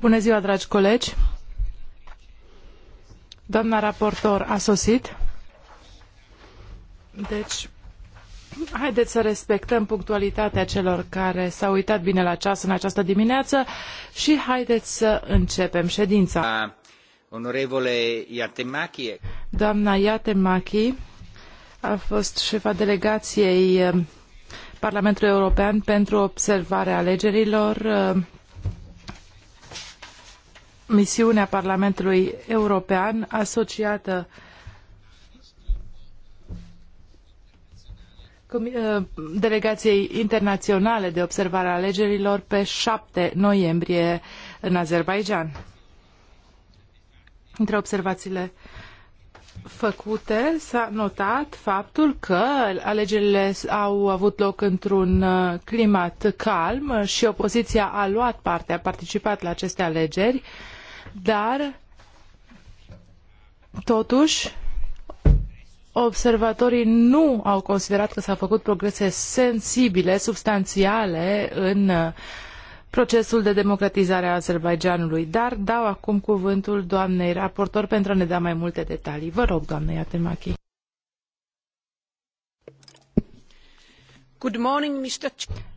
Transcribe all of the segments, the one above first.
Bună ziua, dragi colegi. Doamna raportor a sosit. Deci, haideți să respectăm punctualitatea celor care s-au uitat bine la ceas în această dimineață și haideți să începem ședința. Doamna Iatemaki, a fost șefa delegației Parlamentul European pentru observarea alegerilor, uh, misiunea Parlamentului European asociată uh, delegației internaționale de observare a alegerilor pe 7 noiembrie în Azerbaijan. Între observațiile făcute s-a notat faptul că alegerile au avut loc într-un uh, climat calm și opoziția a luat parte, a participat la aceste alegeri, dar totuși observatorii nu au considerat că s-au făcut progrese sensibile, substanțiale în uh, procesul de democratizare a Azerbaijanului. Dar dau acum cuvântul doamnei raportor pentru a ne da mai multe detalii. Vă rog, doamnei Atemachi. Good morning, Mr.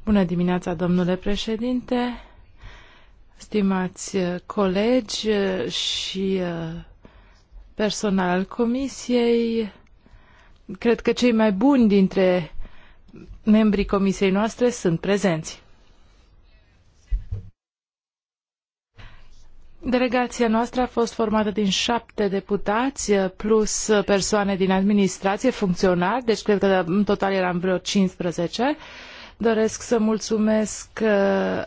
Bună dimineața, domnule președinte, stimați uh, colegi uh, și uh, personal al comisiei. Cred că cei mai buni dintre membrii comisiei noastre sunt prezenți. Delegația noastră a fost formată din șapte deputați eh, plus eh, persoane din administrație, funcționari, deci cred că da, în total eram vreo 15. Doresc să mulțumesc eh,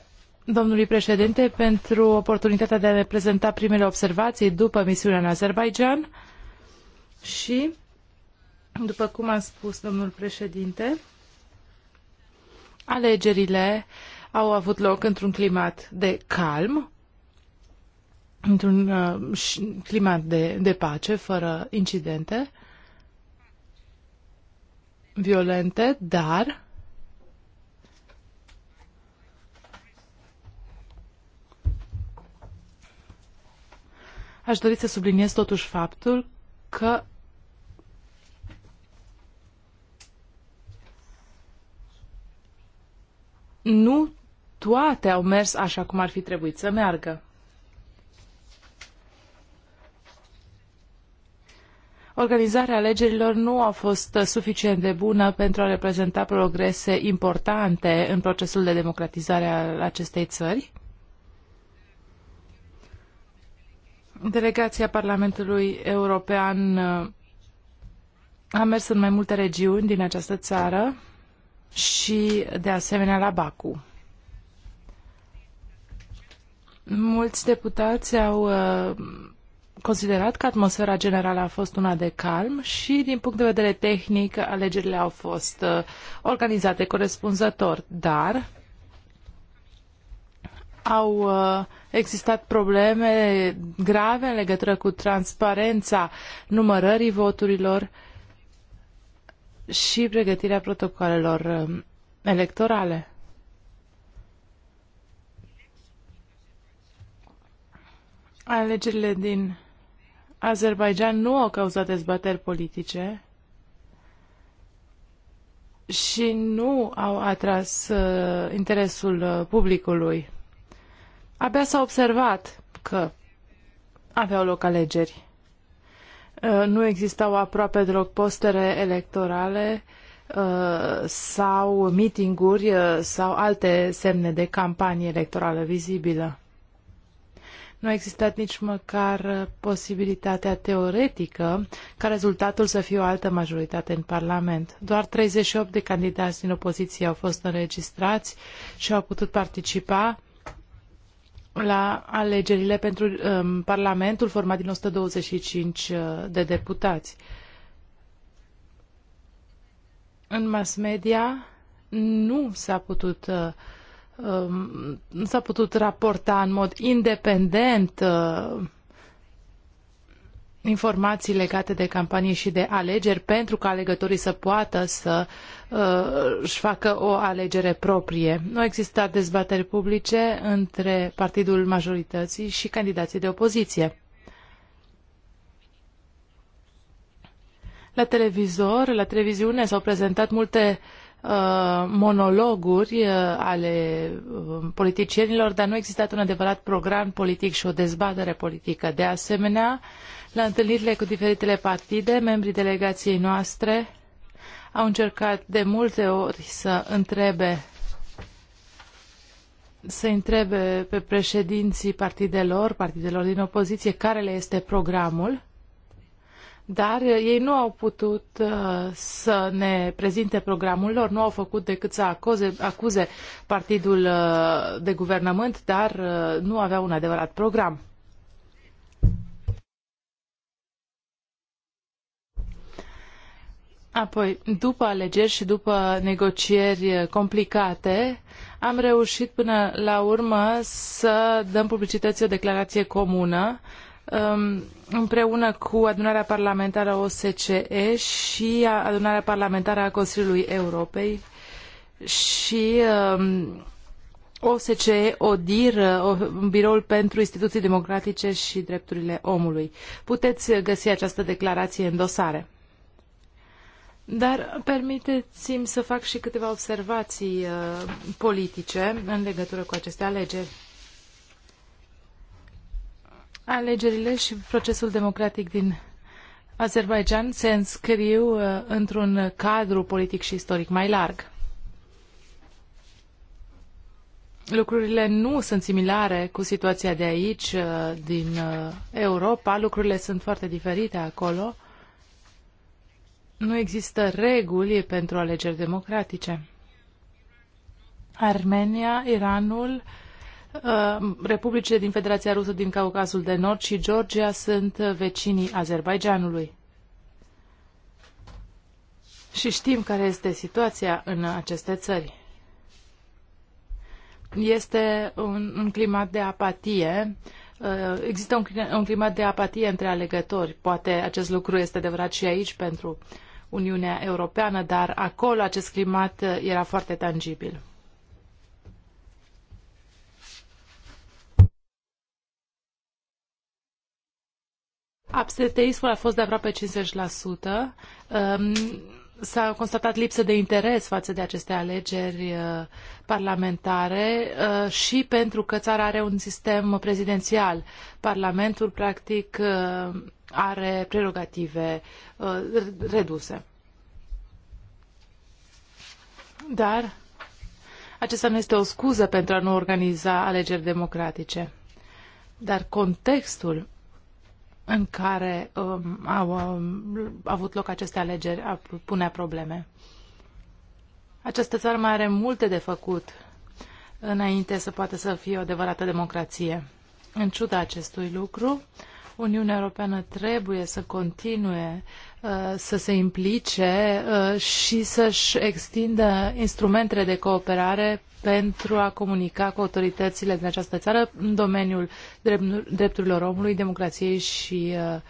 domnului președinte pentru oportunitatea de a ne prezenta primele observații după misiunea în Azerbaijan și, după cum a spus domnul președinte, alegerile au avut loc într-un climat de calm într-un uh, climat de, de pace, fără incidente violente, dar aș dori să subliniez totuși faptul că nu toate au mers așa cum ar fi trebuit să meargă. organizarea alegerilor nu a fost suficient de bună pentru a reprezenta progrese importante în procesul de democratizare al acestei țări. Delegația Parlamentului European uh, a mers în mai multe regiuni din această țară și, de asemenea, la Baku. Mulți deputați au uh, considerat că atmosfera generală a fost una de calm și, din punct de vedere tehnic, alegerile au fost uh, organizate corespunzător, dar au uh, existat probleme grave în legătură cu transparența numărării voturilor și pregătirea protocolelor uh, electorale. Alegerile din Azerbaijan nu au cauzat dezbateri politice și nu au atras uh, interesul uh, publicului. Abia s-a observat că aveau loc alegeri. Uh, nu existau aproape deloc postere electorale uh, sau mitinguri uh, sau alte semne de campanie electorală vizibilă. Nu a existat nici măcar uh, posibilitatea teoretică ca rezultatul să fie o altă majoritate în Parlament. Doar 38 de candidați din opoziție au fost înregistrați și au putut participa la alegerile pentru um, Parlamentul format din 125 uh, de deputați. În mass media nu s-a putut uh, nu s-a putut raporta în mod independent uh, informații legate de campanie și de alegeri pentru ca alegătorii să poată să uh, își facă o alegere proprie. Nu există dezbateri publice între partidul majorității și candidații de opoziție. La televizor, la televiziune s-au prezentat multe uh, Uh, monologuri uh, ale uh, politicienilor, dar nu a existat un adevărat program politic și o dezbatere politică. De asemenea, la întâlnirile cu diferitele partide, membrii delegației noastre au încercat de multe ori să întrebe să întrebe pe președinții partidelor, partidelor din opoziție, care le este programul dar uh, ei nu au putut uh, să ne prezinte programul lor, nu au făcut decât să acuze, acuze partidul uh, de guvernământ, dar nu aveau un adevărat program. Apoi, după alegeri și după negocieri complicate, am reușit până la urmă să dăm publicității o declarație comună Um, împreună cu adunarea parlamentară OSCE și adunarea parlamentară a Consiliului Europei și um, OSCE, ODIR, Biroul pentru Instituții Democratice și Drepturile Omului. Puteți găsi această declarație în dosare. Dar permiteți-mi să fac și câteva observații uh, politice în legătură cu aceste alegeri. Alegerile și procesul democratic din Azerbaijan se înscriu uh, într-un cadru politic și istoric mai larg. Lucrurile nu sunt similare cu situația de aici, uh, din uh, Europa. Lucrurile sunt foarte diferite acolo. Nu există reguli pentru alegeri democratice. Armenia, Iranul, uh, Uh, Republicile din Federația Rusă din Caucasul de Nord și Georgia sunt vecinii Azerbaijanului. Și știm care este situația în aceste țări. Este un, un climat de apatie. Uh, există un, un climat de apatie între alegători. Poate acest lucru este adevărat și aici pentru Uniunea Europeană, dar acolo acest climat era foarte tangibil. Absenteismul a fost de aproape 50%. Um, S-a constatat lipsă de interes față de aceste alegeri uh, parlamentare uh, și pentru că țara are un sistem prezidențial. Parlamentul, practic, uh, are prerogative reduse. Dar acesta nu este o scuză pentru a nu organiza alegeri democratice. Dar contextul în care um, au um, avut loc aceste alegeri a pune probleme. Această țară mai are multe de făcut înainte să poată să fie o adevărată democrație. În ciuda acestui lucru, Uniunea Europeană trebuie să continue Uh, să se implice uh, și să-și extindă instrumentele de cooperare pentru a comunica cu autoritățile din această țară în domeniul drepturilor omului, democrației și uh,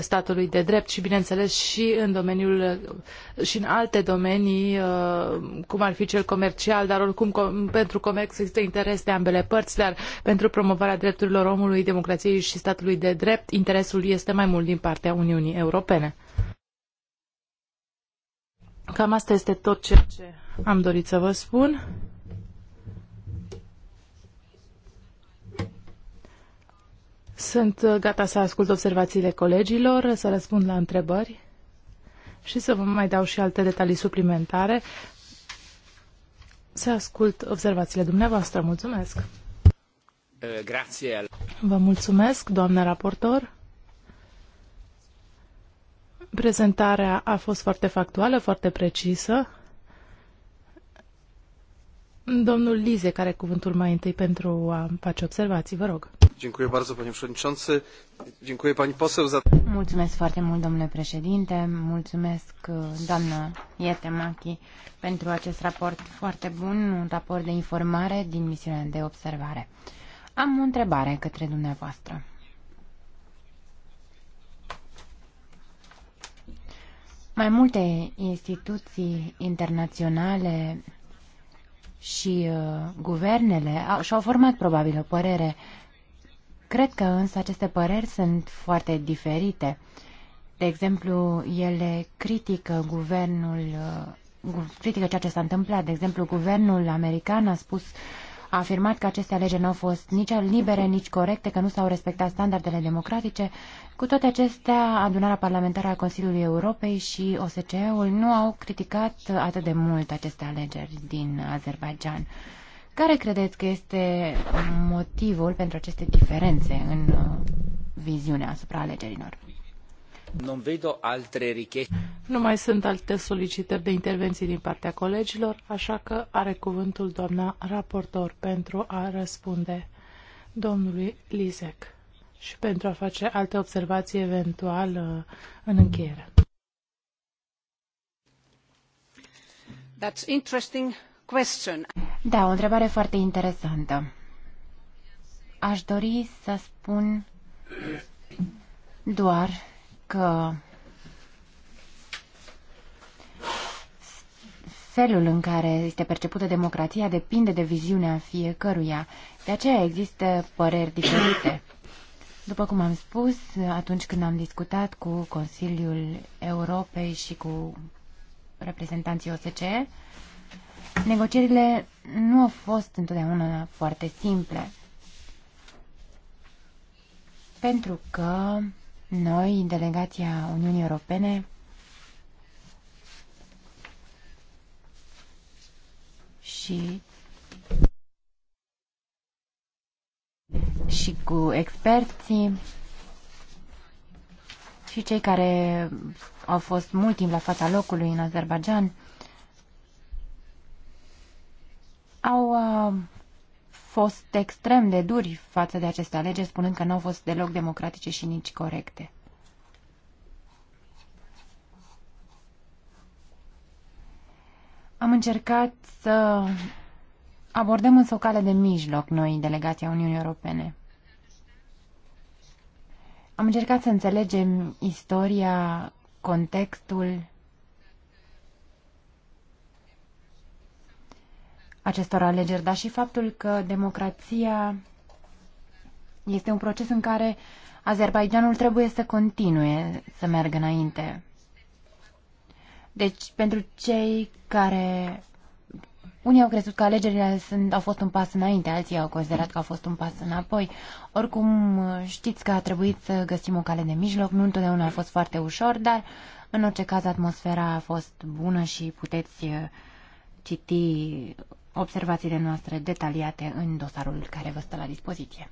statului de drept și, bineînțeles, și în domeniul și în alte domenii, cum ar fi cel comercial, dar oricum pentru comerț există interes de ambele părți, dar pentru promovarea drepturilor omului, democrației și statului de drept, interesul este mai mult din partea Uniunii Europene. Cam asta este tot ceea ce am dorit să vă spun. Sunt uh, gata să ascult observațiile colegilor, să răspund la întrebări și să vă mai dau și alte detalii suplimentare. Să ascult observațiile dumneavoastră. Mulțumesc! Uh, vă mulțumesc, doamnă raportor. Prezentarea a fost foarte factuală, foarte precisă. Domnul Lize, care cuvântul mai întâi pentru a face observații, vă rog. Dziękuję bardzo, panie przewodniczący. Dziękuję pani poseł za... Mulțumesc foarte mult, domnule președinte. Mulțumesc, doamnă Ietemachi, pentru acest raport foarte bun, un raport de informare din misiunea de observare. Am o întrebare către dumneavoastră. Mai multe instituții internaționale și uh, guvernele au, și-au format probabil o părere. Cred că însă aceste păreri sunt foarte diferite. De exemplu, ele critică guvernul, uh, critică ceea ce s-a întâmplat. De exemplu, guvernul american a spus uh, a afirmat că aceste alegeri nu au fost nici libere, nici corecte, că nu s-au respectat standardele democratice. Cu toate acestea, adunarea parlamentară a Consiliului Europei și OSCE-ul nu au criticat atât de mult aceste alegeri din Azerbaijan. Care credeți că este motivul pentru aceste diferențe în uh, viziunea asupra alegerilor? Nu mai sunt alte solicitări de intervenții din partea colegilor, așa că are cuvântul doamna raportor pentru a răspunde domnului Lisec și pentru a face alte observații eventual uh, în încheiere. That's interesting question. Da, o întrebare foarte interesantă. Aș dori să spun doar că felul în care este percepută democrația depinde de viziunea fiecăruia. De aceea există păreri diferite. După cum am spus, atunci când am discutat cu Consiliul Europei și cu reprezentanții OSCE, negocierile nu au fost întotdeauna foarte simple. Pentru că noi, delegația Uniunii Europene, și și cu experții și cei care au fost mult timp la fața locului în Azerbaijan au uh, fost extrem de duri față de aceste alegeri, spunând că nu au fost deloc democratice și nici corecte. Am încercat să abordăm însă o cale de mijloc noi, delegația Uniunii Europene. Am încercat să înțelegem istoria, contextul acestor alegeri, dar și faptul că democrația este un proces în care Azerbaijanul trebuie să continue să meargă înainte. Deci, pentru cei care... Unii au crezut că alegerile sunt, au fost un pas înainte, alții au considerat că au fost un pas înapoi. Oricum, știți că a trebuit să găsim o cale de mijloc, nu întotdeauna a fost foarte ușor, dar în orice caz atmosfera a fost bună și puteți uh, citi observațiile noastre detaliate în dosarul care vă stă la dispoziție.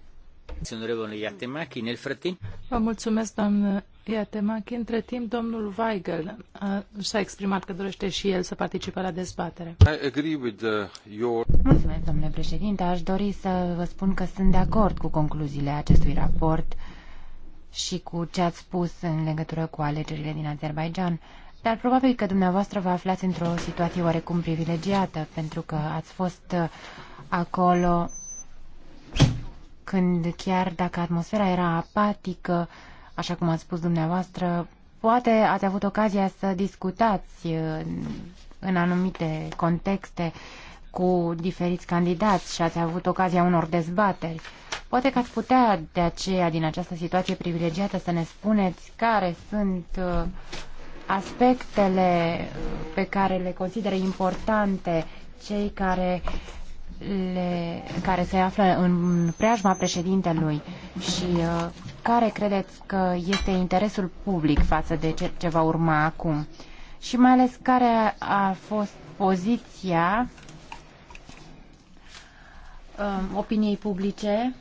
Vă mulțumesc, doamnă Iatemachi. Între timp, domnul Weigel s-a exprimat că dorește și el să participe la dezbatere. Uh, your... Mulțumesc, domnule președinte. Aș dori să vă spun că sunt de acord cu concluziile acestui raport și cu ce ați spus în legătură cu alegerile din Azerbaijan dar probabil că dumneavoastră vă aflați într-o situație oarecum privilegiată, pentru că ați fost uh, acolo când chiar dacă atmosfera era apatică, așa cum ați spus dumneavoastră, poate ați avut ocazia să discutați uh, în anumite contexte cu diferiți candidați și ați avut ocazia unor dezbateri. Poate că ați putea de aceea, din această situație privilegiată, să ne spuneți care sunt uh, aspectele pe care le consideră importante cei care, le, care se află în preajma președintelui și uh, care credeți că este interesul public față de ce, ce va urma acum? Și mai ales care a fost poziția uh, opiniei publice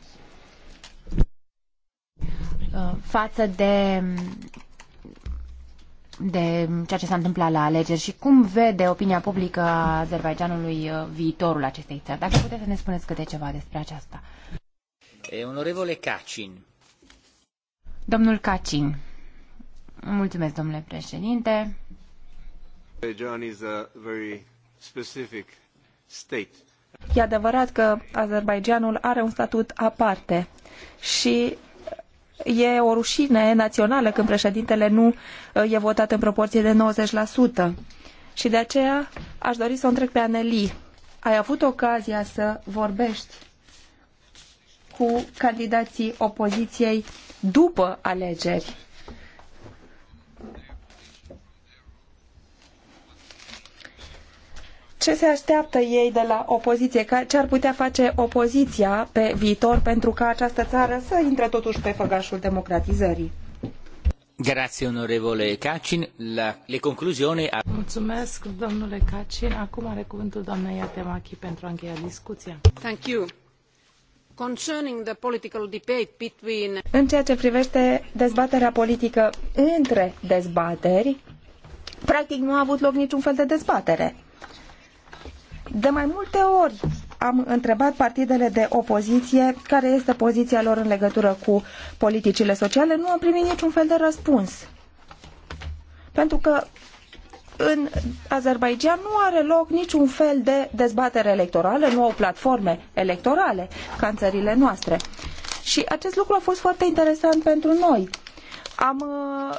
uh, față de de ceea ce s-a întâmplat la alegeri și cum vede opinia publică a Azerbaijanului uh, viitorul acestei țări. Dacă puteți să ne spuneți câte ceva despre aceasta. Eh, onorevole Cacin. Domnul Cacin. Mulțumesc, domnule președinte. Azerbaijan is a very specific state. E adevărat că Azerbaijanul are un statut aparte și E o rușine națională când președintele nu uh, e votat în proporție de 90%. Și de aceea aș dori să o întreb pe Aneli. Ai avut ocazia să vorbești cu candidații opoziției după alegeri ce se așteaptă ei de la opoziție, ce ar putea face opoziția pe viitor pentru ca această țară să intre totuși pe făgașul democratizării. Grazie, onorevole Cacin. La, le concluzione a... Mulțumesc, domnule Cacin. Acum are cuvântul doamna Iatemachi pentru a încheia discuția. Thank you. Concerning the political debate between... În ceea ce privește dezbaterea politică între dezbateri, practic nu a avut loc niciun fel de dezbatere de mai multe ori am întrebat partidele de opoziție care este poziția lor în legătură cu politicile sociale. Nu am primit niciun fel de răspuns. Pentru că în Azerbaijan nu are loc niciun fel de dezbatere electorală, nu au platforme electorale ca în țările noastre. Și acest lucru a fost foarte interesant pentru noi, am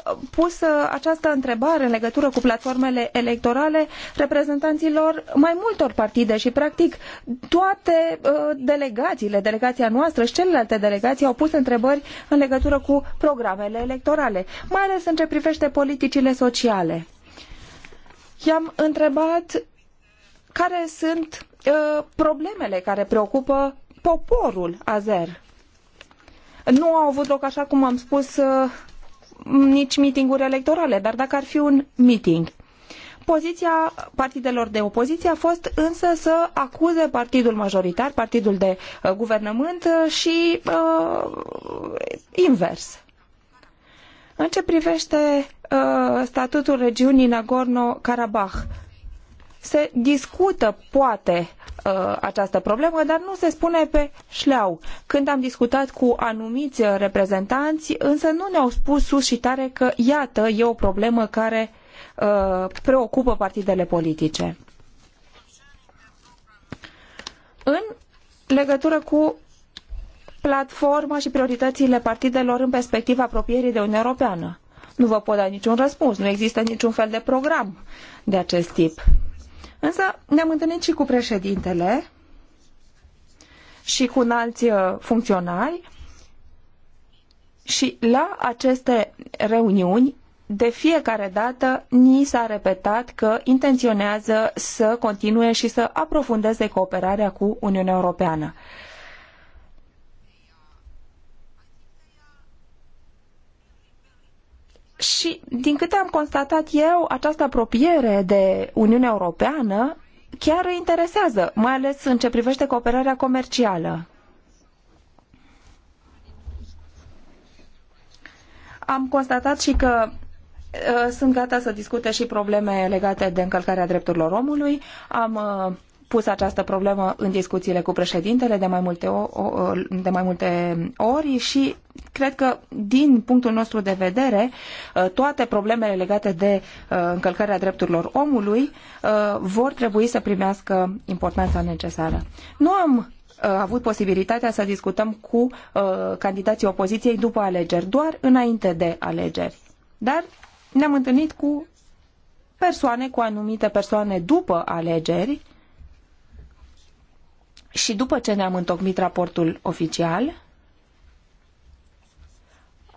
uh, pus uh, această întrebare în legătură cu platformele electorale reprezentanților mai multor partide și, practic, toate uh, delegațiile, delegația noastră și celelalte delegații au pus întrebări în legătură cu programele electorale, mai ales în ce privește politicile sociale. I-am întrebat care sunt problemele care preocupă poporul azer. Nu au avut loc, așa cum am spus, nici mitinguri electorale, dar dacă ar fi un meeting. Poziția partidelor de opoziție a fost însă să acuze partidul majoritar, partidul de uh, guvernământ uh, și uh, invers. În ce privește uh, statutul regiunii Nagorno-Karabakh, se discută poate uh, această problemă, dar nu se spune pe șleau. Când am discutat cu anumiți reprezentanți, însă nu ne-au spus sus și tare că, iată, e o problemă care uh, preocupă partidele politice. În legătură cu platforma și prioritățile partidelor în perspectiva apropierii de Uniunea Europeană. Nu vă pot da niciun răspuns, nu există niciun fel de program de acest tip. Însă ne-am întâlnit și cu președintele și cu alți uh, funcționari și la aceste reuniuni de fiecare dată ni s-a repetat că intenționează să continue și să aprofundeze cooperarea cu Uniunea Europeană. Și, din câte am constatat eu, această apropiere de Uniunea Europeană chiar îi interesează, mai ales în ce privește cooperarea comercială. Am constatat și că uh, sunt gata să discute și probleme legate de încălcarea drepturilor omului. Am uh, pus această problemă în discuțiile cu președintele de mai multe, o, o, de mai multe ori și cred că, din punctul nostru de vedere, uh, toate problemele legate de uh, încălcarea drepturilor omului uh, vor trebui să primească importanța necesară. Nu am avut posibilitatea să discutăm cu candidații opoziției după alegeri, doar înainte de alegeri. Dar ne-am întâlnit cu persoane, cu anumite persoane după alegeri, și după ce ne-am întocmit raportul oficial,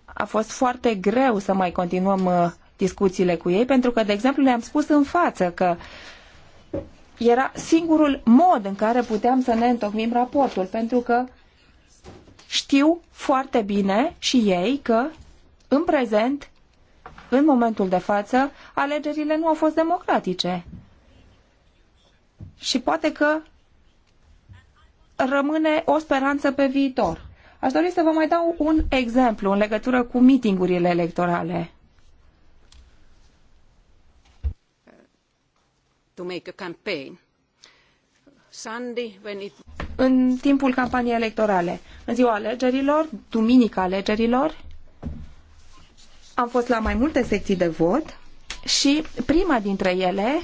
a fost foarte greu să mai continuăm uh, discuțiile cu ei, pentru că, de exemplu, le-am spus în față că era singurul mod în care puteam să ne întocmim raportul, pentru că știu foarte bine și ei că, în prezent, în momentul de față, alegerile nu au fost democratice. Și poate că rămâne o speranță pe viitor. Aș dori să vă mai dau un exemplu în legătură cu mitingurile electorale. To make a campaign. Sunday, when it... În timpul campaniei electorale, în ziua alegerilor, duminica alegerilor, am fost la mai multe secții de vot și prima dintre ele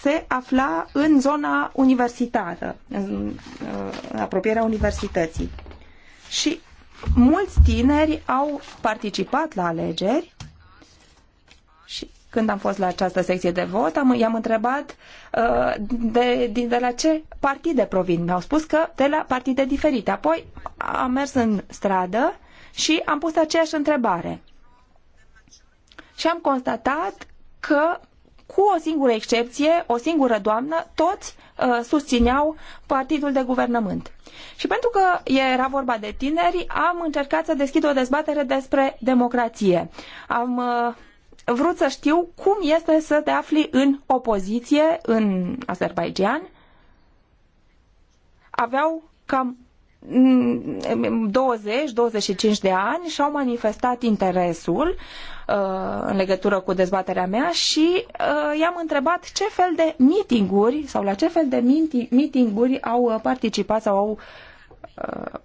se afla în zona universitară, în apropierea universității. Și mulți tineri au participat la alegeri și când am fost la această secție de vot, am, i-am întrebat uh, de, din, de la ce partide provin. Mi-au spus că de la partide diferite. Apoi am mers în stradă și am pus aceeași întrebare. Și am constatat că cu o singură excepție, o singură doamnă, toți uh, susțineau partidul de guvernământ. Și pentru că era vorba de tineri, am încercat să deschid o dezbatere despre democrație. Am uh, vrut să știu cum este să te afli în opoziție în Azerbaijan. Aveau cam 20-25 mm, mm, de ani și-au manifestat interesul, în legătură cu dezbaterea mea și uh, i-am întrebat ce fel de meetinguri sau la ce fel de meetinguri au uh, participat sau au uh,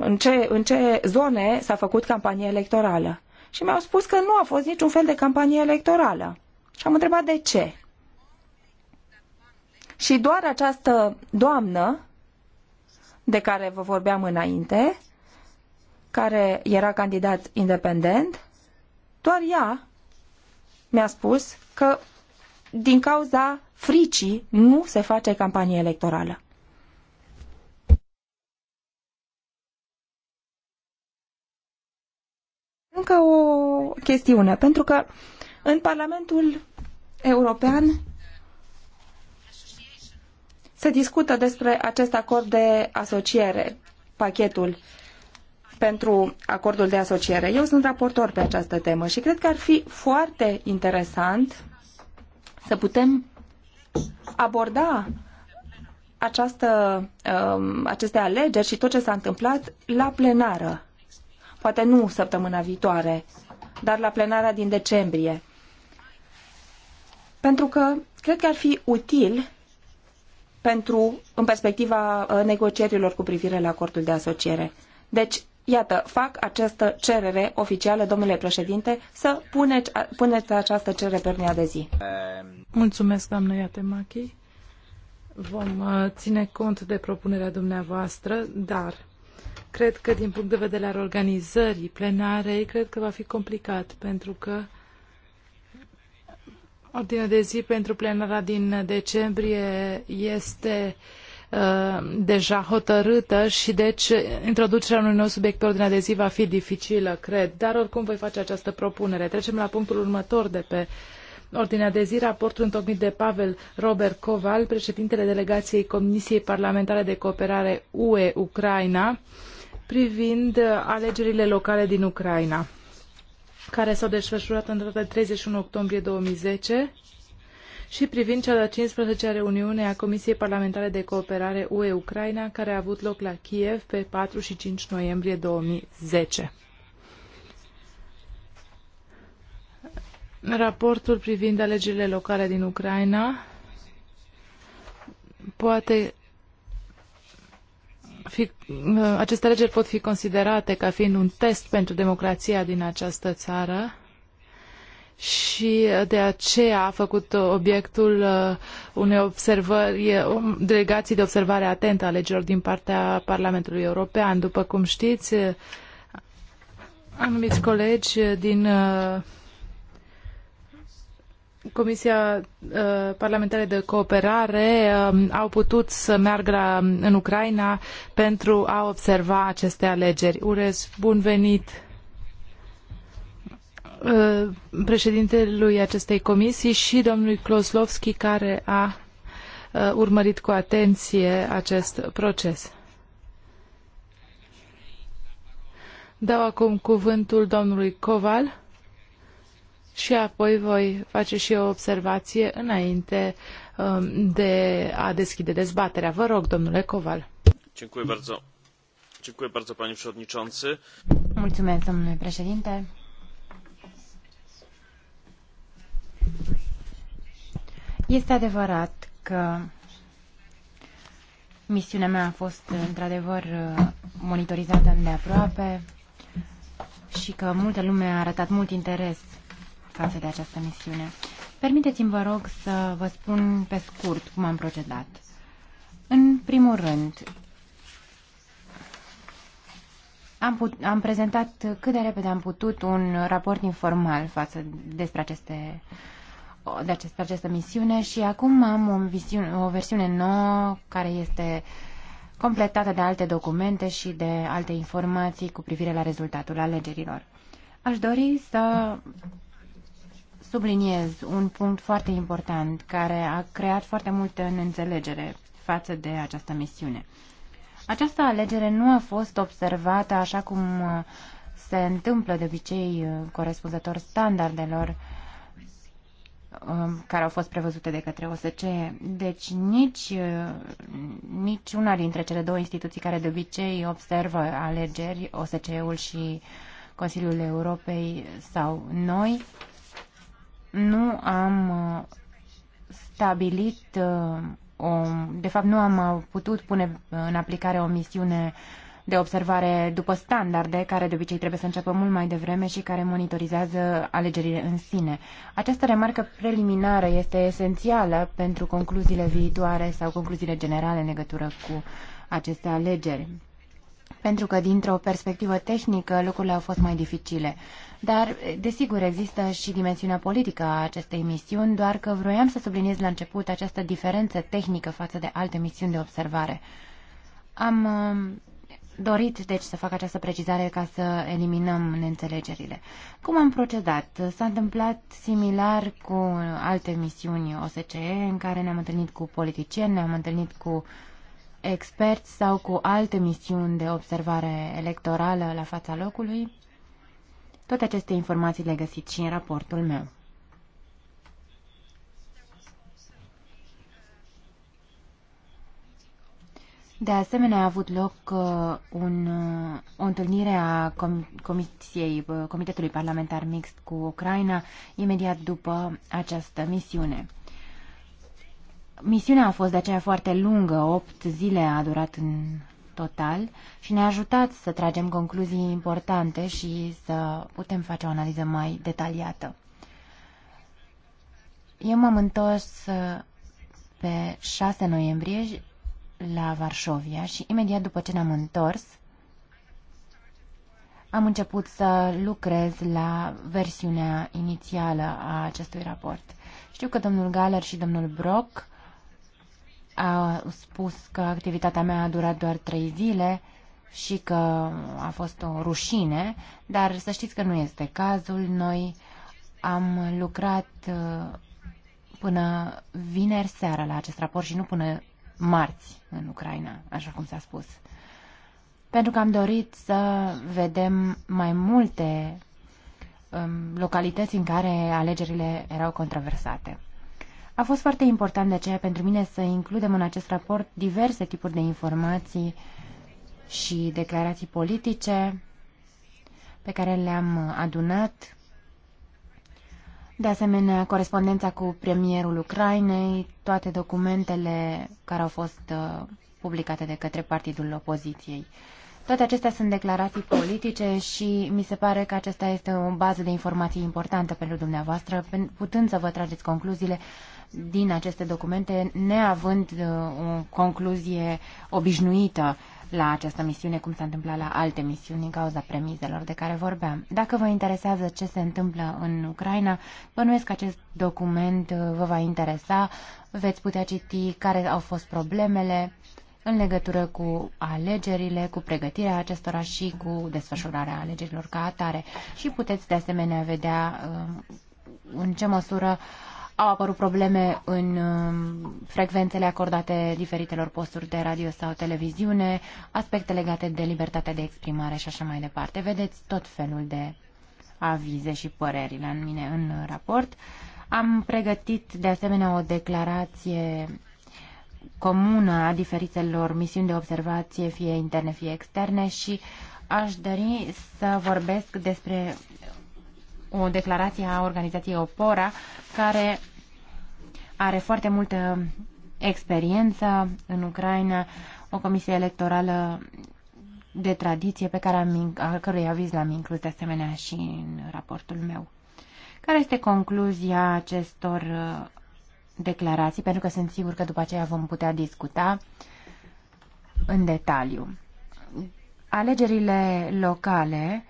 în ce, în ce zone s-a făcut campanie electorală. Și mi-au spus că nu a fost niciun fel de campanie electorală. Și am întrebat de ce. Și doar această doamnă de care vă vorbeam înainte, care era candidat independent, doar ea mi-a spus că din cauza fricii nu se face campanie electorală. Încă o chestiune, pentru că în Parlamentul European se discută despre acest acord de asociere, pachetul pentru acordul de asociere. Eu sunt raportor pe această temă și cred că ar fi foarte interesant să putem aborda această, um, aceste alegeri și tot ce s-a întâmplat la plenară. Poate nu săptămâna viitoare, dar la plenara din decembrie. Pentru că cred că ar fi util pentru, în perspectiva uh, negocierilor cu privire la acordul de asociere. Deci, Iată, fac această cerere oficială, domnule președinte, să puneți, puneți această cerere pe ordinea de zi. Mulțumesc, doamnă Iatemachi. Vom uh, ține cont de propunerea dumneavoastră, dar cred că din punct de vedere al organizării plenarei, cred că va fi complicat, pentru că ordinea de zi pentru plenara din decembrie este uh, Uh, deja hotărâtă și deci introducerea unui nou subiect pe ordinea de zi va fi dificilă, cred, dar oricum voi face această propunere. Trecem la punctul următor de pe ordinea de zi, raportul întocmit de Pavel Robert Coval, președintele delegației Comisiei Parlamentare de Cooperare UE-Ucraina, privind alegerile locale din Ucraina, care s-au desfășurat între 31 octombrie 2010 și privind cea de-a 15-a reuniune a Comisiei Parlamentare de Cooperare UE-Ucraina, care a avut loc la Kiev pe 4 și 5 noiembrie 2010. Raportul privind alegerile locale din Ucraina poate fi, aceste alegeri pot fi considerate ca fiind un test pentru democrația din această țară și uh, de aceea a făcut uh, obiectul uh, unei observări, um, delegații de observare atentă a legilor din partea Parlamentului European. După cum știți, anumiți colegi din Comisia Parlamentară de Cooperare um, au putut să meargă în Ucraina pentru a observa aceste alegeri. Urez bun venit Uh, președintelui acestei comisii și domnului Kloslovski care a uh, urmărit cu atenție acest proces. Dau acum cuvântul domnului Coval și apoi voi face și eu o observație înainte um, de a deschide dezbaterea. Vă rog, domnule Coval. Mulțumesc, domnule președinte. Este adevărat că misiunea mea a fost într-adevăr monitorizată îndeaproape și că multă lume a arătat mult interes față de această misiune. Permiteți-mi, vă rog, să vă spun pe scurt cum am procedat. În primul rând, am, put, am prezentat cât de repede am putut un raport informal față despre aceste de acest, această misiune și acum am o, visiune, o versiune nouă care este completată de alte documente și de alte informații cu privire la rezultatul alegerilor. Aș dori să subliniez un punct foarte important care a creat foarte multă înțelegere față de această misiune. Această alegere nu a fost observată așa cum uh, se întâmplă de obicei uh, corespunzător standardelor um, care au fost prevăzute de către OSCE. Deci nici, uh, nici una dintre cele două instituții care de obicei observă alegeri, OSCE-ul și Consiliul Europei sau noi, nu am stabilit o, de fapt nu am uh, putut pune în aplicare o misiune de observare după standarde, care de obicei trebuie să înceapă mult mai devreme și care monitorizează alegerile în sine. Această remarcă preliminară este esențială pentru concluziile viitoare sau concluziile generale în legătură cu aceste alegeri. Pentru că, dintr-o perspectivă tehnică, lucrurile au fost mai dificile. Dar, desigur, există și dimensiunea politică a acestei misiuni, doar că vroiam să subliniez la început această diferență tehnică față de alte misiuni de observare. Am um, dorit, deci, să fac această precizare ca să eliminăm neînțelegerile. Cum am procedat? S-a întâmplat similar cu alte misiuni OSCE în care ne-am întâlnit cu politicieni, ne-am întâlnit cu experți sau cu alte misiuni de observare electorală la fața locului toate aceste informații le găsiți și în raportul meu. De asemenea, a avut loc uh, un, uh, o întâlnire a com Comisiei, uh, Comitetului Parlamentar Mixt cu Ucraina imediat după această misiune. Misiunea a fost de aceea foarte lungă, 8 zile a durat în total și ne ajutat să tragem concluzii importante și să putem face o analiză mai detaliată. Eu m-am întors uh, pe 6 noiembrie la Varșovia și imediat după ce ne-am întors, am început să lucrez la versiunea inițială a acestui raport. Știu că domnul Galer și domnul Brock a spus că activitatea mea a durat doar trei zile și că a fost o rușine, dar să știți că nu este cazul. Noi am lucrat uh, până vineri seara la acest raport și nu până marți în Ucraina, așa cum s-a spus. Pentru că am dorit să vedem mai multe um, localități în care alegerile erau controversate. A fost foarte important de aceea pentru mine să includem în acest raport diverse tipuri de informații și declarații politice pe care le-am adunat. De asemenea, corespondența cu premierul Ucrainei, toate documentele care au fost uh, publicate de către partidul opoziției. Toate acestea sunt declarații politice și mi se pare că acesta este o bază de informații importantă pentru dumneavoastră, putând să vă trageți concluziile din aceste documente, neavând uh, o concluzie obișnuită la această misiune, cum s-a întâmplat la alte misiuni din cauza premizelor de care vorbeam. Dacă vă interesează ce se întâmplă în Ucraina, bănuiesc că acest document uh, vă va interesa, veți putea citi care au fost problemele în legătură cu alegerile, cu pregătirea acestora și cu desfășurarea alegerilor ca atare. Și puteți de asemenea vedea uh, în ce măsură uh, au apărut probleme în um, frecvențele acordate diferitelor posturi de radio sau televiziune, aspecte legate de libertatea de exprimare și așa mai departe. Vedeți tot felul de avize și păreri la mine în raport. Am pregătit de asemenea o declarație comună a diferitelor misiuni de observație, fie interne, fie externe și aș dori să vorbesc despre o declarație a organizației Opora, care are foarte multă experiență în Ucraina, o comisie electorală de tradiție pe care am, a cărui aviz l-am inclus de asemenea și în raportul meu. Care este concluzia acestor uh, declarații? Pentru că sunt sigur că după aceea vom putea discuta în detaliu. Alegerile locale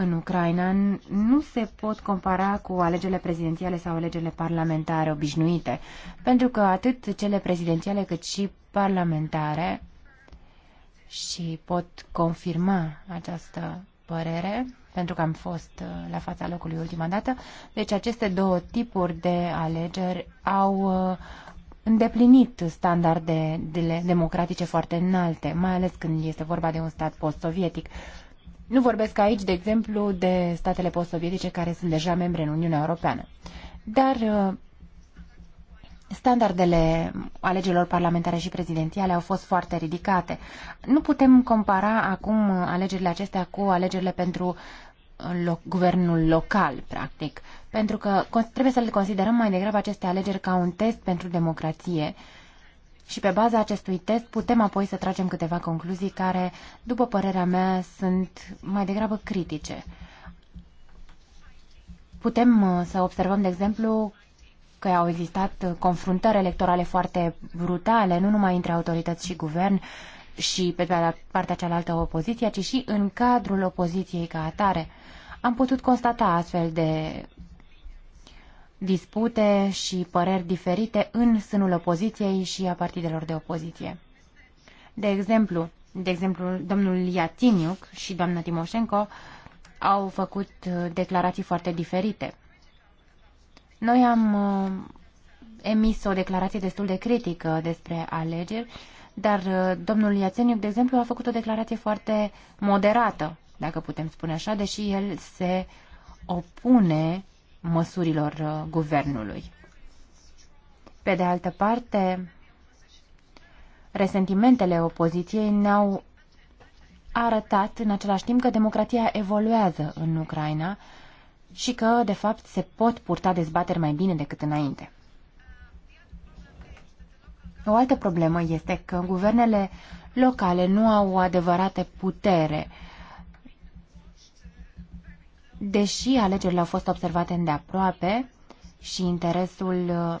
în Ucraina nu se pot compara cu alegerile prezidențiale sau alegerile parlamentare obișnuite, pentru că atât cele prezidențiale cât și parlamentare și pot confirma această părere, pentru că am fost uh, la fața locului ultima dată. Deci aceste două tipuri de alegeri au uh, îndeplinit standarde democratice foarte înalte, mai ales când este vorba de un stat post-sovietic. Nu vorbesc aici, de exemplu, de statele postsovietice care sunt deja membre în Uniunea Europeană. Dar uh, standardele alegerilor parlamentare și prezidențiale au fost foarte ridicate. Nu putem compara acum alegerile acestea cu alegerile pentru uh, lo- guvernul local, practic, pentru că trebuie să le considerăm mai degrabă aceste alegeri ca un test pentru democrație uh, și pe baza acestui test putem apoi să tragem câteva concluzii care, după părerea mea, sunt mai degrabă critice. Putem uh, să observăm, de exemplu, că au existat confruntări electorale foarte brutale, nu numai între autorități și guvern și pe partea cealaltă opoziție, ci și în cadrul opoziției ca atare. Am putut constata astfel de dispute și păreri diferite în sânul opoziției și a partidelor de opoziție. De exemplu, de exemplu domnul Iatiniuc și doamna Timoșenko au făcut uh, declarații foarte diferite. Noi am uh, emis o declarație destul de critică despre alegeri, dar uh, domnul Iațeniuc, de exemplu, a făcut o declarație foarte moderată, dacă putem spune așa, deși el se opune măsurilor uh, guvernului. Pe de altă parte, resentimentele opoziției ne-au arătat în același timp că democrația evoluează în Ucraina și că, de fapt, se pot purta dezbateri mai bine decât înainte. O altă problemă este că guvernele locale nu au o adevărată putere deși alegerile au fost observate îndeaproape și interesul uh,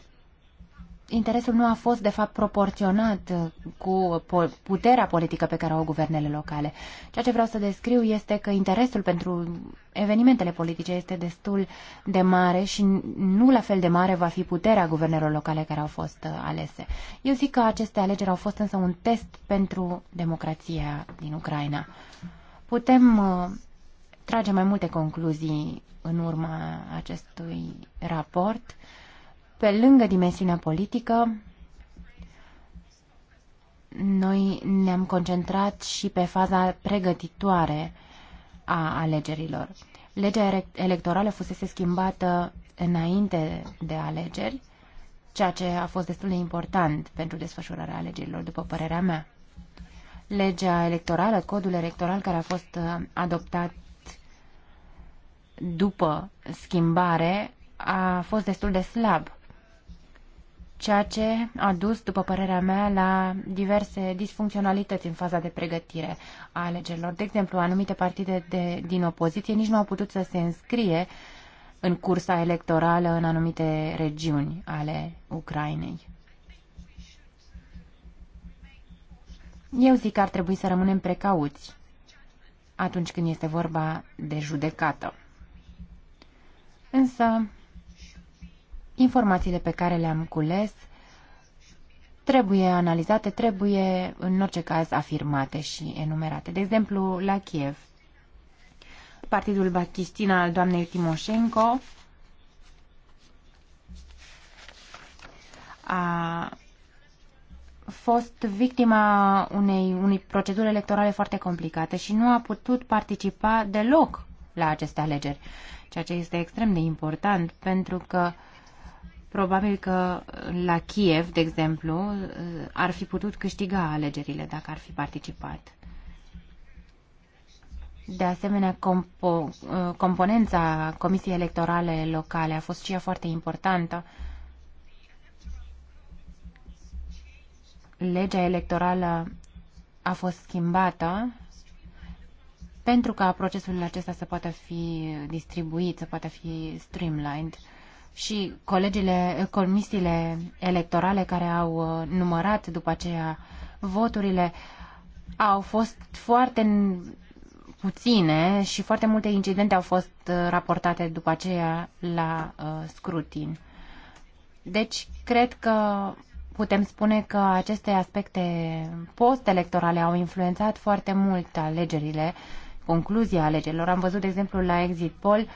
interesul nu a fost, de fapt, proporționat uh, cu puterea politică pe care o au guvernele locale. Ceea ce vreau să descriu este că interesul pentru evenimentele politice este destul de mare și nu la fel de mare va fi puterea guvernelor locale care au fost uh, alese. Eu zic că aceste alegeri au fost însă un test pentru democrația din Ucraina. Putem trage mai multe concluzii în urma acestui raport. Pe lângă dimensiunea politică, noi ne-am concentrat și pe faza pregătitoare a alegerilor. Legea electorală fusese schimbată înainte de alegeri, ceea ce a fost destul de important pentru desfășurarea alegerilor, după părerea mea. Legea electorală, codul electoral care a fost uh, adoptat după schimbare a fost destul de slab, ceea ce a dus, după părerea mea, la diverse disfuncționalități în faza de pregătire a alegerilor. De exemplu, anumite partide de, din opoziție nici nu au putut să se înscrie în cursa electorală în anumite regiuni ale Ucrainei. Eu zic că ar trebui să rămânem precauți atunci când este vorba de judecată. Însă, informațiile pe care le-am cules trebuie analizate, trebuie în orice caz afirmate și enumerate. De exemplu, la Kiev, Partidul Bachistina al doamnei Timoșenko a fost victima unei, unei proceduri electorale foarte complicate și nu a putut participa deloc la aceste alegeri ceea ce este extrem de important pentru că probabil că la Kiev, de exemplu, ar fi putut câștiga alegerile dacă ar fi participat. De asemenea, compo- componența Comisiei Electorale Locale a fost și ea foarte importantă. Legea electorală a fost schimbată pentru ca procesul acesta să poată fi distribuit, să poată fi streamlined și colegiile, comisiile electorale care au uh, numărat după aceea voturile au fost foarte puține și foarte multe incidente au fost uh, raportate după aceea la uh, scrutin. Deci, cred că putem spune că aceste aspecte post-electorale au influențat foarte mult alegerile concluzie a alegerilor. Am văzut, de exemplu, la Exit Poll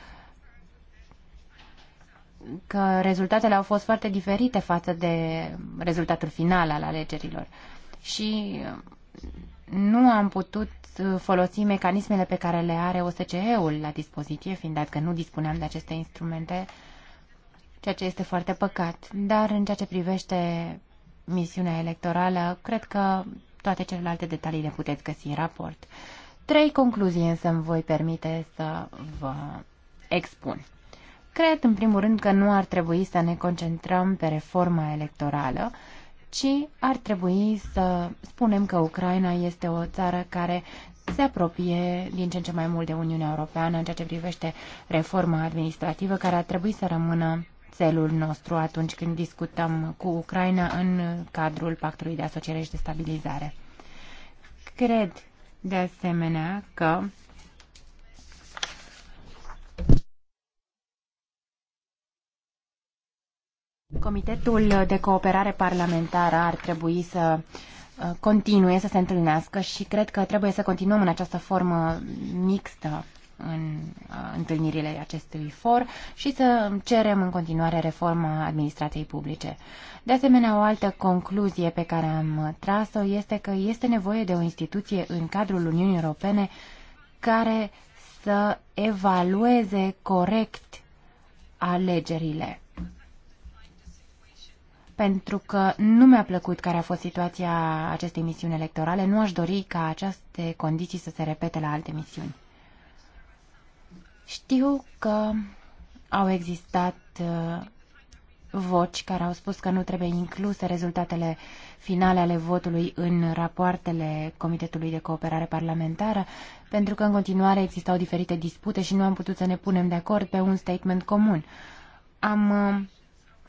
că rezultatele au fost foarte diferite față de rezultatul final al alegerilor. Și nu am putut folosi mecanismele pe care le are OSCE-ul la dispoziție, fiind dat că nu dispuneam de aceste instrumente, ceea ce este foarte păcat. Dar în ceea ce privește misiunea electorală, cred că toate celelalte detalii le puteți găsi în raport. Trei concluzii însă îmi voi permite să vă expun. Cred, în primul rând, că nu ar trebui să ne concentrăm pe reforma electorală, ci ar trebui să spunem că Ucraina este o țară care se apropie din ce în ce mai mult de Uniunea Europeană în ceea ce privește reforma administrativă, care ar trebui să rămână țelul nostru atunci când discutăm cu Ucraina în cadrul Pactului de Asociere și de Stabilizare. Cred de asemenea că Comitetul de cooperare parlamentară ar trebui să uh, continue să se întâlnească și cred că trebuie să continuăm în această formă mixtă în uh, întâlnirile acestui for și să cerem în continuare reforma administrației publice. De asemenea, o altă concluzie pe care am tras-o este că este nevoie de o instituție în cadrul Uniunii Europene care să evalueze corect alegerile. Pentru că nu mi-a plăcut care a fost situația acestei misiuni electorale, nu aș dori ca aceste condiții să se repete la alte misiuni. Știu că au existat uh, voci care au spus că nu trebuie incluse rezultatele finale ale votului în rapoartele Comitetului de Cooperare Parlamentară, pentru că în continuare existau diferite dispute și nu am putut să ne punem de acord pe un statement comun. Am uh,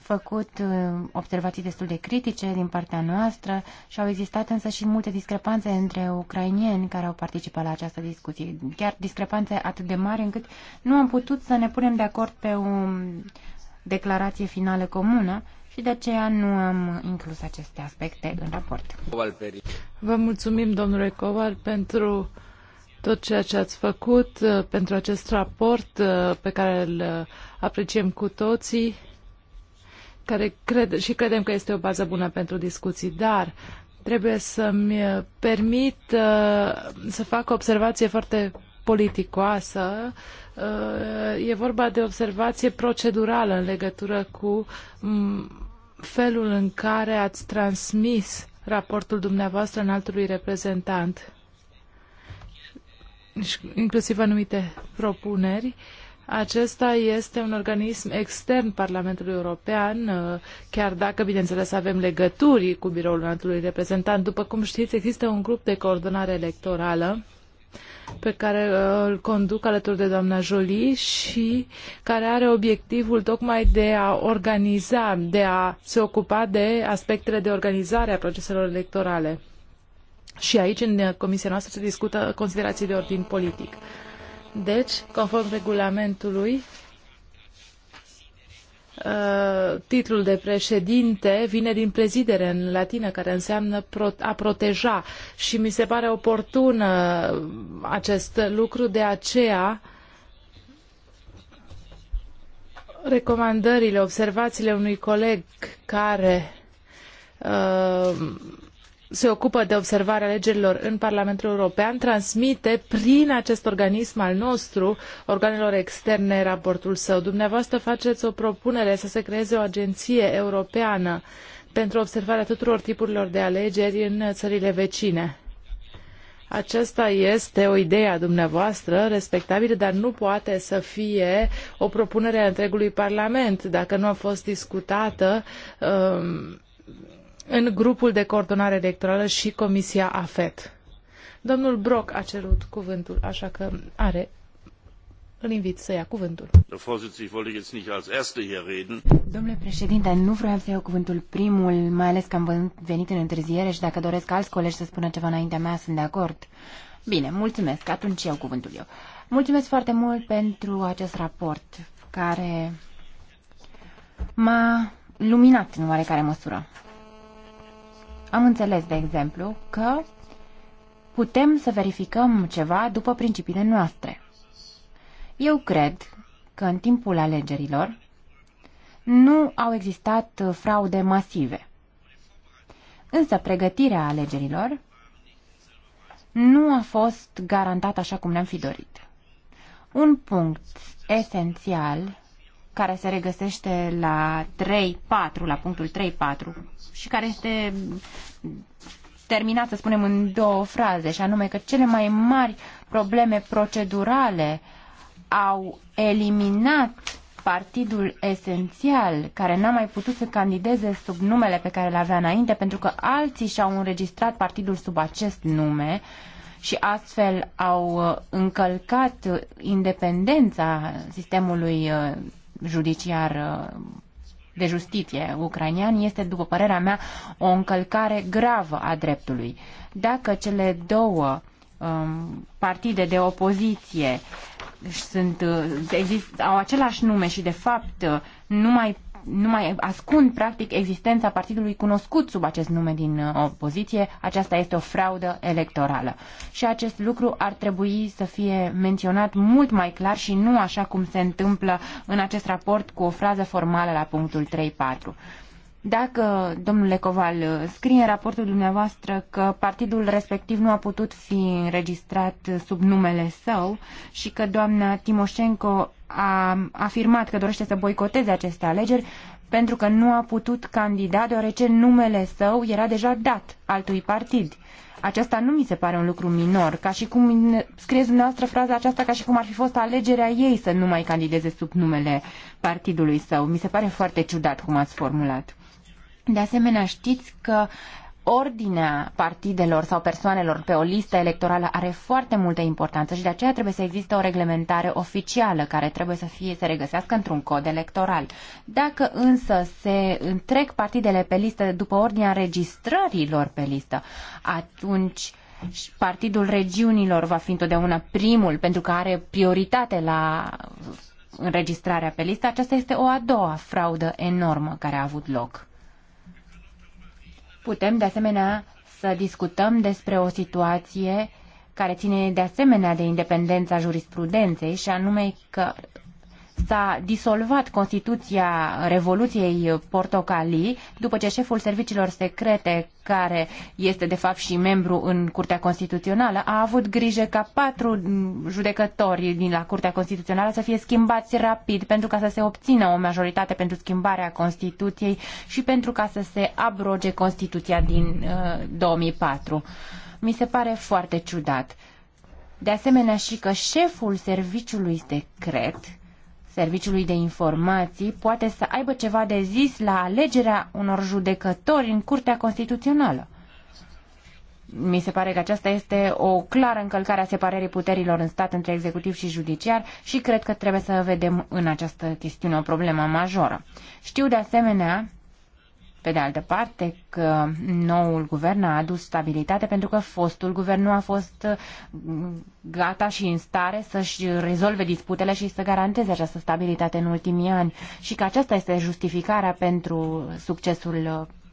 făcut uh, observații destul de critice din partea noastră și au existat însă și multe discrepanțe între ucrainieni care au participat la această discuție. Chiar discrepanțe atât de mari încât nu am putut să ne punem de acord pe o declarație finală comună și de aceea nu am inclus aceste aspecte în raport. Vă mulțumim, domnule Coval, pentru tot ceea ce ați făcut, uh, pentru acest raport uh, pe care îl apreciem cu toții care cred, și credem că este o bază bună pentru discuții, dar trebuie să-mi uh, permit uh, să fac o observație foarte politicoasă. Uh, e vorba de observație procedurală în legătură cu mm, felul în care ați transmis raportul dumneavoastră în altului reprezentant, inclusiv anumite propuneri. Uh, acesta este un organism extern Parlamentului European, uh, chiar dacă, bineînțeles, avem legături cu biroul înaltului reprezentant. După cum știți, există un grup de coordonare electorală pe care uh, îl conduc alături de doamna Jolie și care are obiectivul tocmai de a organiza, de a se ocupa de aspectele de organizare a proceselor electorale. Și aici, în uh, comisia noastră, se discută considerații de ordin politic. Deci, conform regulamentului, uh, titlul de președinte vine din prezidere în latină, care înseamnă a proteja și mi se pare oportun acest lucru, de aceea recomandările, observațiile unui coleg care uh, se ocupă de observarea alegerilor în Parlamentul European transmite prin acest organism al nostru organelor externe raportul său. Dumneavoastră faceți o propunere să se creeze o agenție europeană pentru observarea tuturor tipurilor de alegeri în țările vecine. Aceasta este o idee a dumneavoastră respectabilă, dar nu poate să fie o propunere a întregului Parlament dacă nu a fost discutată um, în grupul de coordonare electorală și Comisia AFET. Domnul Brok a cerut cuvântul, așa că are îl invit să ia cuvântul. Domnule președinte, nu vreau să iau cuvântul primul, mai ales că am venit în întârziere și dacă doresc alți colegi să spună ceva înaintea mea, sunt de acord. Bine, mulțumesc. Atunci iau cuvântul eu. Mulțumesc foarte mult pentru acest raport care m-a luminat în oarecare măsură. Am înțeles, de exemplu, că putem să verificăm ceva după principiile noastre. Eu cred că în timpul alegerilor nu au existat uh, fraude masive. Însă pregătirea alegerilor nu a fost garantată așa cum ne-am fi dorit. Un punct esențial care se regăsește la 3-4, la punctul 3-4 și care este terminat, să spunem, în două fraze, și anume că cele mai mari probleme procedurale au eliminat partidul esențial care n-a mai putut să candideze sub numele pe care îl avea înainte pentru că alții și-au înregistrat partidul sub acest nume și astfel au uh, încălcat independența sistemului uh, judiciar uh, de justiție ucrainian este, după părerea mea, o încălcare gravă a dreptului. Dacă cele două um, partide de opoziție sunt, uh, exist, au același nume și, de fapt, uh, nu mai nu mai ascund practic existența partidului cunoscut sub acest nume din uh, opoziție. Aceasta este o fraudă electorală. Și acest lucru ar trebui să fie menționat mult mai clar și nu așa cum se întâmplă în acest raport cu o frază formală la punctul 3.4. Dacă, domnule Coval, uh, scrie în raportul dumneavoastră că partidul respectiv nu a putut fi înregistrat uh, sub numele său și că doamna Timoșenko a afirmat că dorește să boicoteze aceste alegeri pentru că nu a putut candida deoarece numele său era deja dat altui partid. Aceasta nu mi se pare un lucru minor, ca și cum scrieți dumneavoastră fraza aceasta ca și cum ar fi fost alegerea ei să nu mai candideze sub numele partidului său. Mi se pare foarte ciudat cum ați formulat. De asemenea, știți că ordinea partidelor sau persoanelor pe o listă electorală are foarte multă importanță și de aceea trebuie să existe o reglementare oficială care trebuie să fie să regăsească într-un cod electoral. Dacă însă se întrec partidele pe listă după ordinea registrărilor pe listă, atunci Partidul Regiunilor va fi întotdeauna primul pentru că are prioritate la înregistrarea pe listă. Aceasta este o a doua fraudă enormă care a avut loc. Putem, de asemenea, să discutăm despre o situație care ține de asemenea de independența jurisprudenței și anume că s-a disolvat Constituția Revoluției Portocalii după ce șeful serviciilor secrete, care este de fapt și membru în Curtea Constituțională, a avut grijă ca patru judecători din la Curtea Constituțională să fie schimbați rapid pentru ca să se obțină o majoritate pentru schimbarea Constituției și pentru ca să se abroge Constituția din uh, 2004. Mi se pare foarte ciudat. De asemenea și că șeful serviciului secret Serviciului de Informații poate să aibă ceva de zis la alegerea unor judecători în Curtea Constituțională. Mi se pare că aceasta este o clară încălcare a separării puterilor în stat între executiv și judiciar și cred că trebuie să vedem în această chestiune o problemă majoră. Știu de asemenea pe de altă parte, că noul guvern a adus stabilitate pentru că fostul guvern nu a fost uh, gata și în stare să-și rezolve disputele și să garanteze această stabilitate în ultimii ani și că aceasta este justificarea pentru succesul uh,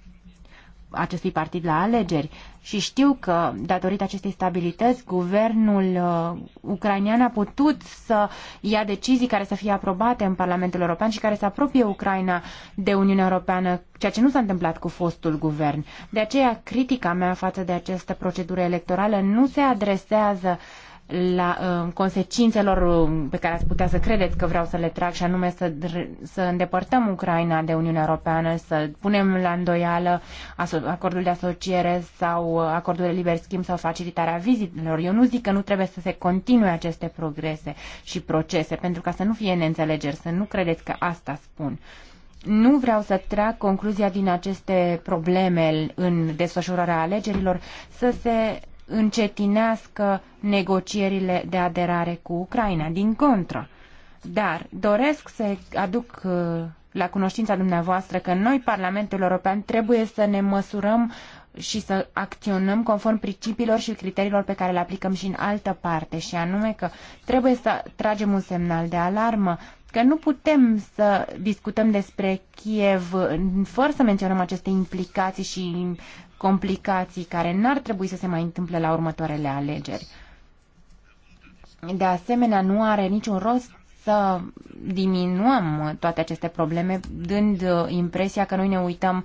acestui partid la alegeri și știu că, datorită acestei stabilități, guvernul uh, ucrainean a putut să ia decizii care să fie aprobate în Parlamentul European și care să apropie Ucraina de Uniunea Europeană, ceea ce nu s-a întâmplat cu fostul guvern. De aceea, critica mea față de această procedură electorală nu se adresează uh, la uh, consecințelor um, pe care ați putea să credeți că vreau să le trag și anume să, să îndepărtăm Ucraina de Uniunea Europeană, să punem la îndoială acordul de asociere sau uh, acordul de liber schimb sau facilitarea vizitelor. Eu nu zic că nu trebuie să se continue aceste progrese și procese pentru ca să nu fie neînțelegeri, să nu credeți că asta spun. Nu vreau să trag concluzia din aceste probleme în desfășurarea alegerilor să se încetinească negocierile de aderare cu Ucraina. Din contră. Dar doresc să aduc uh, la cunoștința dumneavoastră că noi, Parlamentul European, trebuie să ne măsurăm și să acționăm conform principiilor și criteriilor pe care le aplicăm și în altă parte, și anume că trebuie să tragem un semnal de alarmă, că nu putem să discutăm despre Kiev fără să menționăm aceste implicații și complicații care n-ar trebui să se mai întâmple la următoarele alegeri. De asemenea, nu are niciun rost să diminuăm toate aceste probleme, dând uh, impresia că noi ne uităm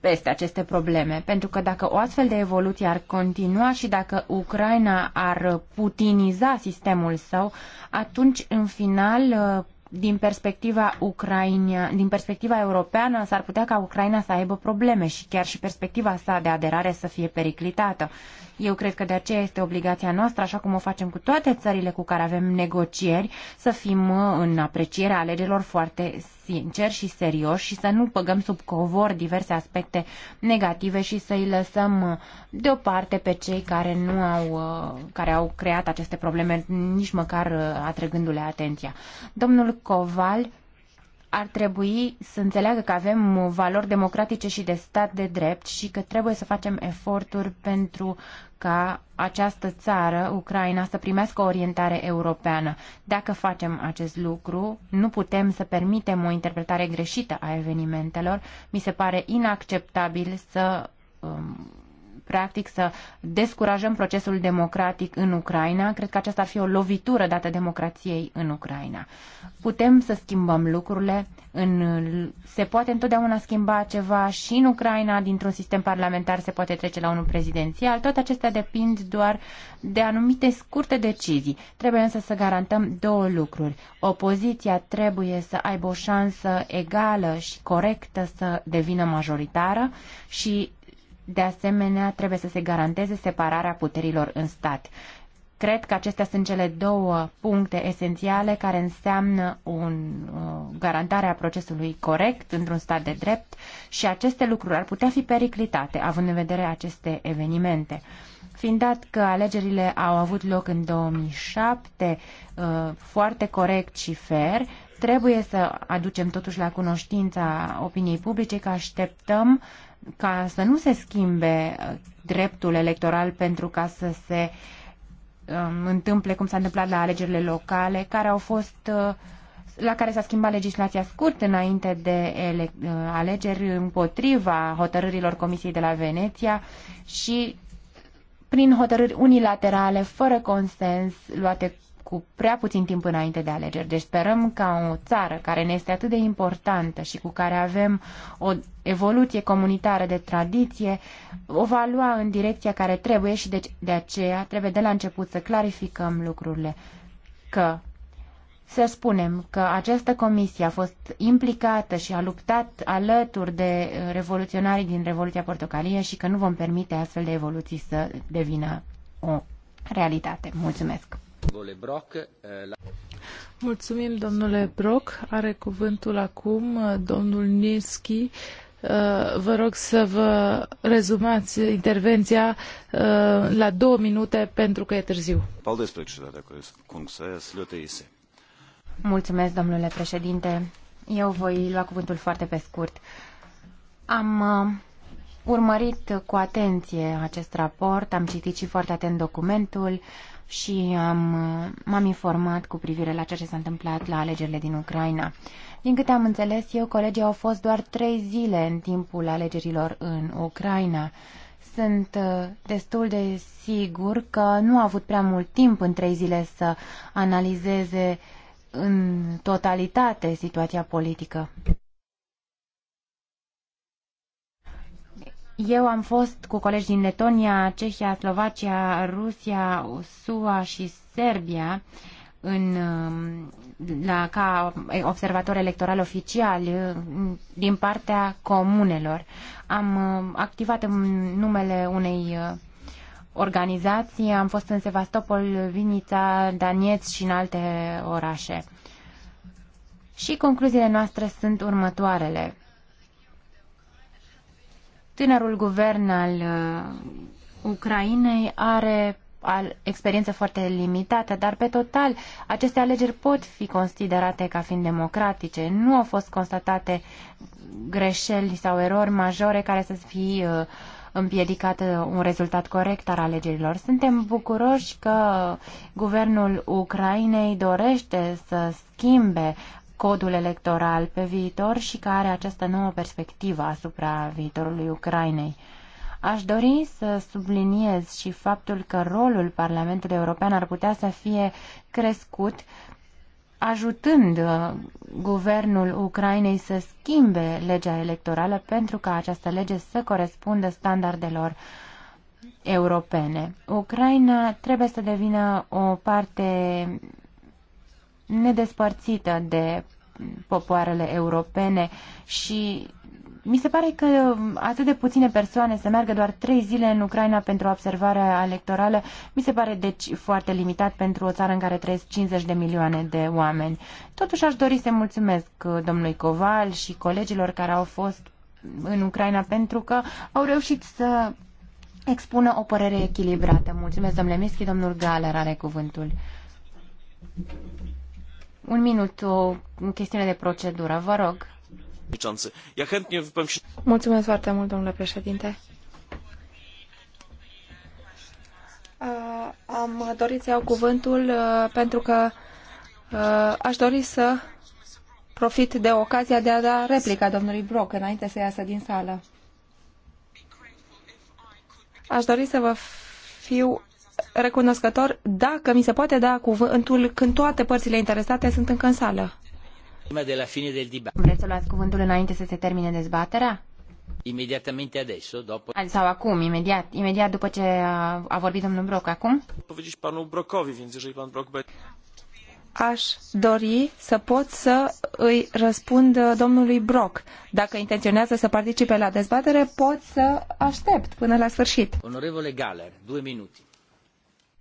peste aceste probleme, pentru că dacă o astfel de evoluție ar continua și dacă Ucraina ar putiniza sistemul său, atunci, în final, uh, din perspectiva, Ucraina, din perspectiva europeană s-ar putea ca Ucraina să aibă probleme și chiar și perspectiva sa de aderare să fie periclitată. Eu cred că de aceea este obligația noastră, așa cum o facem cu toate țările cu care avem negocieri, să fim uh, în aprecierea alegerilor foarte sinceri și serioși și să nu păgăm sub covor diverse aspecte negative și să îi lăsăm uh, deoparte pe cei care nu au, uh, care au creat aceste probleme, nici măcar atrăgându-le atenția. Domnul Coval, ar trebui să înțeleagă că avem valori democratice și de stat de drept și că trebuie să facem eforturi pentru ca această țară, Ucraina, să primească o orientare europeană. Dacă facem acest lucru, nu putem să permitem o interpretare greșită a evenimentelor. Mi se pare inacceptabil să um, practic să descurajăm procesul democratic în Ucraina. Cred că aceasta ar fi o lovitură dată democrației în Ucraina. Putem să schimbăm lucrurile. În, se poate întotdeauna schimba ceva și în Ucraina, dintr-un sistem parlamentar se poate trece la unul prezidențial. Toate acestea depind doar de anumite scurte decizii. Trebuie însă să garantăm două lucruri. Opoziția trebuie să aibă o șansă egală și corectă să devină majoritară și de asemenea, trebuie să se garanteze separarea puterilor în stat. Cred că acestea sunt cele două puncte esențiale care înseamnă un, uh, garantarea procesului corect într-un stat de drept și aceste lucruri ar putea fi periclitate, având în vedere aceste evenimente. Fiind dat că alegerile au avut loc în 2007, uh, foarte corect și fair, trebuie să aducem totuși la cunoștința opiniei publice că așteptăm ca să nu se schimbe uh, dreptul electoral pentru ca să se um, întâmple cum s-a întâmplat la alegerile locale, care au fost uh, la care s-a schimbat legislația scurt înainte de ele, uh, alegeri împotriva hotărârilor Comisiei de la Veneția și prin hotărâri unilaterale, fără consens, luate cu prea puțin timp înainte de alegeri. Deci sperăm ca o țară care ne este atât de importantă și cu care avem o evoluție comunitară de tradiție, o va lua în direcția care trebuie și de, deci de aceea trebuie de la început să clarificăm lucrurile că să spunem că această comisie a fost implicată și a luptat alături de revoluționarii din Revoluția Portocalie și că nu vom permite astfel de evoluții să devină o realitate. Mulțumesc! Eh, Mulțumim, domnule Brok. Are cuvântul acum eh, domnul Nilski. Eh, vă rog să vă rezumați intervenția la două minute pentru că e târziu. Mulțumesc, domnule președinte. Eu voi lua cuvântul foarte pe scurt. Am urmărit cu atenție acest raport, am citit și foarte atent documentul, și am, m-am informat cu privire la ceea ce s-a întâmplat la alegerile din Ucraina. Din câte am înțeles eu, colegii au fost doar trei zile în timpul alegerilor în Ucraina. Sunt uh, destul de sigur că nu a avut prea mult timp în trei zile să analizeze în totalitate situația politică. Eu am fost cu colegi din Letonia, Cehia, Slovacia, Rusia, SUA și Serbia în, um, la, ca observator electoral oficial um, din partea comunelor. Am um, activat în numele unei uh, organizații, am fost în Sevastopol, Vinița, Danieț și în alte orașe. Și concluziile noastre sunt următoarele. Tânărul guvern al uh, Ucrainei are al, experiență foarte limitată, dar pe total aceste alegeri pot fi considerate ca fiind democratice. Nu au fost constatate greșeli sau erori majore care să fie uh, împiedicat un rezultat corect al alegerilor. Suntem bucuroși că guvernul Ucrainei dorește să schimbe codul electoral pe viitor și care are această nouă perspectivă asupra viitorului Ucrainei. Aș dori să subliniez și faptul că rolul Parlamentului European ar putea să fie crescut ajutând uh, guvernul Ucrainei să schimbe legea electorală pentru ca această lege să corespundă standardelor europene. Ucraina trebuie să devină o parte nedespărțită de popoarele europene și mi se pare că atât de puține persoane să meargă doar trei zile în Ucraina pentru observarea electorală, mi se pare deci foarte limitat pentru o țară în care trăiesc 50 de milioane de oameni. Totuși aș dori să mulțumesc uh, domnului Coval și colegilor care au fost în Ucraina pentru că au reușit să expună o părere echilibrată. Mulțumesc, domnule Mischi, domnul Galer are cuvântul. Un minut, o chestiune de procedură, vă rog. Mulțumesc foarte mult, domnule președinte. Uh, am dorit să iau cuvântul uh, pentru că uh, aș dori să profit de ocazia de a da replica domnului Brock înainte să iasă din sală. Aș dori să vă fiu recunoscător dacă mi se poate da cuvântul când toate părțile interesate sunt încă în sală. De la fine del Vreți să luați cuvântul înainte să se termine dezbaterea? Imediatamente adesso, dopo... Sau acum, imediat, imediat după ce a, a vorbit domnul Broc, acum? aș dori să pot să îi răspund uh, domnului Brock. Dacă intenționează să participe la dezbatere, pot să aștept până la sfârșit. Onorevole Galer, două minute.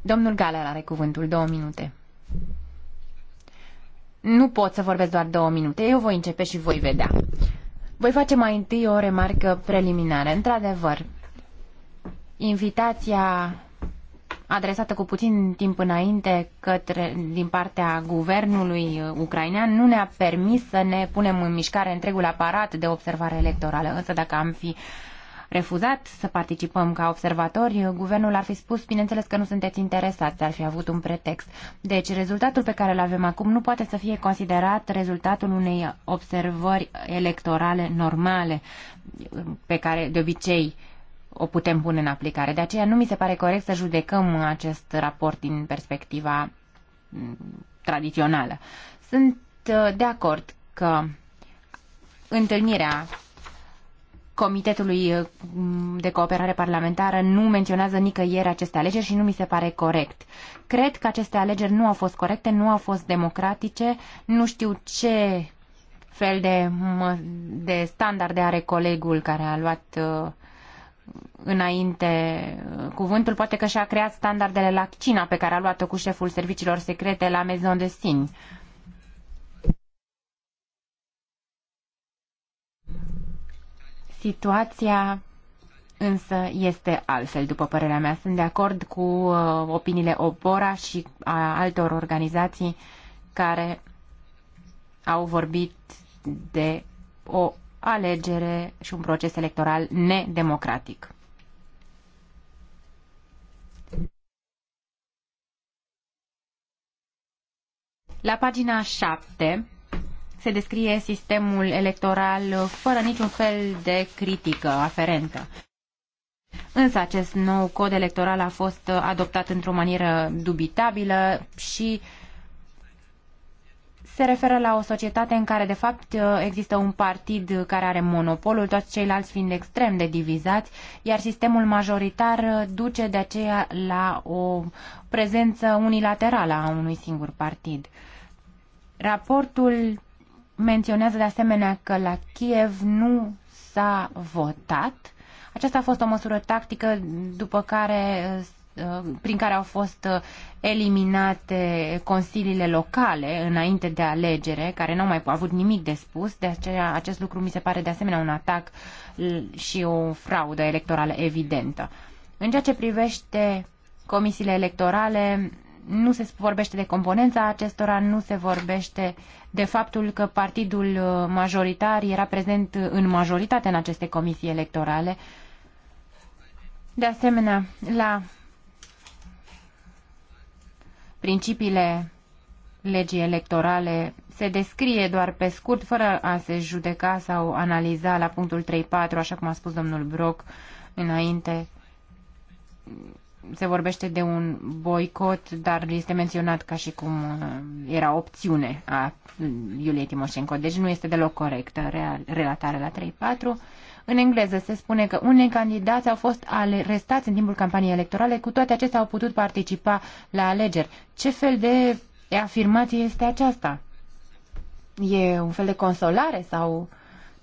Domnul Galer are cuvântul, două minute. Nu pot să vorbesc doar două minute, eu voi începe și voi vedea. Voi face mai întâi o remarcă preliminară. Într-adevăr, invitația adresată cu puțin timp înainte către, din partea guvernului ucrainean nu ne-a permis să ne punem în mișcare întregul aparat de observare electorală. Însă dacă am fi uh, refuzat să participăm ca observatori, guvernul ar fi spus, bineînțeles că nu sunteți interesați, ar fi avut un pretext. Deci rezultatul pe care îl avem acum nu poate să fie considerat rezultatul unei observări electorale normale pe care de obicei o putem pune în aplicare. De aceea nu mi se pare corect să judecăm acest raport din perspectiva mm, tradițională. Sunt uh, de acord că întâlnirea Comitetului uh, de Cooperare Parlamentară nu menționează nicăieri aceste alegeri și nu mi se pare corect. Cred că aceste alegeri nu au fost corecte, nu au fost democratice, nu știu ce fel de, de standarde are colegul care a luat uh, înainte uh, cuvântul, poate că și-a creat standardele la China pe care a luat-o cu șeful serviciilor secrete la Maison de Uh, Situația însă este altfel, după părerea mea. Sunt de acord cu uh, opiniile Opora și a altor organizații care au vorbit de o alegere și un proces electoral nedemocratic. La pagina 7 se descrie sistemul electoral fără niciun fel de critică aferentă. Însă acest nou cod electoral a fost adoptat într-o manieră dubitabilă și se referă la o societate în care, de fapt, există un partid care are monopolul, toți ceilalți fiind extrem de divizați, iar sistemul majoritar duce de aceea la o prezență unilaterală a unui singur partid. Raportul menționează de asemenea că la Kiev nu s-a votat. Aceasta a fost o măsură tactică după care, uh, prin care au fost uh, eliminate consiliile locale înainte de alegere, care n-au mai avut nimic de spus, de aceea acest lucru mi se pare de asemenea un atac și o fraudă electorală evidentă. În ceea ce privește comisiile electorale, nu se vorbește de componența acestora, nu se vorbește de faptul că partidul uh, majoritar era prezent în majoritate în aceste comisii electorale. De asemenea, la principiile legii electorale se descrie doar pe scurt, fără a se judeca sau analiza la punctul 3.4, așa cum a spus domnul Brock înainte, se vorbește de un boicot, dar este menționat ca și cum uh, era opțiune a Iuliei Timoșenko. Deci nu este deloc corectă relatarea la 3-4. În engleză se spune că unei candidați au fost arestați în timpul campaniei electorale, cu toate acestea au putut participa la alegeri. Ce fel de afirmație este aceasta? E un fel de consolare sau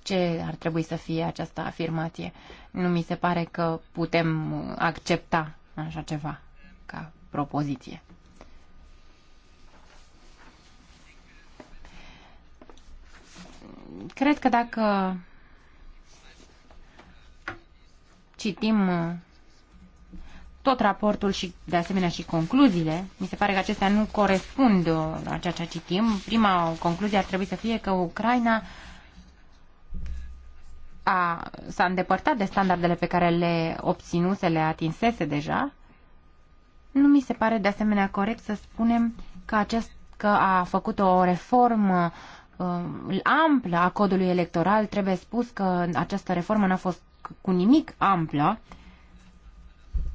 ce ar trebui să fie această afirmație? Nu mi se pare că putem accepta așa ceva ca propoziție. Cred că dacă citim uh, tot raportul și, de asemenea, și concluziile. Mi se pare că acestea nu corespund uh, la ceea ce citim. Prima concluzie ar trebui să fie că Ucraina a, s-a îndepărtat de standardele pe care le obținuse, le atinsese deja, nu mi se pare de asemenea corect să spunem că, acest, că a făcut o reformă uh, amplă a codului electoral. Trebuie spus că această reformă n-a fost cu nimic amplă.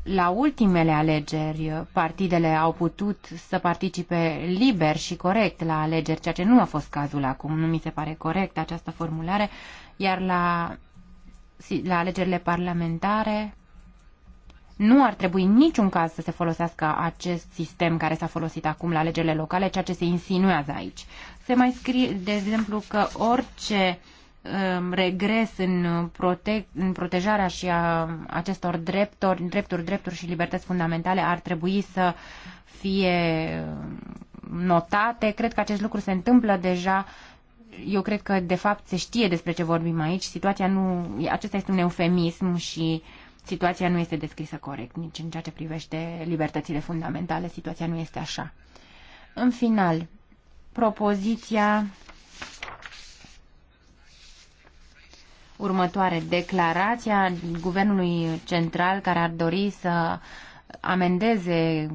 La ultimele alegeri, partidele au putut să participe liber și corect la alegeri, ceea ce nu a fost cazul acum. Nu mi se pare corect această formulare. Iar la, la alegerile parlamentare nu ar trebui niciun caz să se folosească acest sistem care s-a folosit acum la alegerile locale, ceea ce se insinuează aici. Se mai scrie, de exemplu, că orice um, regres în, prote- în protejarea și a acestor drepturi, drepturi, drepturi și libertăți fundamentale ar trebui să fie um, notate. Cred că acest lucru se întâmplă deja uh, eu cred că de fapt se știe despre ce vorbim aici. Situația nu, acesta este un eufemism și situația nu este descrisă corect, nici în ceea ce privește libertățile fundamentale, situația nu este așa. În final, propoziția următoare, declarația Guvernului Central care ar dori să uh, amendeze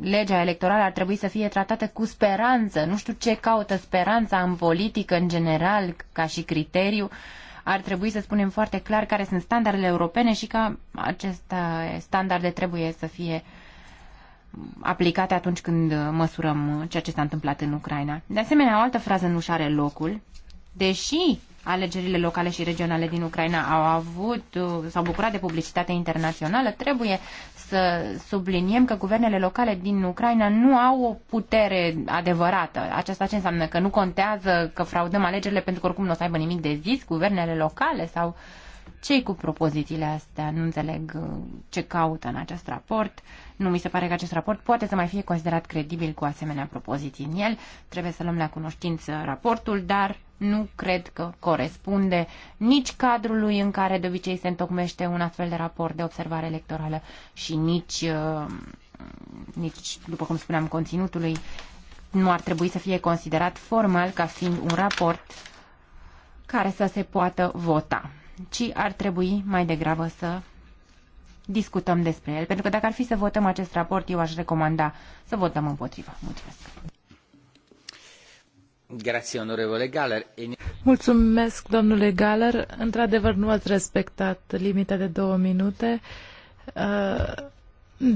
legea electorală ar trebui să fie tratată cu speranță. Nu știu ce caută speranța în politică în general ca și criteriu. Ar trebui să spunem foarte clar care sunt standardele europene și că aceste standarde trebuie să fie aplicate atunci când măsurăm ceea ce s-a întâmplat în Ucraina. De asemenea, o altă frază nu și are locul, deși alegerile locale și regionale din Ucraina au avut, uh, s-au bucurat de publicitate internațională, trebuie să subliniem că guvernele locale din Ucraina nu au o putere adevărată. Aceasta ce înseamnă? Că nu contează că fraudăm alegerile pentru că oricum nu o să aibă nimic de zis guvernele locale sau cei cu propozițiile astea? Nu înțeleg uh, ce caută în acest raport. Uh, nu mi se pare că acest raport poate să mai fie considerat credibil cu asemenea propoziții în el. Trebuie să luăm la cunoștință raportul, dar nu cred că corespunde nici cadrului în care de obicei se întocmește un astfel de raport de observare electorală și nici, uh, nici după cum spuneam, conținutului nu ar trebui să fie considerat formal ca fiind un raport care să se poată vota, ci ar trebui mai degrabă să discutăm despre el, pentru că dacă ar fi să votăm acest raport, eu aș recomanda să votăm împotriva. Mulțumesc! Mulțumesc, domnule Galler. Într-adevăr, nu ați respectat limita de două minute. Uh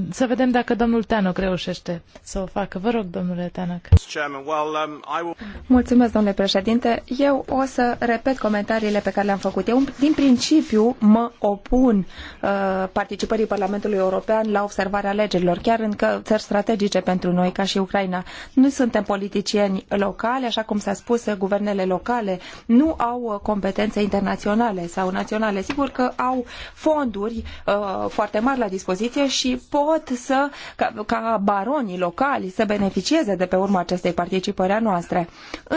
să vedem dacă domnul Tanoc reușește să o facă. Vă rog, domnule Tanoc. Um, Mulțumesc, domnule președinte. Eu o să repet comentariile pe care le-am făcut. Eu, din principiu, mă opun uh, participării Parlamentului European la observarea alegerilor, chiar în țări strategice pentru noi, ca și Ucraina. Nu suntem politicieni locali, așa cum s-a spus, guvernele locale nu au uh, competențe internaționale sau naționale. Sigur că au fonduri uh, foarte mari la dispoziție și pot să, ca, ca baronii locali să beneficieze de pe urma acestei participări a noastre.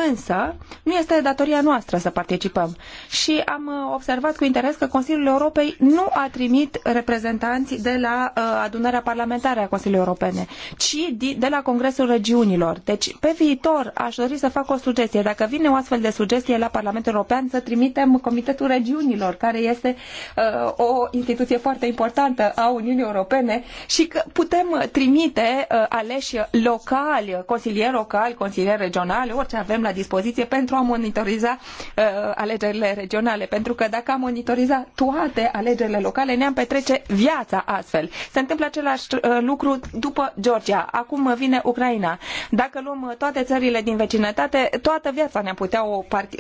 Însă, nu este datoria noastră să participăm. Și am uh, observat cu interes că Consiliul Europei nu a trimit reprezentanți de la uh, adunarea parlamentară a Consiliului Europene, ci de la Congresul Regiunilor. Deci, pe viitor, aș dori să fac o sugestie. Dacă vine o astfel de sugestie la Parlamentul European, să trimitem Comitetul Regiunilor, care este uh, o instituție foarte importantă a Uniunii Europene și că putem uh, trimite uh, aleși locali, consilieri locali, consilieri regionali, orice avem la dispoziție pentru a monitoriza uh, alegerile regionale. Pentru că dacă am monitoriza toate alegerile locale, ne-am petrece viața astfel. Se întâmplă același lucru după Georgia. Acum vine Ucraina. Dacă luăm toate țările din vecinătate, toată viața ne-am putea o part-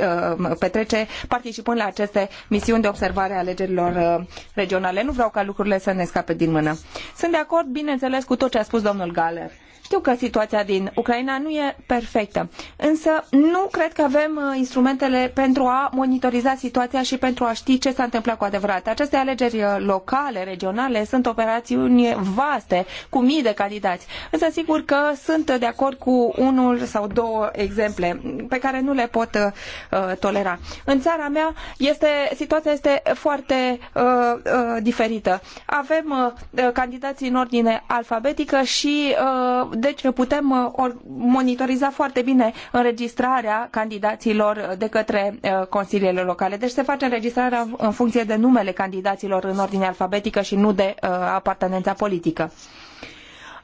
petrece participând la aceste misiuni de observare a alegerilor regionale. Nu vreau ca lucrurile să ne scape din mână. Sunt de acord, bineînțeles, cu tot ce a spus domnul Galer. Știu că situația din Ucraina nu e perfectă, însă nu cred că avem uh, instrumentele pentru a monitoriza situația și pentru a ști ce s-a întâmplat cu adevărat. Aceste alegeri uh, locale, regionale, sunt operațiuni vaste, cu mii de candidați. Însă sigur că sunt de acord cu unul sau două exemple pe care nu le pot uh, uh tolera. În țara mea este, situația este foarte uh, uh, diferită. Avem uh, candidații în ordine alfabetică și uh, deci putem uh, monitoriza foarte bine înregistrarea candidaților de către uh, consiliile locale. Deci se face înregistrarea în funcție de numele candidaților în ordine alfabetică și nu de uh, apartenența politică.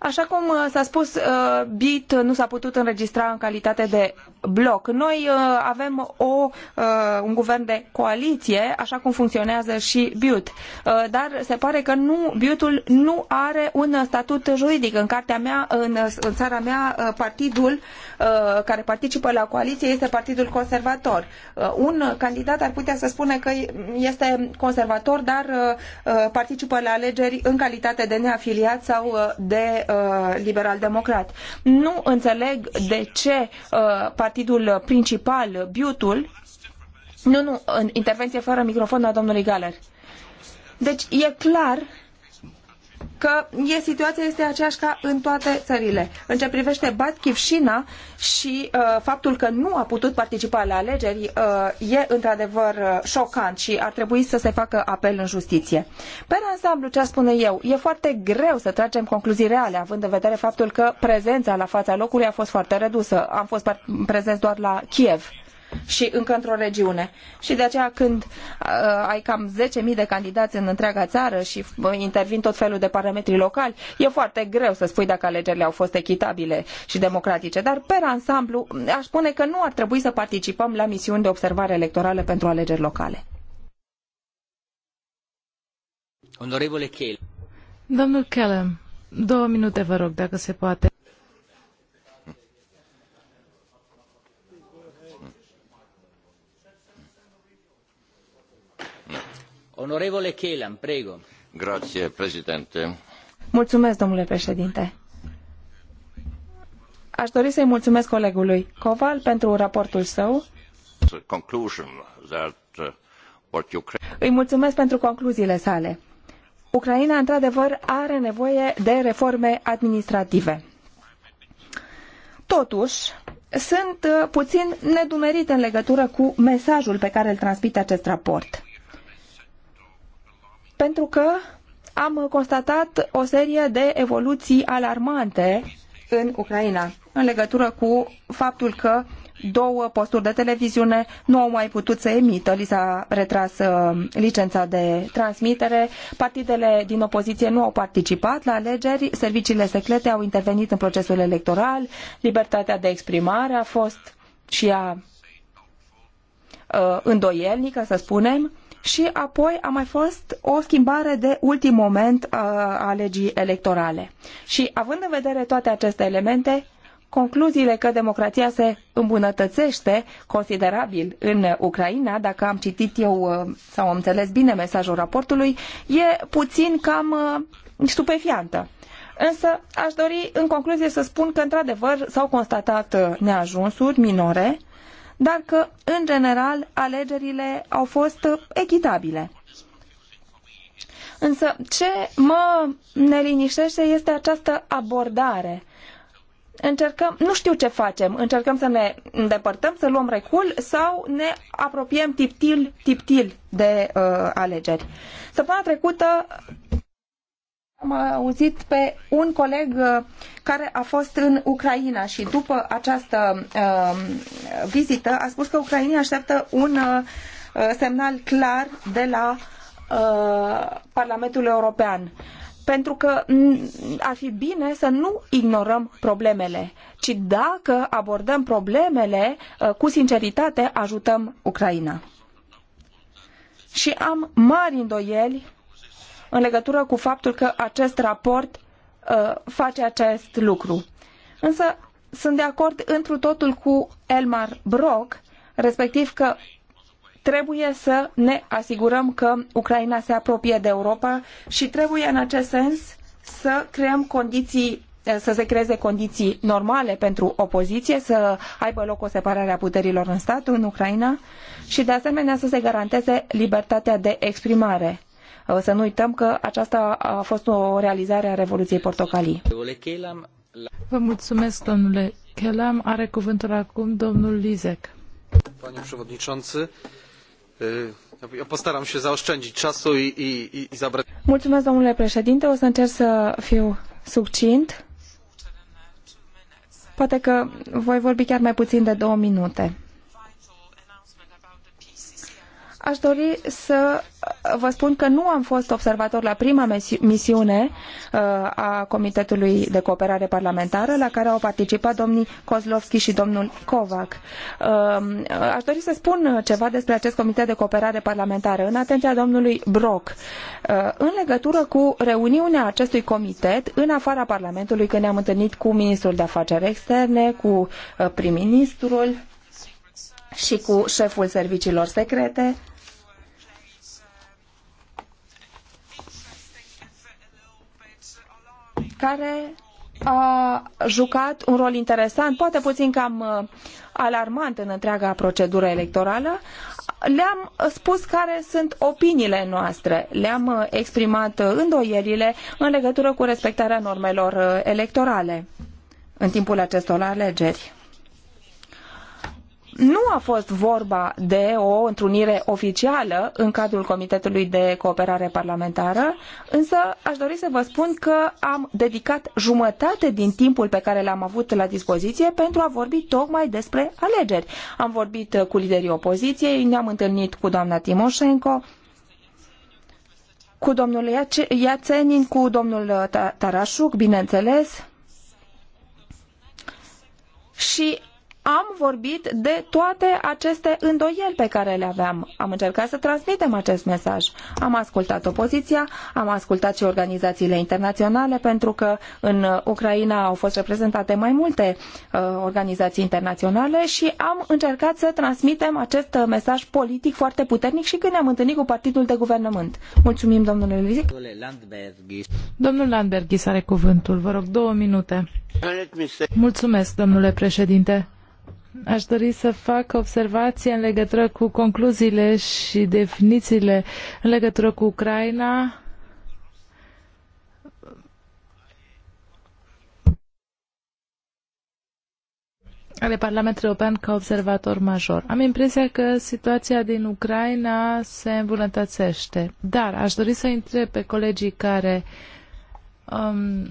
Așa cum uh, s-a spus, uh, BIT nu s-a putut înregistra în calitate de bloc. Noi uh, avem o, un guvern de coaliție, așa cum funcționează și BIUT. Dar se pare că nu, BIUT-ul nu are un statut juridic. În cartea mea, în, în țara mea, partidul care participă la coaliție este Partidul Conservator. Un candidat ar putea să spună că este conservator, dar participă la alegeri în calitate de neafiliat sau de Uh, liberal-democrat. Nu înțeleg de ce uh, partidul principal, Biutul, nu, nu, intervenție fără microfon a domnului Galer. Deci e clar că e, situația este aceeași ca în toate țările. În ce privește Batkivșina și uh, faptul că nu a putut participa la alegeri uh, e într-adevăr uh, șocant și ar trebui să se facă apel în justiție. Pe ansamblu, ce spune eu, e foarte greu să tragem concluzii reale, având în vedere faptul că prezența la fața locului a fost foarte redusă. Am fost prezenți doar la Kiev și încă într-o regiune. Și de aceea când uh, ai cam 10.000 de candidați în întreaga țară și uh, intervin tot felul de parametri locali, e foarte greu să spui dacă alegerile au fost echitabile și democratice. Dar, per ansamblu, aș spune că nu ar trebui să participăm la misiuni de observare electorală pentru alegeri locale. Kehl. Domnul Kellam, două minute vă rog, dacă se poate. Mulțumesc, domnule președinte. Aș dori să îi mulțumesc colegului kowal pentru raportul său. Uh, îi mulțumesc pentru concluziile sale. Ucraina, într-adevăr, are nevoie de reforme administrative. Totuși, sunt uh, puțin nedumerit în legătură cu mesajul pe care îl transmite acest raport pentru că am constatat o serie de evoluții alarmante în Ucraina în legătură cu faptul că două posturi de televiziune nu au mai putut să emită, li s-a retras uh, licența de transmitere, partidele din opoziție nu au participat la alegeri, serviciile secrete au intervenit în procesul electoral, libertatea de exprimare a fost și a uh, îndoielnică, să spunem, și apoi a mai fost o schimbare de ultim moment uh, a legii electorale. Și având în vedere toate aceste elemente, concluziile că democrația se îmbunătățește considerabil în Ucraina, dacă am citit eu uh, sau am înțeles bine mesajul raportului, e puțin cam uh, stupefiantă. Însă aș dori în concluzie să spun că într-adevăr s-au constatat neajunsuri minore, dar că, în general, alegerile au fost uh, echitabile. Însă, ce mă neliniștește este această abordare încercăm, nu știu ce facem, încercăm să ne îndepărtăm, să luăm recul sau ne apropiem tiptil, tiptil de uh, alegeri. Săptămâna trecută am auzit pe un coleg uh, care a fost în Ucraina și după această uh, vizită a spus că Ucraina așteaptă un uh, semnal clar de la uh, Parlamentul European. Pentru că ar fi bine să nu ignorăm problemele, ci dacă abordăm problemele uh, cu sinceritate, ajutăm Ucraina. Și am mari îndoieli în legătură cu faptul că acest raport uh, face acest lucru. Însă sunt de acord întru totul cu Elmar Brok, respectiv că trebuie să ne asigurăm că Ucraina se apropie de Europa și trebuie în acest sens să creăm condiții uh, să se creeze condiții normale pentru opoziție, să aibă loc o separare a puterilor în stat, în Ucraina și de asemenea să se garanteze libertatea de exprimare. Să nu uităm că aceasta a fost o realizare a Revoluției Portocalii. Vă mulțumesc, domnule Chelam. Are cuvântul acum domnul Lizek. Panie przewodniczący, ja postaram się zaoszczędzić czasu i, i, Mulțumesc, domnule președinte. O să încerc să fiu succint. Poate că voi vorbi chiar mai puțin de două minute. Aș dori să vă spun că nu am fost observator la prima misiune uh, a Comitetului de Cooperare Parlamentară la care au participat domnii Kozlovski și domnul Kovac. Um, aș dori să spun ceva despre acest Comitet de Cooperare Parlamentară în atenția domnului Brok. Uh, în legătură cu reuniunea acestui comitet în afara Parlamentului când ne-am întâlnit cu ministrul de afaceri externe, cu uh, prim-ministrul și cu șeful serviciilor secrete, care a jucat un rol interesant, poate puțin cam uh, alarmant în întreaga procedură electorală. Le-am spus care sunt opiniile noastre, le-am uh, exprimat uh, îndoierile în legătură cu respectarea normelor electorale în timpul acestor alegeri nu a fost vorba de o întrunire oficială în cadrul Comitetului de Cooperare Parlamentară, însă aș dori să vă spun că am dedicat jumătate din timpul pe care l-am avut la dispoziție pentru a vorbi tocmai despre alegeri. Am vorbit cu liderii opoziției, ne-am întâlnit cu doamna Timoșenko, cu domnul Iațenin, cu domnul uh, Tarașuc, bineînțeles, și am vorbit de toate aceste îndoieli pe care le aveam. Am încercat să transmitem acest mesaj. Am ascultat opoziția, am ascultat și organizațiile internaționale, pentru că în Ucraina au fost reprezentate mai multe uh, organizații internaționale și am încercat să transmitem acest uh, mesaj politic foarte puternic și când ne-am întâlnit cu Partidul de Guvernământ. Mulțumim, domnule Lizic. Domnul Landberghis are cuvântul. Vă rog două minute. Mulțumesc, domnule președinte. Aș dori să fac observație în legătură cu concluziile și definițiile în legătură cu Ucraina. ale Parlamentului European ca observator major. Am impresia că situația din Ucraina se îmbunătățește, dar aș dori să întreb pe colegii care um,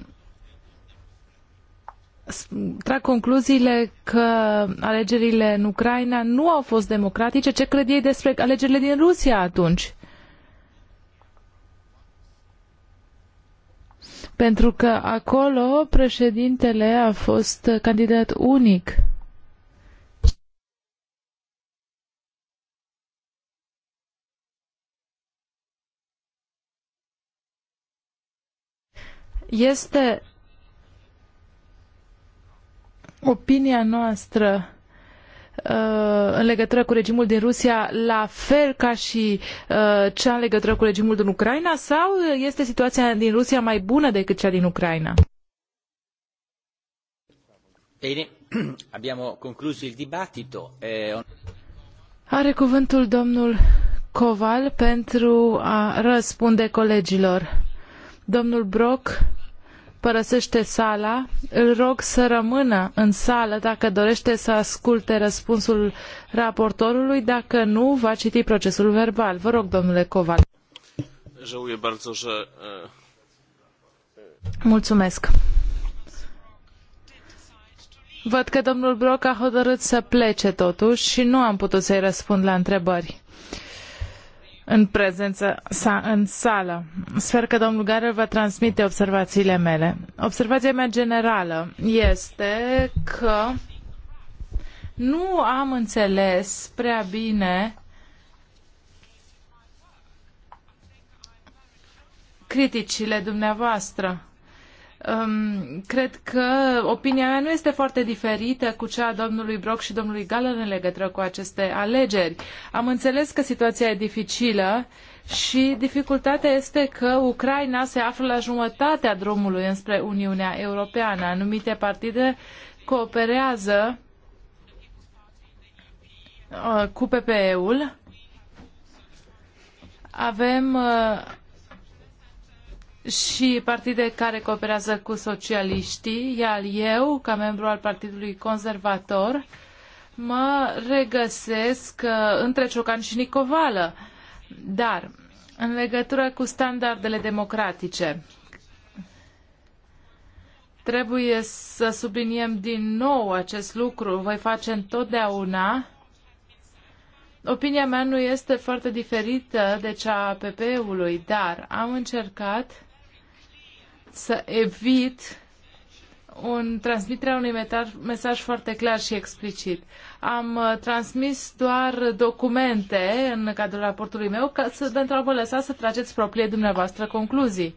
trag concluziile că alegerile în Ucraina nu au fost democratice, ce cred ei despre alegerile din Rusia atunci? Pentru că acolo președintele a fost candidat unic. Este opinia noastră uh, în legătură cu regimul din Rusia la fel ca și uh, cea în legătură cu regimul din Ucraina sau este situația din Rusia mai bună decât cea din Ucraina? Bine, abbiamo concluso il dibattito. Eh, Are cuvântul domnul Coval pentru a răspunde colegilor. Domnul Brok părăsește sala, îl rog să rămână în sală dacă dorește să asculte răspunsul raportorului, dacă nu, va citi procesul verbal. Vă rog, domnule Coval. Mulțumesc. Văd că domnul Brok a hotărât să plece totuși și nu am putut să-i răspund la întrebări în prezența sa în sală. Sper că domnul Garel va transmite observațiile mele. Observația mea generală este că nu am înțeles prea bine criticile dumneavoastră um, cred că opinia mea nu este foarte diferită cu cea a domnului Brock și domnului Galler în legătură cu aceste alegeri. Am înțeles că situația e dificilă și dificultatea este că Ucraina se află la jumătatea drumului înspre Uniunea Europeană. Anumite partide cooperează uh, cu PPE-ul. Avem uh, și partide care cooperează cu socialiștii, iar eu, ca membru al Partidului Conservator, mă regăsesc uh, între Ciocan și Nicovală. Dar, în legătură cu standardele democratice, trebuie să subliniem din nou acest lucru. Voi face întotdeauna. Opinia mea nu este foarte diferită de cea a PP-ului, dar am încercat să evit un transmiterea unui metar, mesaj foarte clar și explicit. Am uh, transmis doar documente în cadrul raportului meu ca să pentru a vă lăsa să trageți propriile dumneavoastră concluzii.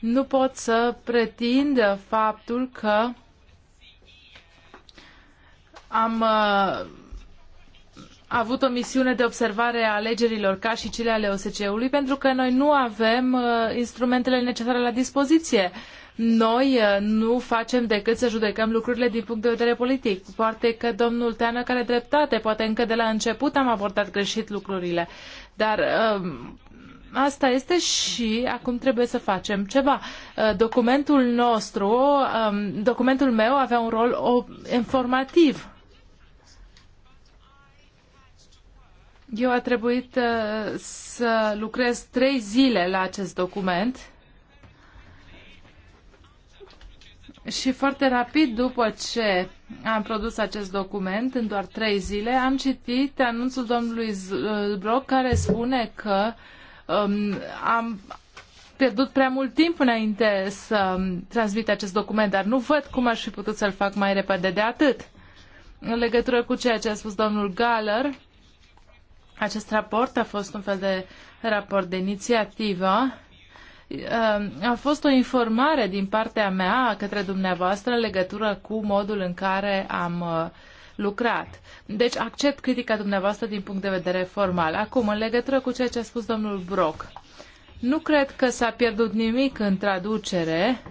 Nu pot să pretind faptul că am uh, a avut o misiune de observare a alegerilor ca și cele ale OSCE-ului, pentru că noi nu avem uh, instrumentele necesare la dispoziție. Noi uh, nu facem decât să judecăm lucrurile din punct de vedere politic. Poate că domnul Teană care dreptate, poate încă de la început am abordat greșit lucrurile. Dar uh, asta este și acum trebuie să facem ceva. Uh, documentul nostru, um, documentul meu avea un rol informativ Eu a trebuit uh, să lucrez trei zile la acest document și foarte rapid după ce am produs acest document, în doar trei zile, am citit anunțul domnului Brock care spune că um, am pierdut prea mult timp înainte să transmit acest document, dar nu văd cum aș fi putut să-l fac mai repede de atât. În legătură cu ceea ce a spus domnul Galler, acest raport a fost un fel de raport de inițiativă. Ehm, a fost o informare din partea mea către dumneavoastră în legătură cu modul în care am uh, lucrat. Deci accept critica dumneavoastră din punct de vedere formal. Acum, în legătură cu ceea ce a spus domnul Brock, nu cred că s-a pierdut nimic în traducere.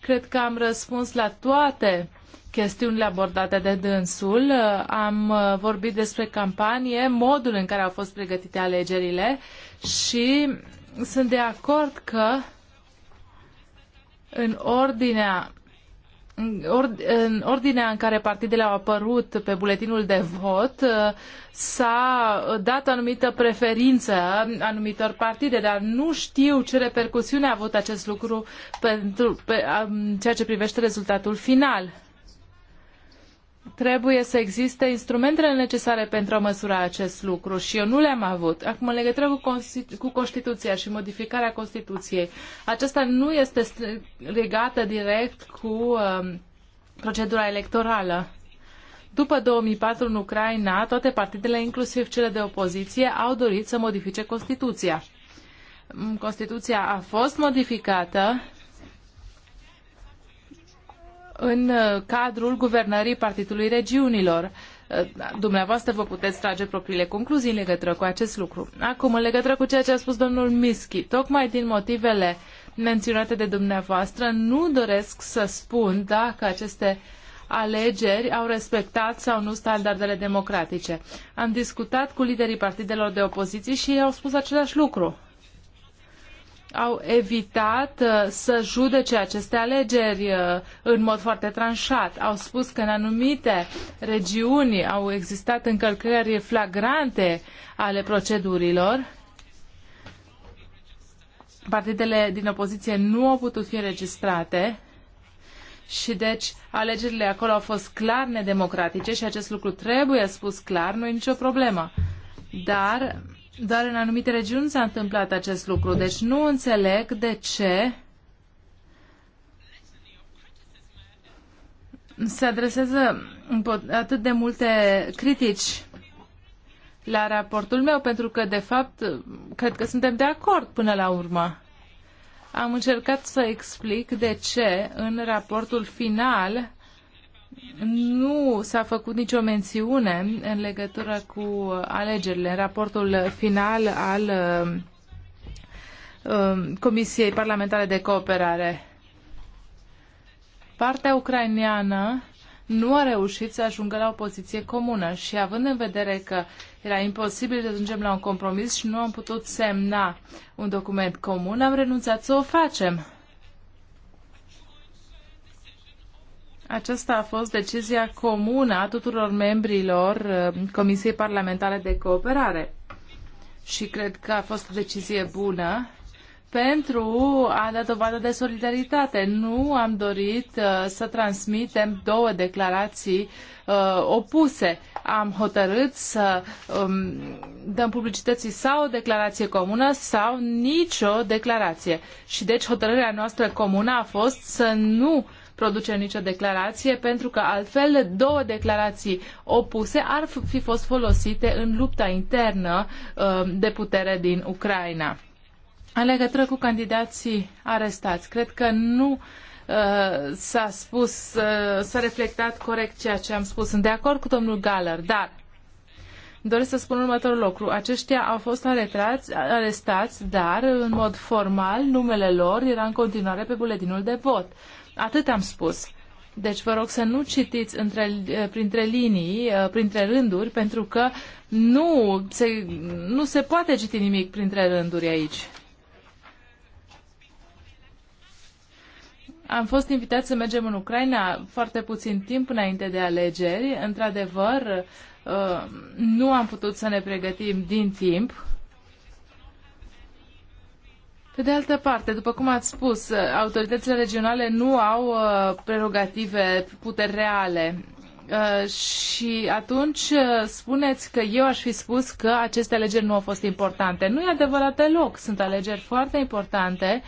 Cred că am răspuns la toate chestiunile abordate de dânsul. Am uh, vorbit despre campanie, modul în care au fost pregătite alegerile și sunt de acord că în ordinea în ordinea în care partidele au apărut pe buletinul de vot, uh, s-a dat o anumită preferință anumitor partide, dar nu știu ce repercusiune a avut acest lucru pentru pe, um, ceea ce privește rezultatul final trebuie să existe instrumentele necesare pentru a măsura acest lucru și eu nu le-am avut. Acum, în legătură cu, Constitu- cu Constituția și modificarea Constituției, aceasta nu este legată direct cu um, procedura electorală. După 2004 în Ucraina, toate partidele, inclusiv cele de opoziție, au dorit să modifice Constituția. Constituția a fost modificată în uh, cadrul guvernării Partidului Regiunilor. Uh, dumneavoastră vă puteți trage propriile concluzii în legătură cu acest lucru. Acum, în legătură cu ceea ce a spus domnul Mischi, tocmai din motivele menționate de dumneavoastră, nu doresc să spun dacă aceste alegeri au respectat sau nu standardele democratice. Am discutat cu liderii partidelor de opoziție și ei au spus același lucru au evitat uh, să judece aceste alegeri uh, în mod foarte tranșat. Au spus că în anumite regiuni au existat încălcări flagrante ale procedurilor. Partidele din opoziție nu au putut fi înregistrate și deci alegerile acolo au fost clar nedemocratice și acest lucru trebuie spus clar, nu e nicio problemă. Dar doar în anumite regiuni s-a întâmplat acest lucru, deci nu înțeleg de ce se adresează atât de multe critici la raportul meu, pentru că, de fapt, cred că suntem de acord până la urmă. Am încercat să explic de ce în raportul final nu s-a făcut nicio mențiune în legătură cu alegerile în raportul final al um, Comisiei Parlamentare de Cooperare. Partea ucraineană nu a reușit să ajungă la o poziție comună și având în vedere că era imposibil să ajungem la un compromis și nu am putut semna un document comun, am renunțat să o facem. Aceasta a fost decizia comună a tuturor membrilor uh, Comisiei Parlamentare de Cooperare și cred că a fost o decizie bună pentru a da dovadă de solidaritate. Nu am dorit uh, să transmitem două declarații uh, opuse. Am hotărât să um, dăm publicității sau o declarație comună sau nicio declarație. Și deci hotărârea noastră comună a fost să nu uh, produce nicio declarație, pentru că altfel două declarații opuse ar fi fost folosite în lupta internă uh, de putere din Ucraina. În legătură cu candidații arestați, cred că nu uh, s-a spus, uh, s-a reflectat corect ceea ce am spus. Sunt de acord cu domnul Galler, dar doresc să spun următorul lucru. Aceștia au fost arestați, arestați, dar în mod formal numele lor era în continuare pe buletinul de vot. Atât am spus. Deci vă rog să nu citiți între, eh, printre linii, eh, printre rânduri, pentru că nu se, nu se poate citi nimic printre rânduri aici. Am fost invitat să mergem în Ucraina foarte puțin timp înainte de alegeri. Într-adevăr, eh, nu am putut să ne pregătim din timp pe de altă parte, după cum ați spus, uh, autoritățile regionale nu au uh, prerogative, puteri reale uh, și atunci spuneți că eu aș fi spus că aceste alegeri nu au fost importante. Nu e adevărat deloc. Sunt alegeri foarte importante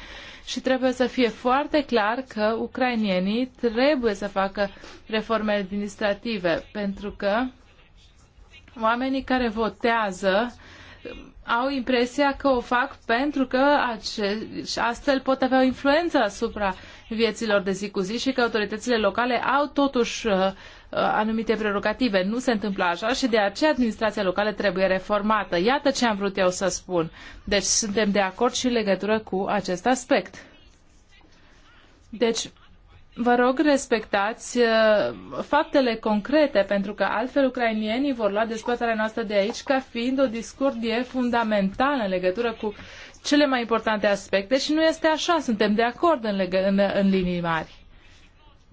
și trebuie să fie foarte clar că ucrainienii trebuie să facă reforme administrative pentru că oamenii care votează au impresia că o fac pentru că acești, astfel pot avea o influență asupra vieților de zi cu zi și că autoritățile locale au totuși uh, uh, anumite prerogative. Nu se întâmplă așa și de aceea administrația locală trebuie reformată. Iată ce am vrut eu să spun. Deci suntem de acord și în legătură cu acest aspect. Deci vă rog respectați uh, faptele concrete, pentru că altfel ucrainienii vor lua dezbaterea noastră de aici ca fiind o discurdie fundamentală în legătură cu cele mai importante aspecte și nu este așa, suntem de acord în, în, în linii mari.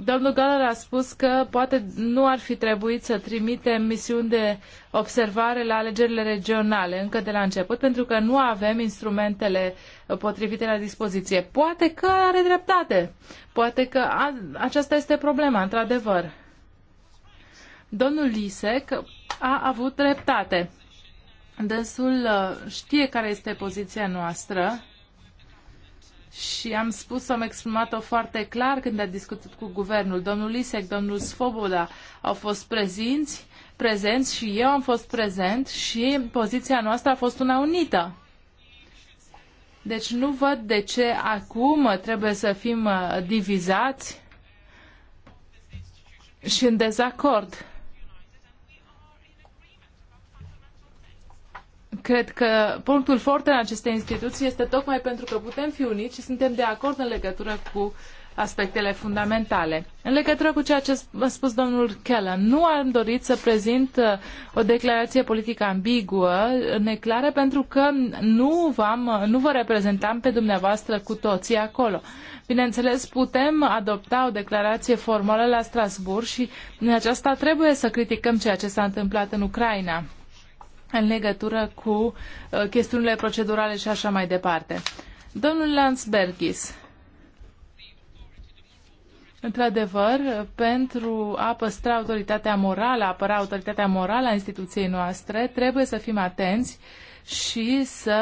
Domnul Galler a spus că poate nu ar fi trebuit să trimitem misiuni de observare la alegerile regionale încă de la început, pentru că nu avem instrumentele potrivite la dispoziție. Poate că are dreptate. Poate că a, aceasta este problema, într-adevăr. Domnul Lisek a avut dreptate. Dânsul uh, știe care este poziția noastră și am spus am exprimat-o foarte clar când a discutat cu guvernul. Domnul Lisek, domnul Svoboda au fost prezinți, prezenți și eu am fost prezent și poziția noastră a fost una unită. Deci nu văd de ce acum trebuie să fim uh, divizați și în dezacord. Cred că punctul forte în aceste instituții este tocmai pentru că putem fi uniți și suntem de acord în legătură cu aspectele fundamentale. În legătură cu ceea ce a spus domnul Kellan, nu am dorit să prezint uh, o declarație politică ambiguă, neclară, pentru că nu, v-am, uh, nu vă reprezentam pe dumneavoastră cu toții acolo. Bineînțeles, putem adopta o declarație formală la Strasbourg și în aceasta trebuie să criticăm ceea ce s-a întâmplat în Ucraina în legătură cu uh, chestiunile procedurale și așa mai departe. Domnul Lansbergis, Într-adevăr, pentru a păstra autoritatea morală, a apăra autoritatea morală a instituției noastre, trebuie să fim atenți și să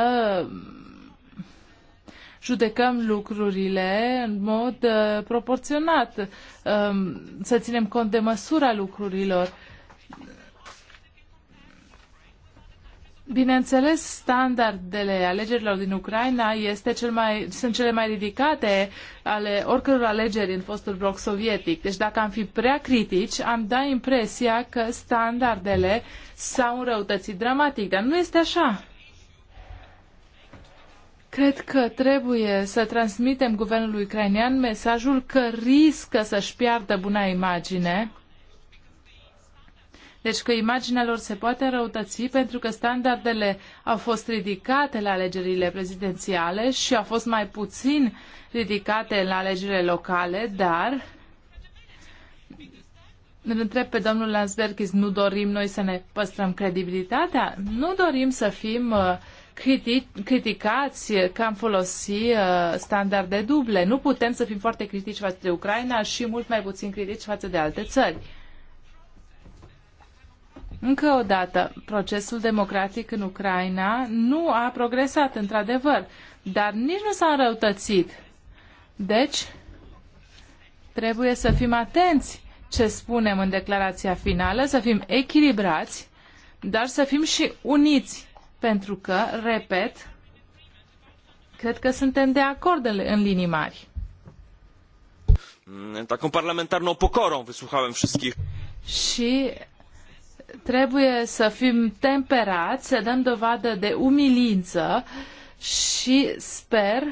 judecăm lucrurile în mod uh, proporționat, um, să ținem cont de măsura lucrurilor Bineînțeles, standardele alegerilor din Ucraina este cel mai, sunt cele mai ridicate ale oricăror alegeri în fostul bloc sovietic. Deci dacă am fi prea critici, am da impresia că standardele s-au înrăutățit dramatic, dar nu este așa. Cred că trebuie să transmitem guvernului ucrainean mesajul că riscă să-și piardă buna imagine deci că imaginea lor se poate înrăutăți pentru că standardele au fost ridicate la alegerile prezidențiale și au fost mai puțin ridicate la alegerile locale, dar îl întreb pe domnul Lansbergis, nu dorim noi să ne păstrăm credibilitatea? Nu dorim să fim uh, criticați că am folosit uh, standarde duble. Nu putem să fim foarte critici față de Ucraina și mult mai puțin critici față de alte țări. Încă o dată, procesul democratic în Ucraina nu a progresat, într-adevăr, dar nici nu s-a înrăutățit. Deci, trebuie să fim atenți ce spunem în declarația finală, să fim echilibrați, dar să fim și uniți, pentru că, repet, cred că suntem de acord în linii mari. Taką parlamentarną pokorą wysłuchałem wszystkich. Și trebuie să fim temperați, să dăm dovadă de umilință și sper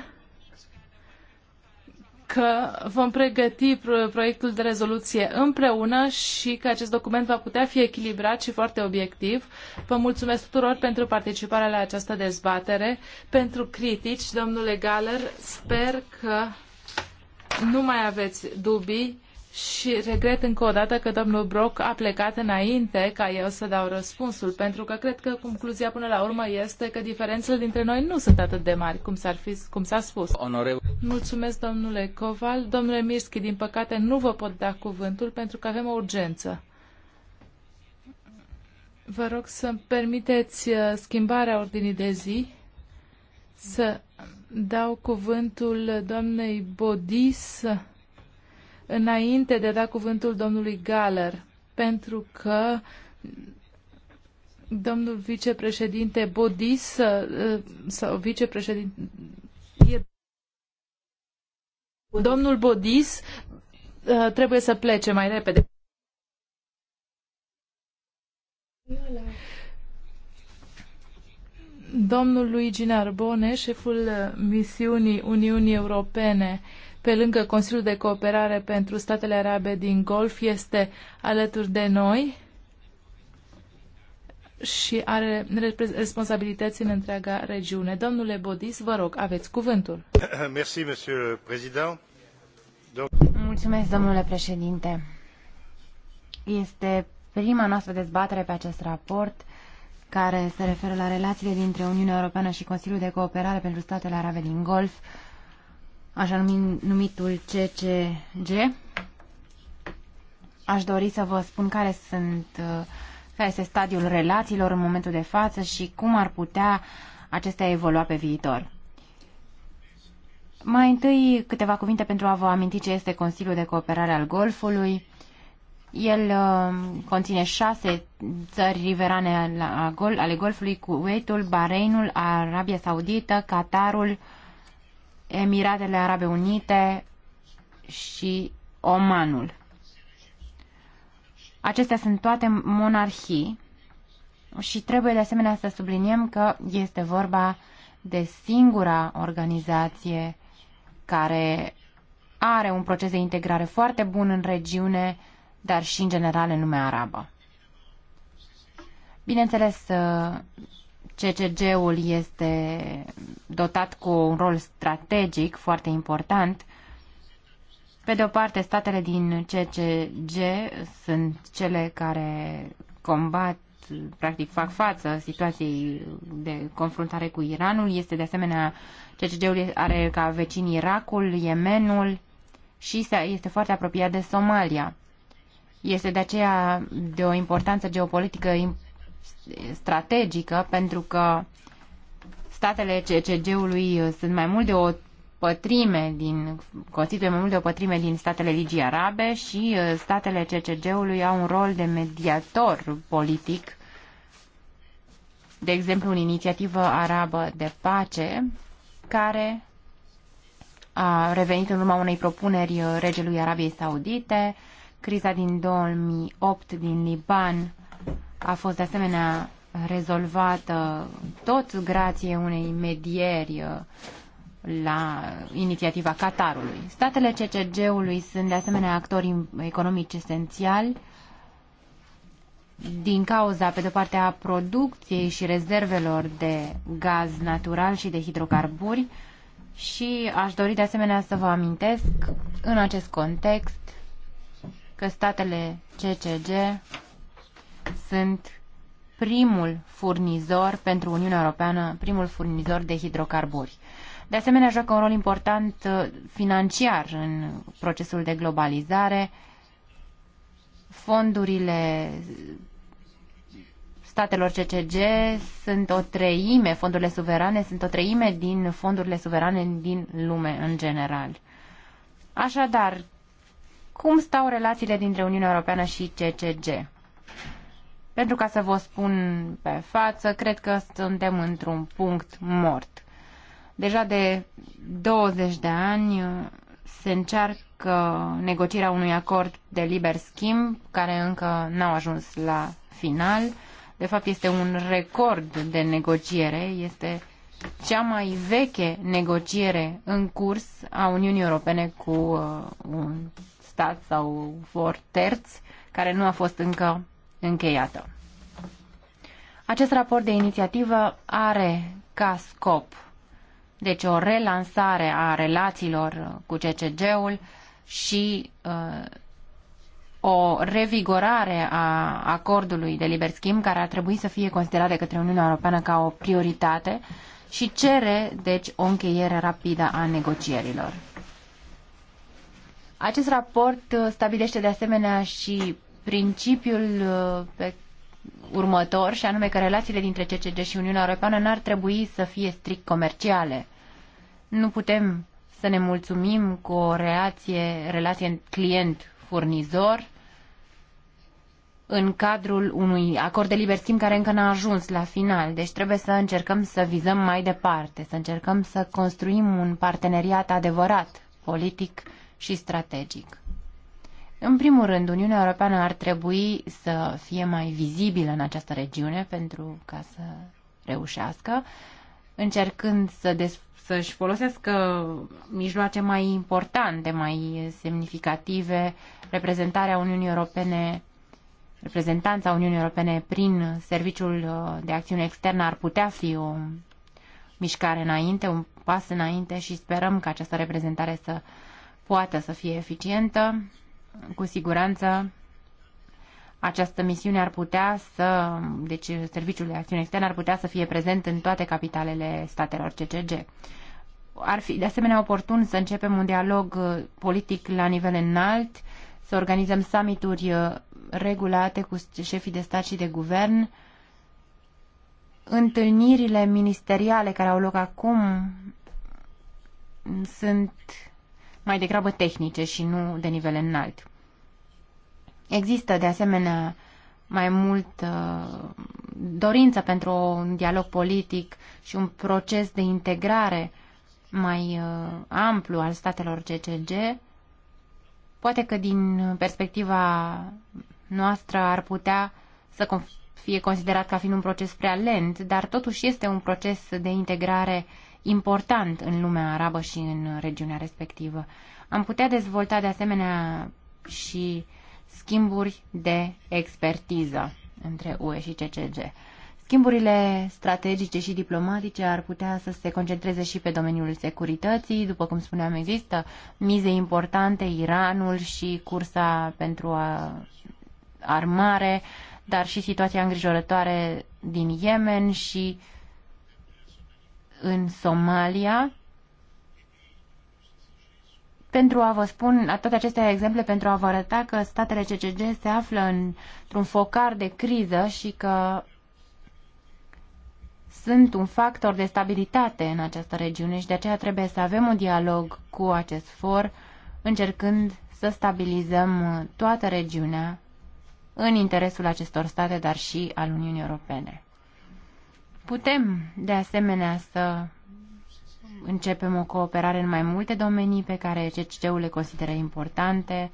că vom pregăti proiectul de rezoluție împreună și că acest document va putea fi echilibrat și foarte obiectiv. Vă mulțumesc tuturor pentru participarea la această dezbatere, pentru critici. Domnule Galer, sper că nu mai aveți dubii și regret încă o dată că domnul Brock a plecat înainte ca eu să dau răspunsul, pentru că cred că concluzia până la urmă este că diferențele dintre noi nu sunt atât de mari, cum, s-ar fi, cum s-a spus. Onoreu. Mulțumesc, domnule Coval. Domnule Mirski, din păcate nu vă pot da cuvântul pentru că avem o urgență. Vă rog să permiteți uh, schimbarea ordinii de zi, să dau cuvântul doamnei Bodis înainte de a da cuvântul domnului Galler, pentru că domnul vicepreședinte Bodis uh, sau vicepreședinte domnul Bodis uh, trebuie să plece mai repede. Domnul Luigi Narbone, șeful uh, misiunii Uniunii Europene pe lângă Consiliul de Cooperare pentru Statele Arabe din Golf, este alături de noi și are responsabilități în întreaga regiune. Domnule Bodis, vă rog, aveți cuvântul. Mulțumesc, domnule președinte. Este prima noastră dezbatere pe acest raport care se referă la relațiile dintre Uniunea Europeană și Consiliul de Cooperare pentru Statele Arabe din Golf așa numitul CCG. Aș dori să vă spun care sunt uh, care este stadiul relațiilor în momentul de față și cum ar putea acestea evolua pe viitor. Mai întâi câteva cuvinte pentru a vă aminti ce este Consiliul de Cooperare al Golfului. El uh, conține șase țări riverane ale Golfului, Kuwaitul, Bahrainul, Arabia Saudită, Qatarul, uh, Emiratele Arabe Unite și Omanul. Acestea sunt toate monarhii și trebuie de asemenea să subliniem că este vorba de singura organizație care are un proces de integrare foarte bun în regiune, dar și în general în lumea arabă. Bineînțeles, CCG-ul este dotat cu un rol strategic foarte important. Pe de o parte, statele din CCG sunt cele care combat, practic fac față situației de confruntare cu Iranul. Este de asemenea, CCG-ul are ca vecin Irakul, Yemenul și este foarte apropiat de Somalia. Este de aceea de o importanță geopolitică strategică pentru că statele CCG-ului uh, sunt mai mult de o pătrime din, constituie mai mult de o pătrime din statele Ligii Arabe și uh, statele CCG-ului au un rol de mediator politic. De exemplu, în inițiativă arabă de pace care a revenit în urma unei propuneri uh, regelui Arabiei Saudite, criza din 2008 din Liban a fost de asemenea rezolvată tot grație unei medieri uh, la inițiativa Qatarului. Statele CCG-ului sunt de asemenea actori economici esențiali din cauza, pe de-o parte, a producției și rezervelor de gaz natural și de hidrocarburi și aș dori de asemenea să vă amintesc în acest context că statele CCG sunt primul furnizor pentru Uniunea Europeană, primul furnizor de hidrocarburi. De asemenea, joacă un rol important uh, financiar în procesul de globalizare. Fondurile statelor CCG sunt o treime, fondurile suverane sunt o treime din fondurile suverane din lume în general. Așadar, cum stau relațiile dintre Uniunea Europeană și CCG? Pentru ca să vă spun pe față, cred că suntem într-un punct mort. Deja de 20 de ani uh, se încearcă negocierea unui acord de liber schimb care încă n-au ajuns la final. De fapt, este un record de negociere, este cea mai veche negociere în curs a Uniunii Europene cu uh, un stat sau vor terți, care nu a fost încă încheiată. Acest raport de inițiativă are ca scop deci o relansare a relațiilor cu CCG-ul și uh, o revigorare a acordului de liber schimb care ar trebui să fie considerat de către Uniunea Europeană ca o prioritate și cere, deci, o încheiere rapidă a negocierilor. Acest raport uh, stabilește de asemenea și principiul uh, pe următor, și anume că relațiile dintre CCG și Uniunea Europeană n-ar trebui să fie strict comerciale. Nu putem să ne mulțumim cu o relație, relație client-furnizor în cadrul unui acord de liber schimb care încă n-a ajuns la final. Deci trebuie să încercăm să vizăm mai departe, să încercăm să construim un parteneriat adevărat, politic și strategic. În primul rând, Uniunea Europeană ar trebui să fie mai vizibilă în această regiune pentru ca să reușească, încercând să să-și folosească mijloace mai importante, mai semnificative, reprezentarea Uniunii Europene, reprezentanța Uniunii Europene prin Serviciul uh, de Acțiune Externă ar putea fi o mișcare înainte, un pas înainte și sperăm că această reprezentare să poată să fie eficientă cu siguranță această misiune ar putea să, deci Serviciul de Acțiune Externă ar putea să fie prezent în toate capitalele statelor CCG. Ar fi de asemenea oportun să începem un dialog uh, politic la nivel înalt, să organizăm summituri uh, regulate cu șefii de stat și de guvern, întâlnirile ministeriale care au loc acum sunt mai degrabă tehnice și nu de nivel înalt. Există, de asemenea, mai mult uh, dorință pentru un dialog politic și un proces de integrare mai uh, amplu al statelor CCG. Poate că din perspectiva noastră ar putea să fie considerat ca fiind un proces prea lent, dar totuși este un proces de integrare uh, important în lumea arabă și în regiunea respectivă. Am putea dezvolta de asemenea și schimburi de expertiză între UE și CCG. Schimburile strategice și diplomatice ar putea să se concentreze și pe domeniul securității. După cum spuneam, există mize importante, Iranul și cursa pentru a, armare, dar și situația îngrijorătoare din Yemen și uh, în Somalia. Pentru a vă spun toate aceste exemple, pentru a vă arăta că statele CCG se află într-un focar de criză și că sunt un factor de stabilitate în această regiune și de aceea trebuie să avem un dialog cu acest for, încercând să stabilizăm toată regiunea în interesul acestor state, dar și al Uniunii Europene. Putem, de asemenea, să începem o cooperare în mai multe domenii pe care CCC-ul le consideră importante.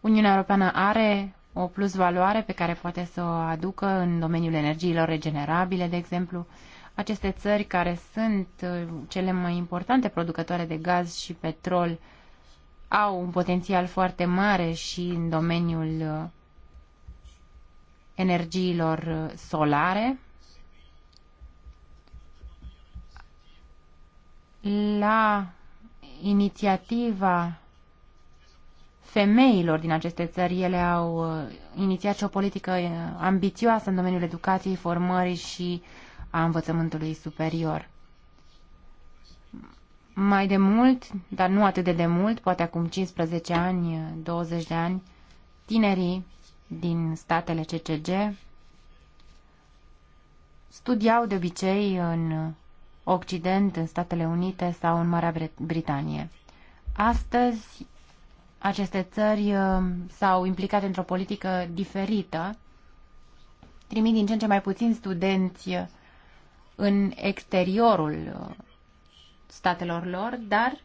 Uniunea Europeană are o plus valoare pe care poate să o aducă în domeniul energiilor regenerabile, de exemplu. Aceste țări care sunt uh, cele mai importante producătoare de gaz și petrol au un potențial foarte mare și în domeniul uh, energiilor uh, solare. la inițiativa femeilor din aceste țări. Ele au uh, inițiat și o politică uh, ambițioasă în domeniul educației, formării și a învățământului superior. Mai de mult, dar nu atât de demult, mult, poate acum 15 ani, 20 uh, de ani, tinerii din statele CCG studiau de obicei în Occident, în Statele Unite sau în Marea Britanie. Astăzi, aceste țări uh, s-au implicat într-o politică diferită, trimit din ce în ce mai puțini studenți în exteriorul uh, statelor lor, dar,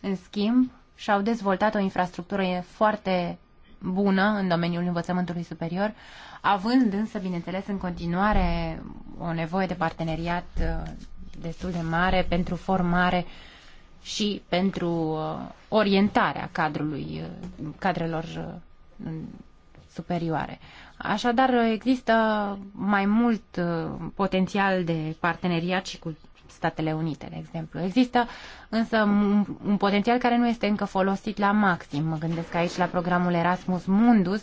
în schimb, și-au dezvoltat o infrastructură foarte bună în domeniul învățământului superior, având însă, bineînțeles, în continuare o nevoie de parteneriat uh, destul de mare pentru formare și pentru uh, orientarea cadrului, uh, cadrelor uh, superioare. Așadar, există mai mult potențial de parteneriat și cu Statele Unite, de exemplu. Există însă un, un potențial care nu este încă folosit la maxim. Mă gândesc aici la programul Erasmus Mundus.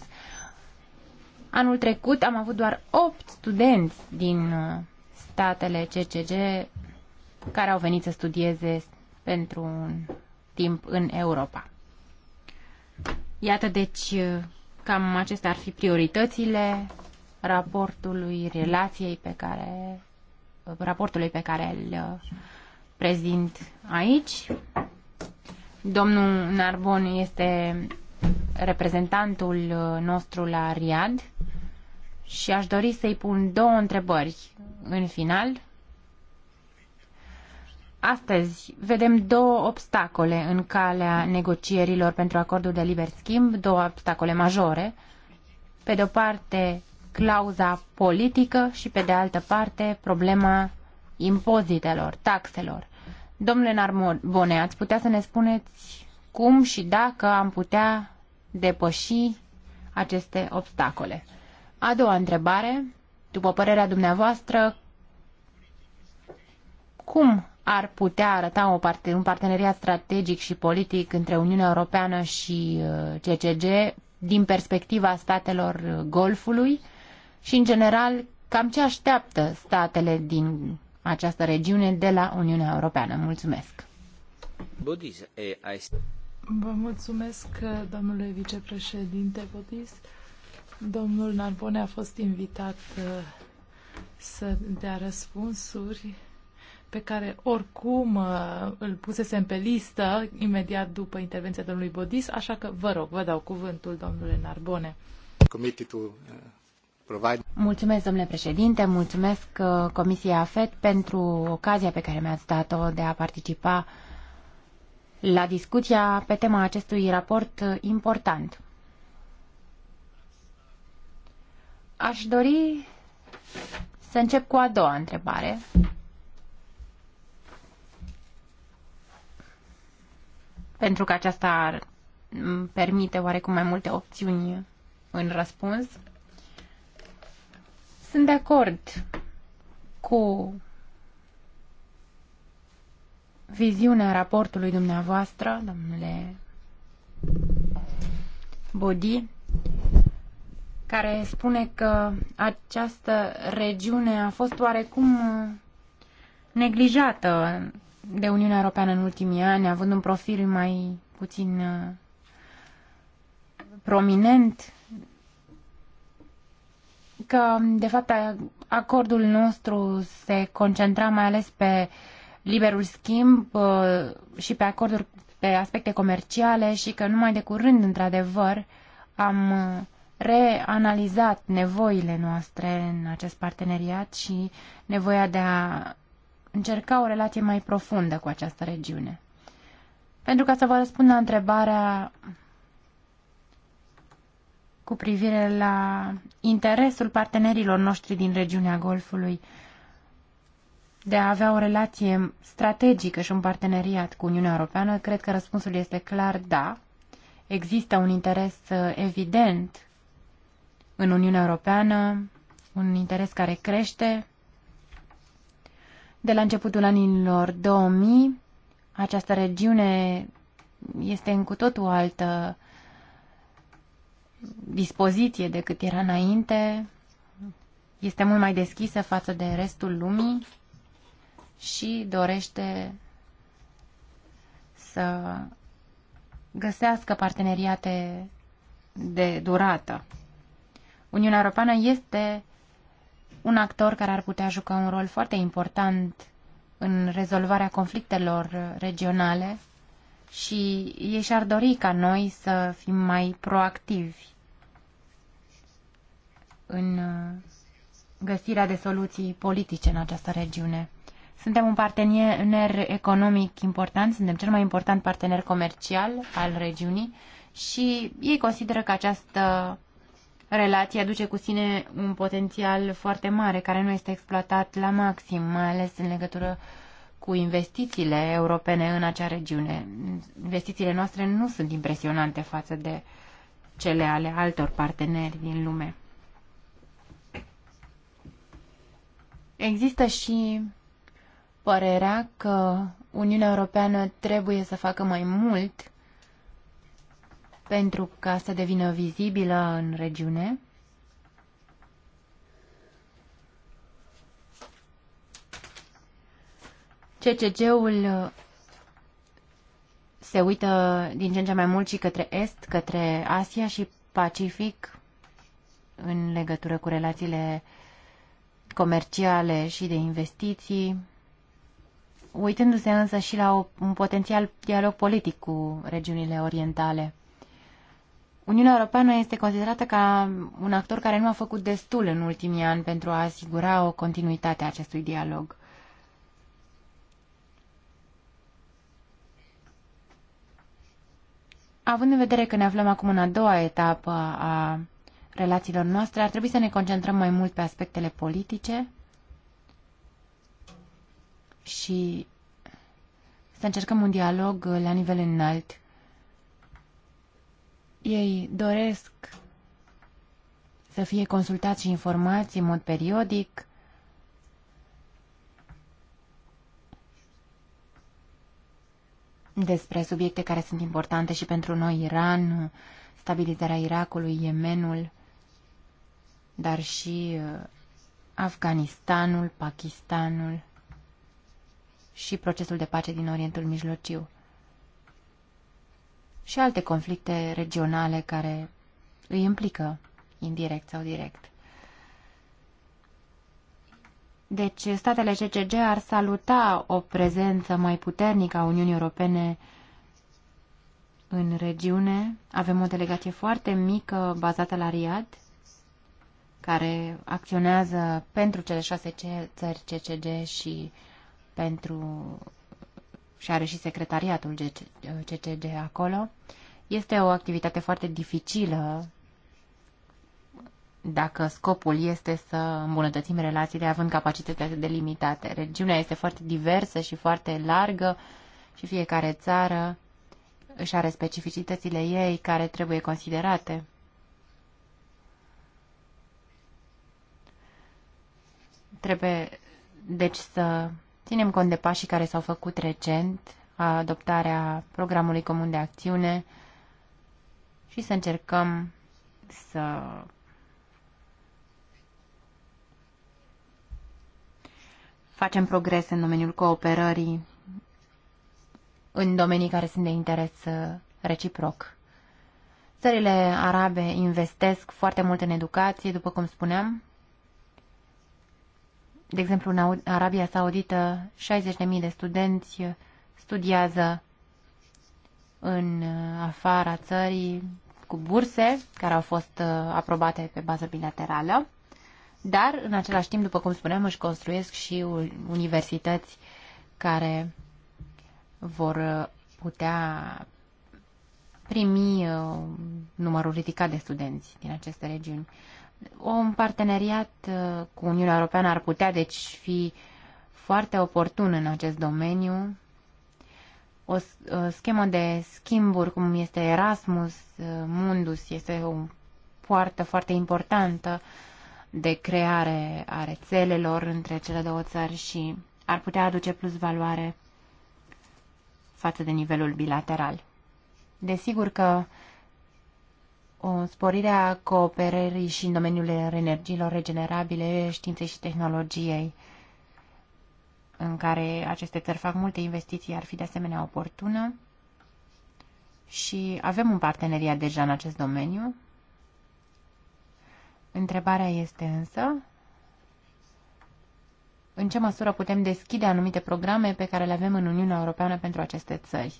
Anul trecut am avut doar 8 studenți din statele CCG care au venit să studieze pentru un timp în Europa. Iată deci cam acestea ar fi prioritățile raportului, relației pe care raportului pe care îl uh, prezint aici. Domnul Narbon este reprezentantul uh, nostru la Riad și aș dori să-i pun două întrebări în final. Astăzi vedem două obstacole în calea negocierilor pentru acordul de liber schimb, două obstacole majore. Pe de o parte, clauza politică și pe de altă parte, problema impozitelor, taxelor. Domnule Narbone, ați putea să ne spuneți cum și dacă am putea depăși aceste obstacole. A doua întrebare, după părerea dumneavoastră, cum ar putea arăta o parte, un parteneriat strategic și politic între Uniunea Europeană și uh, CCG din perspectiva statelor Golfului și, în general, cam ce așteaptă statele din această regiune de la Uniunea Europeană. Mulțumesc! Eh, Vă mulțumesc, domnule vicepreședinte Bodis. Domnul Narbone a fost invitat uh, să dea răspunsuri pe care oricum uh, îl pusesem pe listă imediat după intervenția domnului Bodis, așa că vă rog, vă dau cuvântul domnule Narbone. Uh, mulțumesc, domnule președinte, mulțumesc Comisia AFET pentru ocazia pe care mi-ați dat-o de a participa la discuția pe tema acestui raport important. Aș dori să încep cu a doua întrebare. Pentru că aceasta ar permite oarecum mai multe opțiuni în răspuns. Sunt de acord cu viziunea raportului dumneavoastră, domnule Bodi, care spune că această regiune a fost oarecum uh, neglijată de Uniunea Europeană în ultimii ani, având un profil mai puțin uh, prominent, că, de fapt, acordul nostru se concentra mai ales pe liberul schimb uh, și pe acorduri pe aspecte comerciale și că numai de curând, într-adevăr, am reanalizat nevoile noastre în acest parteneriat și nevoia de a încerca o relație mai profundă cu această regiune. Pentru ca să vă răspund la întrebarea cu privire la interesul partenerilor noștri din regiunea Golfului de a avea o relație strategică și un parteneriat cu Uniunea Europeană, cred că răspunsul este clar da. Există un interes uh, evident în Uniunea Europeană, un interes care crește. De la începutul anilor 2000, această regiune este în cu totul altă dispoziție decât era înainte, este mult mai deschisă față de restul lumii și dorește să găsească parteneriate de durată. Uniunea Europeană este un actor care ar putea juca un rol foarte important în rezolvarea conflictelor regionale și ei și-ar dori ca noi să fim mai proactivi în uh, găsirea de soluții politice în această regiune. Suntem un partener economic important, suntem cel mai important partener comercial al regiunii și ei consideră că această relație aduce cu sine un potențial foarte mare care nu este exploatat la maxim, mai ales în legătură cu investițiile europene în acea regiune. Investițiile noastre nu sunt impresionante față de cele ale altor parteneri din lume. Există și părerea că Uniunea Europeană trebuie să facă mai mult pentru ca să devină vizibilă în regiune. CCG-ul se uită din ce în ce mai mult și către Est, către Asia și Pacific în legătură cu relațiile comerciale și de investiții, uitându-se însă și la un potențial dialog politic cu regiunile orientale. Uniunea Europeană este considerată ca un actor care nu a făcut destul în ultimii ani pentru a asigura o continuitate a acestui dialog. Având în vedere că ne aflăm acum în a doua etapă a relațiilor noastre, ar trebui să ne concentrăm mai mult pe aspectele politice și să încercăm un dialog la nivel înalt ei doresc să fie consultați și informați în mod periodic. despre subiecte care sunt importante și pentru noi, Iran, stabilizarea Irakului, Yemenul, dar și uh, Afganistanul, Pakistanul și procesul de pace din Orientul Mijlociu și alte conflicte regionale care îi implică indirect sau direct. Deci, statele CCG ar saluta o prezență mai puternică a Uniunii Europene în regiune. Avem o delegație foarte mică bazată la Riad, care acționează pentru cele șase țări CCG și pentru și are și secretariatul CCG uh, acolo. Este o activitate foarte dificilă dacă scopul este să îmbunătățim relațiile având capacitatea de limitate. Regiunea este foarte diversă și foarte largă și fiecare țară își are specificitățile ei care trebuie considerate. Trebuie, deci, să Ținem cont de pașii care s-au făcut recent, adoptarea programului comun de acțiune și să încercăm să facem progres în domeniul cooperării în domenii care sunt de interes uh, reciproc. Țările arabe investesc foarte mult în educație, după cum spuneam, de exemplu, în Arabia Saudită, 60.000 de studenți studiază în uh, afara țării cu burse care au fost uh, aprobate pe bază bilaterală, dar în același timp, după cum spuneam, își construiesc și universități care vor uh, putea primi numărul ridicat de studenți din aceste regiuni. Un parteneriat uh, cu Uniunea Europeană ar putea, deci, fi foarte oportun în acest domeniu. O, o schemă de schimburi, cum este Erasmus, uh, Mundus, este o poartă foarte importantă de creare a rețelelor între cele două țări și ar putea aduce plus valoare față de nivelul bilateral. Desigur că o sporire a cooperării și în domeniul energiilor regenerabile, științei și tehnologiei, în care aceste țări fac multe investiții, ar fi de asemenea oportună. Și avem un parteneriat deja în acest domeniu. Întrebarea este însă în ce măsură putem deschide anumite programe pe care le avem în Uniunea Europeană pentru aceste țări,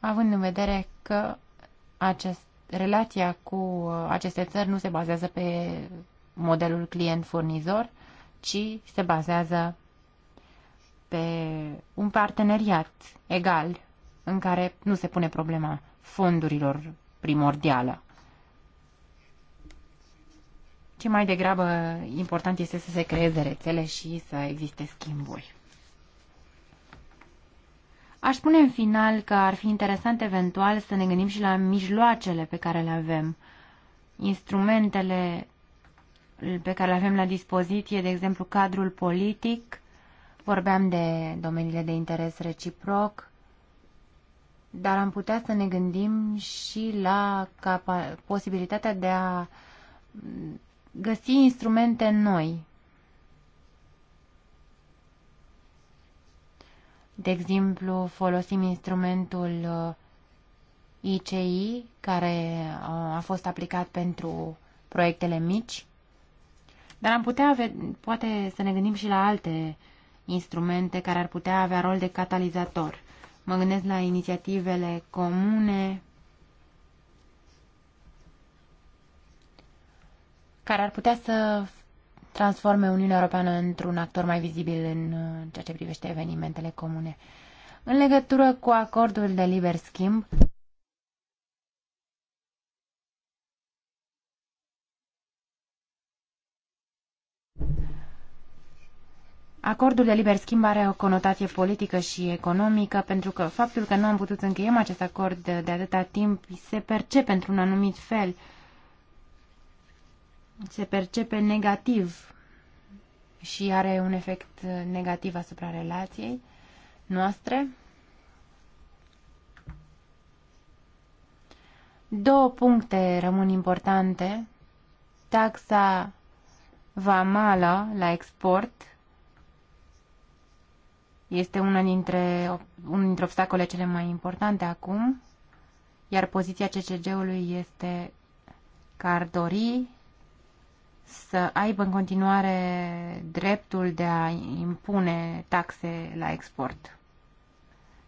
având în vedere că acest relația cu uh, aceste țări nu se bazează pe modelul client-furnizor, ci se bazează pe un parteneriat egal în care nu se pune problema fondurilor primordială. Ce mai degrabă important este să se creeze rețele și să existe schimburi. Aș spune în final că ar fi interesant eventual să ne gândim și la mijloacele pe care le avem, instrumentele pe care le avem la dispoziție, de exemplu cadrul politic, vorbeam de domeniile de interes reciproc, dar am putea să ne gândim și la posibilitatea de a găsi instrumente noi De exemplu, folosim instrumentul ICI, uh, care uh, a fost aplicat pentru proiectele mici, dar am putea, avea poate, să ne gândim și la alte instrumente care ar putea avea rol de catalizator. Mă gândesc la inițiativele comune care ar putea să transforme Uniunea Europeană într-un actor mai vizibil în uh, ceea ce privește evenimentele comune. În legătură cu acordul de liber schimb, Acordul de liber schimb are o conotație politică și economică, pentru că faptul că nu am putut încheiem acest acord de, de atâta timp se percepe într-un anumit fel. Uh, se percepe negativ și are un efect negativ asupra relației noastre. Două puncte rămân importante. Taxa vamală la export este una dintre, unul dintre obstacole cele mai importante acum, iar poziția CCG-ului este că ar dori să aibă în continuare dreptul de a impune taxe la export.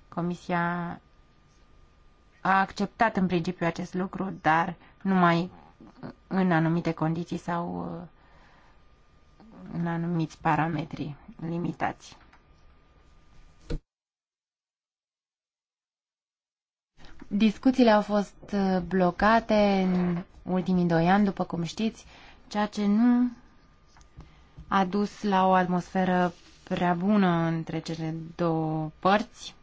Comisia a acceptat în principiu acest lucru, dar numai în anumite condiții sau în anumiți parametri limitați. Discuțiile au fost blocate în ultimii doi ani, după cum știți, ceea ce nu a dus la o atmosferă prea bună între cele două părți.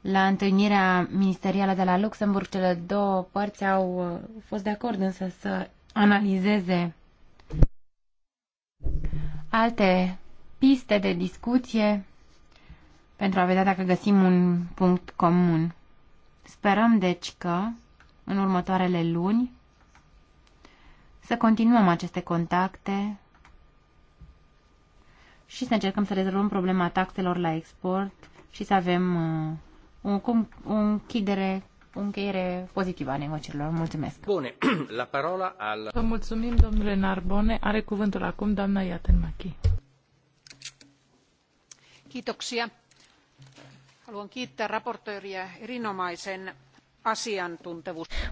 La întâlnirea ministerială de la Luxemburg, cele două părți au uh, fost de acord însă să analizeze alte piste de discuție pentru a vedea dacă găsim un punct comun. Sperăm, deci, că în următoarele luni să continuăm aceste contacte și să încercăm să rezolvăm problema taxelor la export și să avem uh, o, închidere o încheiere pozitivă a negocierilor. Mulțumesc. Bune, la parola al... Vă mulțumim, domnule Narbone. Are cuvântul acum doamna Iatenmachi. Kiitoksia. Haluan kiittää raportööriä erinomaisen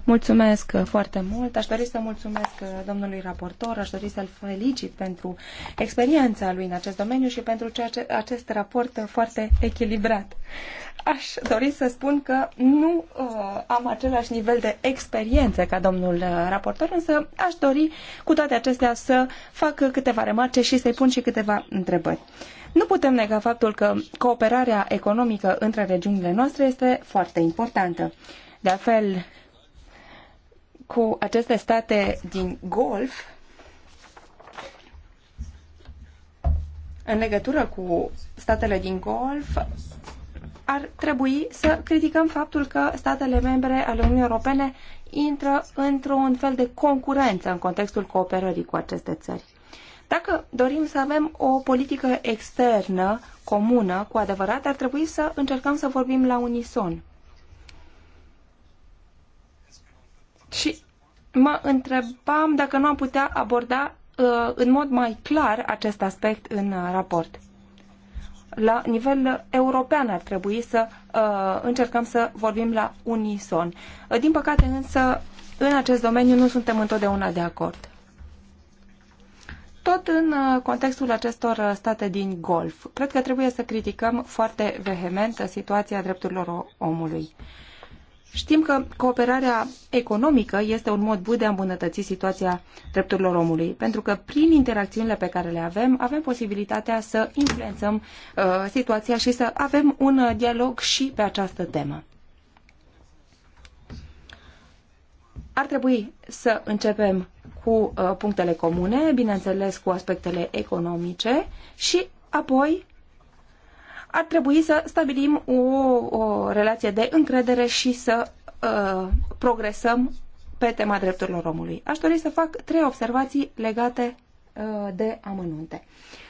Mulțumesc foarte mult. Aș dori să mulțumesc domnului raportor, aș dori să-l felicit pentru experiența lui în acest domeniu și pentru ceea ce, acest raport foarte echilibrat. Aș dori să spun că nu uh, am același nivel de experiență ca domnul raportor, însă aș dori cu toate acestea să fac câteva remarce și să-i pun și câteva întrebări. Nu putem nega faptul că cooperarea economică între regiunile noastre este foarte importantă. De altfel, cu aceste state din Golf, în legătură cu statele din Golf, ar trebui să criticăm faptul că statele membre ale Uniunii Europene intră într-un fel de concurență în contextul cooperării cu aceste țări. Dacă dorim să avem o politică externă, comună, cu adevărat, ar trebui să încercăm să vorbim la unison. Și mă întrebam dacă nu am putea aborda uh, în mod mai clar acest aspect în uh, raport. La nivel european ar trebui să uh, încercăm să vorbim la unison. Din păcate însă, în acest domeniu nu suntem întotdeauna de acord. Tot în contextul acestor state din Golf, cred că trebuie să criticăm foarte vehement situația drepturilor omului. Uh, Știm că cooperarea economică este un mod bun de a îmbunătăți situația drepturilor omului, pentru că prin interacțiunile pe care le avem, avem posibilitatea să influențăm uh, situația și să avem un uh, dialog și pe această temă. Ar trebui să începem cu uh, punctele comune, bineînțeles cu aspectele economice și apoi ar trebui să stabilim o, o relație de încredere și să uh, progresăm pe tema drepturilor omului. Aș dori să fac trei observații legate uh, de amănunte.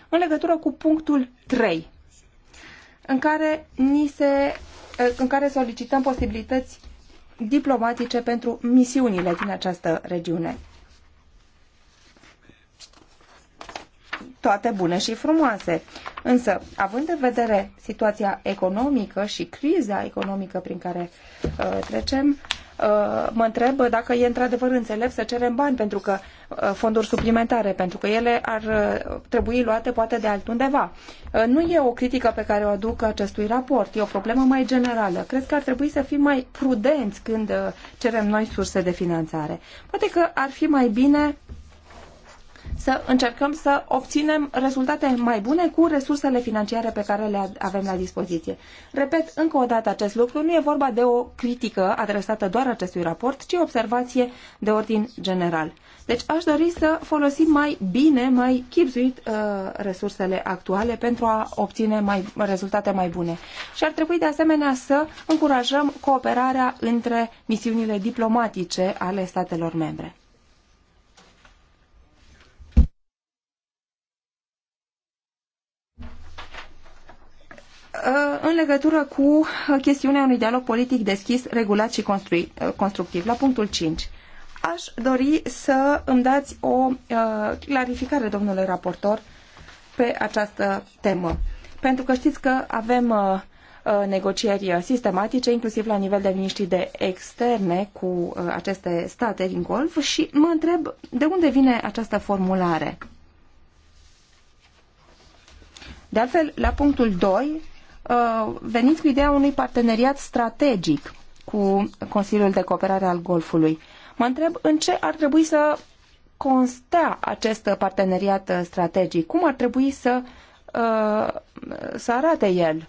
În legătură cu punctul 3, în care, ni se, uh, în care solicităm posibilități diplomatice pentru misiunile din această regiune. toate bune și frumoase. Însă, având în vedere situația economică și criza economică prin care uh, trecem, uh, mă întreb dacă e într-adevăr înțelept să cerem bani pentru că uh, fonduri suplimentare, pentru că ele ar uh, trebui luate poate de altundeva. Uh, nu e o critică pe care o aduc acestui raport, e o problemă mai generală. Cred că ar trebui să fim mai prudenți când uh, cerem noi surse de finanțare. Poate că ar fi mai bine să încercăm să obținem rezultate mai bune cu resursele financiare pe care le avem la dispoziție. Repet încă o dată acest lucru, nu e vorba de o critică adresată doar acestui raport, ci observație de ordin general. Deci aș dori să folosim mai bine, mai chipzuit uh, resursele actuale pentru a obține mai, rezultate mai bune. Și ar trebui de asemenea să încurajăm cooperarea între misiunile diplomatice ale statelor membre. Uh, în legătură cu uh, chestiunea unui dialog politic deschis, regulat și uh, constructiv. La punctul 5. Aș dori să îmi dați o clarificare, domnule raportor, pe această temă. Pentru că știți că avem negocieri sistematice, inclusiv la nivel de miniștri de externe cu aceste state din Golf și mă întreb de unde vine această formulare. De altfel, la punctul 2 Uh, venit cu ideea unui parteneriat strategic cu Consiliul de Cooperare al Golfului. Mă întreb în ce ar trebui să constea acest parteneriat uh, strategic? Cum ar trebui să, uh, să arate el?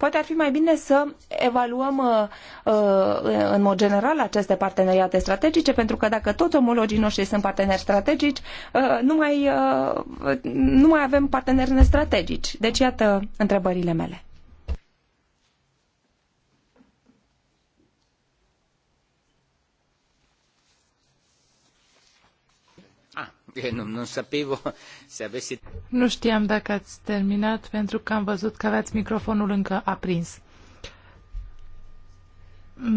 Poate ar fi mai bine să evaluăm uh, uh, în mod general aceste parteneriate strategice, pentru că dacă toți omologii noștri sunt parteneri strategici, uh, nu mai, nu mai avem parteneri nestrategici. Deci, iată întrebările mele. Nu știam dacă ați terminat, pentru că am văzut că aveați microfonul încă aprins.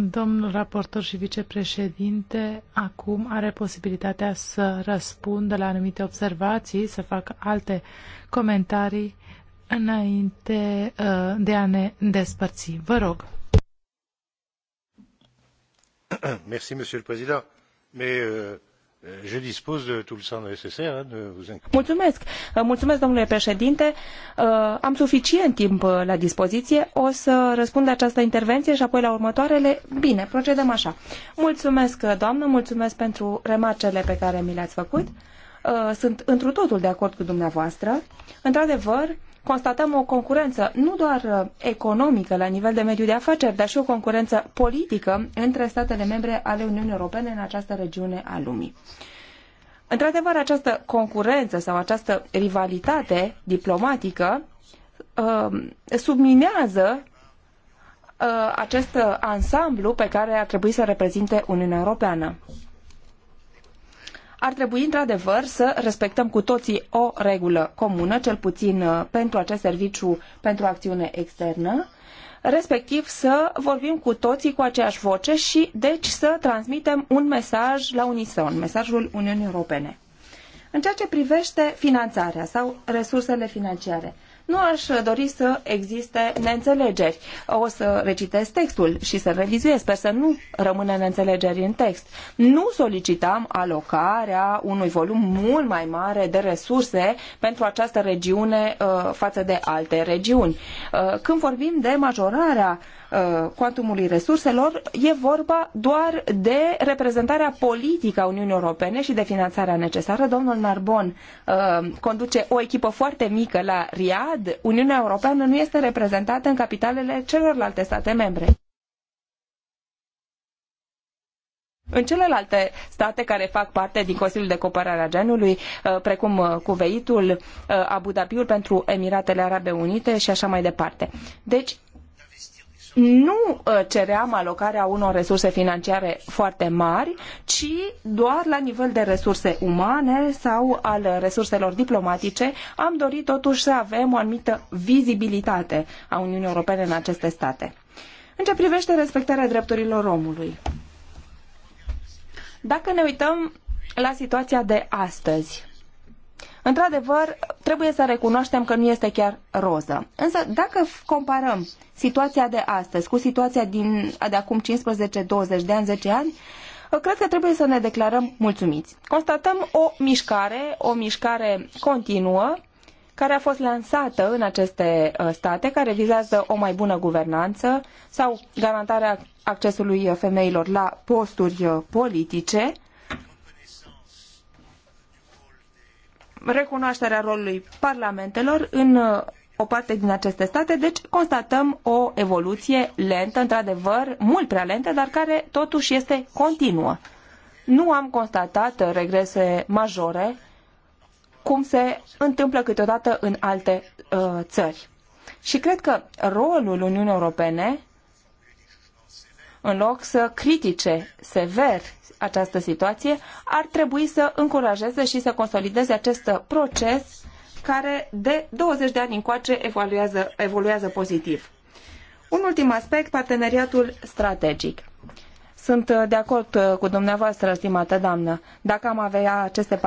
Domnul raportor și vicepreședinte acum are posibilitatea să răspundă la anumite observații, să facă alte comentarii înainte uh, de a ne despărți. Vă rog. Merci, monsieur le président. Mais, euh... Euh, je dispose de tout le nécessaire, ne vous Mulțumesc. Mulțumesc, domnule președinte. Uh, am suficient timp uh, la dispoziție. O să răspund la această intervenție și apoi la următoarele. Bine, procedăm așa. Mulțumesc, uh, doamnă, mulțumesc pentru remarcele pe care mi le-ați făcut. Sunt întru totul de acord cu dumneavoastră. Într-adevăr, constatăm o concurență nu doar uh, economică la nivel de mediu de afaceri, dar și o concurență politică între statele membre ale Uniunii Europene în această regiune a lumii. Într-adevăr, această concurență sau această rivalitate diplomatică uh, subminează uh, acest ansamblu pe care ar trebui să reprezinte Uniunea Europeană ar trebui într-adevăr să respectăm cu toții o regulă comună, cel puțin uh, pentru acest serviciu pentru acțiune externă, respectiv să vorbim cu toții cu aceeași voce și deci să transmitem un mesaj la unison, mesajul Uniunii Europene. În ceea ce privește finanțarea sau resursele financiare, nu aș dori să existe neînțelegeri. O să recitesc textul și să revizuiesc, sper să nu rămână neînțelegeri în text. Nu solicitam alocarea unui volum mult mai mare de resurse pentru această regiune uh, față de alte regiuni. Uh, când vorbim de majorarea Uh, cuantumului resurselor, e vorba doar de reprezentarea politică a Uniunii Europene și de finanțarea necesară. Domnul Narbon uh, conduce o echipă foarte mică la Riad. Uniunea Europeană nu este reprezentată în capitalele celorlalte state membre. În celelalte state care fac parte din Consiliul de Cooperare a Genului, uh, precum Cuveitul, Abu Dhabiul pentru Emiratele Arabe Unite și așa mai departe. Deci, nu uh, ceream alocarea unor resurse financiare foarte mari, ci doar la nivel de resurse umane sau al resurselor diplomatice am dorit totuși să avem o anumită vizibilitate a Uniunii Europene în aceste state. În ce privește respectarea drepturilor omului, dacă ne uităm la situația de astăzi, Într-adevăr, trebuie să recunoaștem că nu este chiar roză. Însă, dacă comparăm situația de astăzi cu situația din, de acum 15-20 de ani, 10 ani, cred că trebuie să ne declarăm mulțumiți. Constatăm o mișcare, o mișcare continuă, care a fost lansată în aceste uh, state, care vizează o mai bună guvernanță sau garantarea accesului uh, femeilor la posturi uh, politice, recunoașterea rolului parlamentelor în uh, o parte din aceste state, deci constatăm o evoluție lentă, într-adevăr, mult prea lentă, dar care totuși este continuă. Nu am constatat regrese majore, cum se întâmplă câteodată în alte uh, țări. Și cred că rolul Uniunii Europene, în loc să critique sever această situație, ar trebui să încurajeze și să consolideze acest proces care de 20 de ani încoace evoluează, evoluează pozitiv. Un ultim aspect, parteneriatul strategic. Sunt uh, de acord uh, cu dumneavoastră, stimată doamnă. Dacă am avea aceste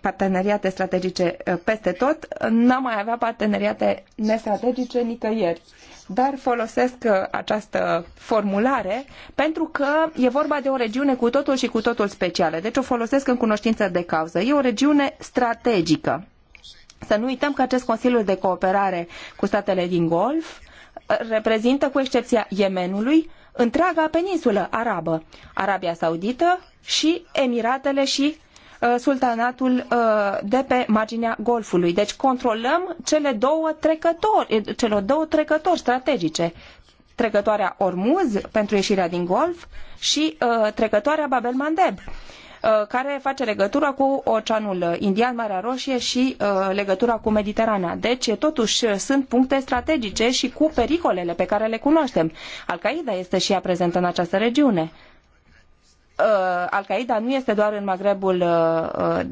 parteneriate strategice uh, peste tot, n-am mai avea parteneriate nestrategice nicăieri. Dar folosesc această formulare pentru că e vorba de o regiune cu totul și cu totul specială. Deci o folosesc în cunoștință de cauză. E o regiune strategică. Să nu uităm că acest Consiliu de Cooperare cu statele din Golf reprezintă, cu excepția Yemenului, întreaga peninsulă arabă, Arabia Saudită și Emiratele și uh, sultanatul uh, de pe marginea Golfului. Deci controlăm cele două trecători, eh, cele două trecători strategice, trecătoarea Ormuz pentru ieșirea din Golf și uh, trecătoarea Babel Mandeb. Uh, Uh, care face legătura cu Oceanul Indian, Marea Roșie și uh, legătura cu Mediterana. Deci, totuși, sunt puncte strategice și cu pericolele pe care le cunoaștem. Al-Qaeda este și ea prezentă în această regiune. Uh, Al-Qaeda nu este doar în Maghrebul,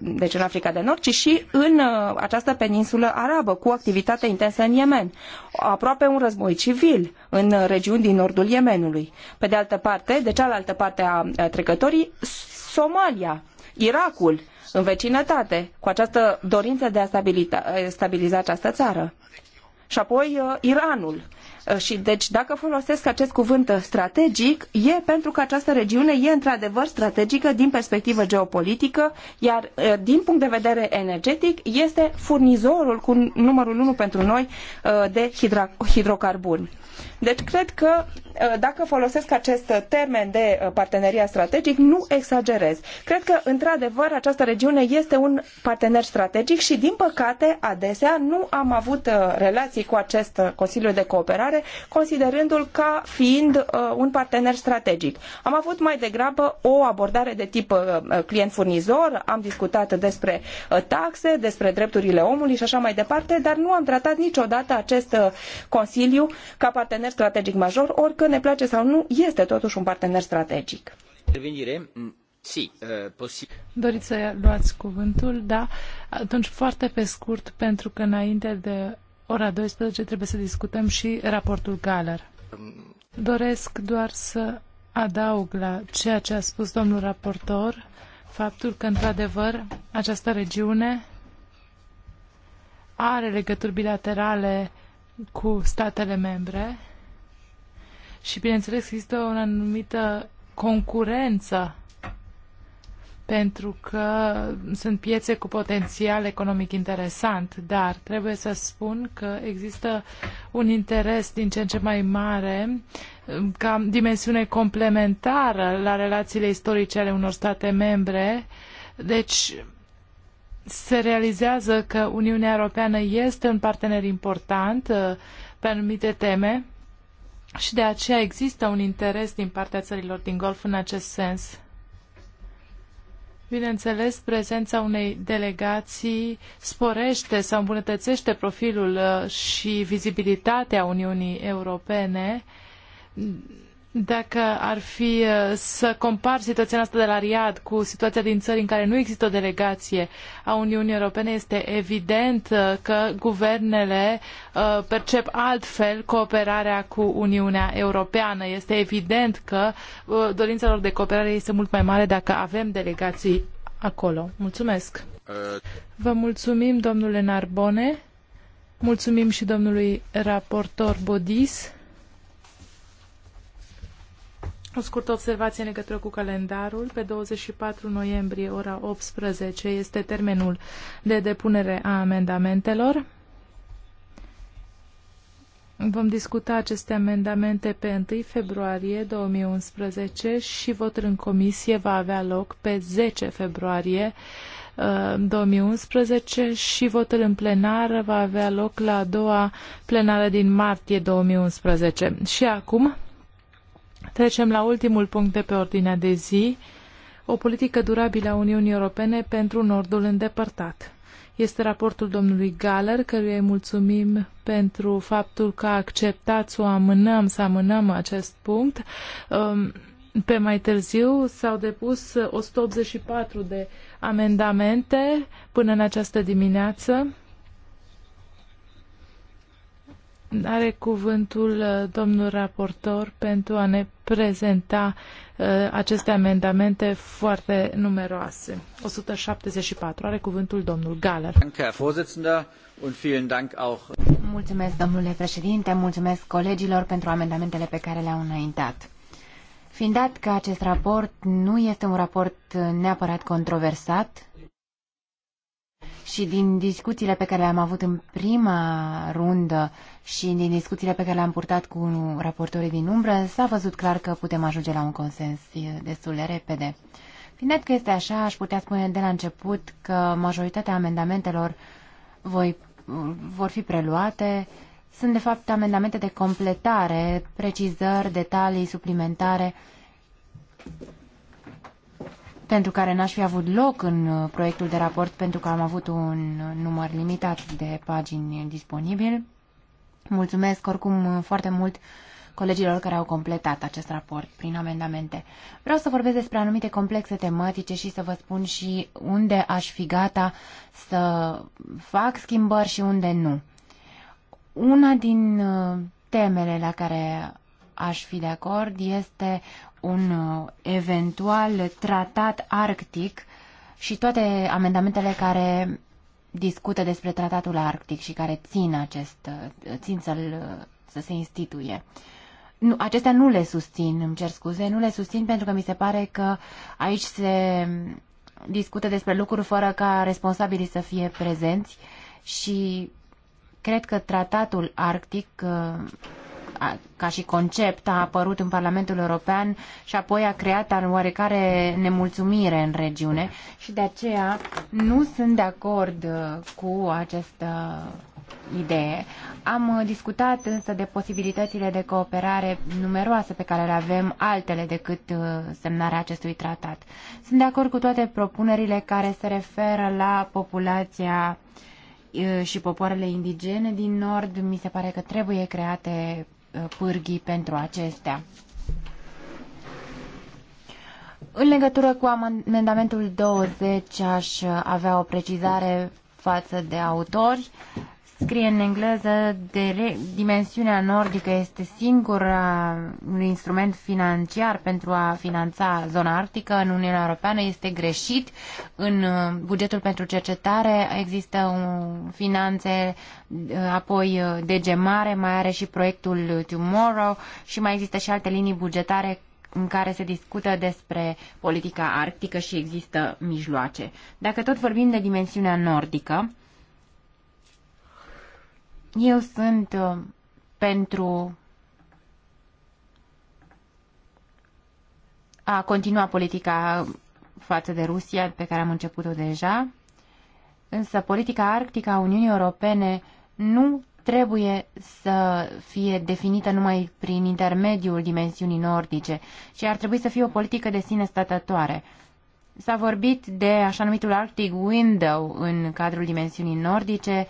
deci în Africa de Nord, ci și în această peninsulă arabă, cu activitate intensă în Yemen. Aproape un război civil în regiuni din nordul Yemenului. Pe de altă parte, de cealaltă parte a trecătorii, Somalia, Irakul, în vecinătate, cu această dorință de a eh, stabiliza această țară. Și apoi eh, Iranul. Eh, și deci, dacă folosesc acest cuvânt strategic, e pentru că această regiune e într-adevăr strategică din perspectivă geopolitică, iar din punct de vedere energetic este furnizorul cu numărul unu pentru noi de hidrocarburi. Deci cred că uh, dacă folosesc acest termen de uh, parteneriat strategic, nu exagerez. Cred că, într-adevăr, această regiune este un partener strategic și, din păcate, adesea nu am avut uh, relații cu acest Consiliu de Cooperare, considerându-l ca fiind un partener strategic. Am avut mai degrabă o abordare de tip client-furnizor, am discutat despre taxe, despre drepturile omului și așa mai departe, dar nu am tratat niciodată acest Consiliu ca partener partener strategic major, oricând ne place sau nu, este totuși un partener strategic. Intervenire. Mm, si, uh, posibil. Doriți să luați cuvântul, da? Atunci foarte pe scurt, pentru că înainte de ora 12 trebuie să discutăm și raportul Galer. Doresc doar să adaug la ceea ce a spus domnul raportor faptul că, într-adevăr, această regiune are legături bilaterale cu statele membre și, bineînțeles, există o anumită concurență pentru că sunt piețe cu potențial economic interesant, dar trebuie să spun că există un interes din ce în ce mai mare um, ca dimensiune complementară la relațiile istorice ale unor state membre. Deci se realizează că Uniunea Europeană este un partener important uh, pe anumite teme, și de aceea există un interes din partea țărilor din Golf în acest sens. Bineînțeles, prezența unei delegații sporește sau îmbunătățește profilul uh, și vizibilitatea Uniunii Europene dacă ar fi uh, să compar situația asta de la Riad cu situația din țări în care nu există o delegație a Uniunii Europene, este evident uh, că guvernele uh, percep altfel cooperarea cu Uniunea Europeană. Este evident că dorința lor de cooperare este mult mai mare dacă avem delegații acolo. Mulțumesc! Vă mulțumim, domnule Narbone. Mulțumim și domnului raportor Bodis. O scurtă observație în legătură cu calendarul. Pe 24 noiembrie, ora 18, este termenul de depunere a amendamentelor. Vom discuta aceste amendamente pe 1 februarie 2011 și votul în comisie va avea loc pe 10 februarie 2011 uh, și votul în plenară va avea loc la a doua plenară din martie 2011. Și acum Trecem la ultimul punct de pe ordinea de zi, o politică durabilă a Uniunii Europene pentru Nordul îndepărtat. Este raportul domnului Galler, căruia îi mulțumim pentru faptul că a acceptat să o amânăm, să amânăm acest punct. Um, pe mai târziu s-au depus 184 de amendamente până în această dimineață. Are cuvântul uh, domnul raportor pentru a ne prezenta uh, aceste amendamente foarte numeroase. 174. Are cuvântul domnul Galer. Mulțumesc, domnule președinte, mulțumesc colegilor pentru amendamentele pe care le-au înaintat. Fiind dat că acest raport nu este un raport neapărat controversat, și din discuțiile pe care le-am avut în prima rundă și din discuțiile pe care le-am purtat cu raportorii din umbră, s-a văzut clar că putem ajunge la un consens destul de repede. Fiind că este așa, aș putea spune de la început că majoritatea amendamentelor voi, vor fi preluate. Sunt, de fapt, amendamente de completare, precizări, detalii suplimentare pentru care n-aș fi avut loc în uh, proiectul de raport pentru că am avut un uh, număr limitat de pagini disponibil. Mulțumesc oricum uh, foarte mult colegilor care au completat acest raport prin amendamente. Vreau să vorbesc despre anumite complexe tematice și să vă spun și unde aș fi gata să fac schimbări și unde nu. Una din temele la care aș fi de acord este un uh, eventual tratat arctic și toate amendamentele care discută despre tratatul arctic și care țin acest, uh, țin să-l, uh, să se instituie. Nu, acestea nu le susțin, îmi cer scuze, nu le susțin pentru că mi se pare că aici se discută despre lucruri fără ca responsabilii să fie prezenți și cred că tratatul arctic ca și concept a apărut în Parlamentul European și apoi a creat oarecare nemulțumire în regiune și de aceea nu sunt de acord uh, cu această idee. Am uh, discutat însă de posibilitățile de cooperare numeroase pe care le avem, altele decât uh, semnarea acestui tratat. Sunt de acord cu toate propunerile care se referă la populația și popoarele indigene din Nord. Mi se pare că trebuie create pârghii pentru acestea. În legătură cu amendamentul 20 aș avea o precizare față de autori. Scrie în engleză, de dimensiunea nordică este singura un instrument financiar pentru a finanța zona arctică în Uniunea Europeană. Este greșit. În uh, bugetul pentru cercetare există un, finanțe, uh, apoi uh, de gemare, mai are și proiectul Tomorrow și mai există și alte linii bugetare în care se discută despre politica arctică și există mijloace. Dacă tot vorbim de dimensiunea nordică, eu sunt uh, pentru a continua politica față de Rusia pe care am început-o deja, însă politica arctică a Uniunii Europene nu trebuie să fie definită numai prin intermediul dimensiunii nordice, ci ar trebui să fie o politică de sine statătoare. S-a vorbit de așa numitul Arctic Window în cadrul dimensiunii nordice,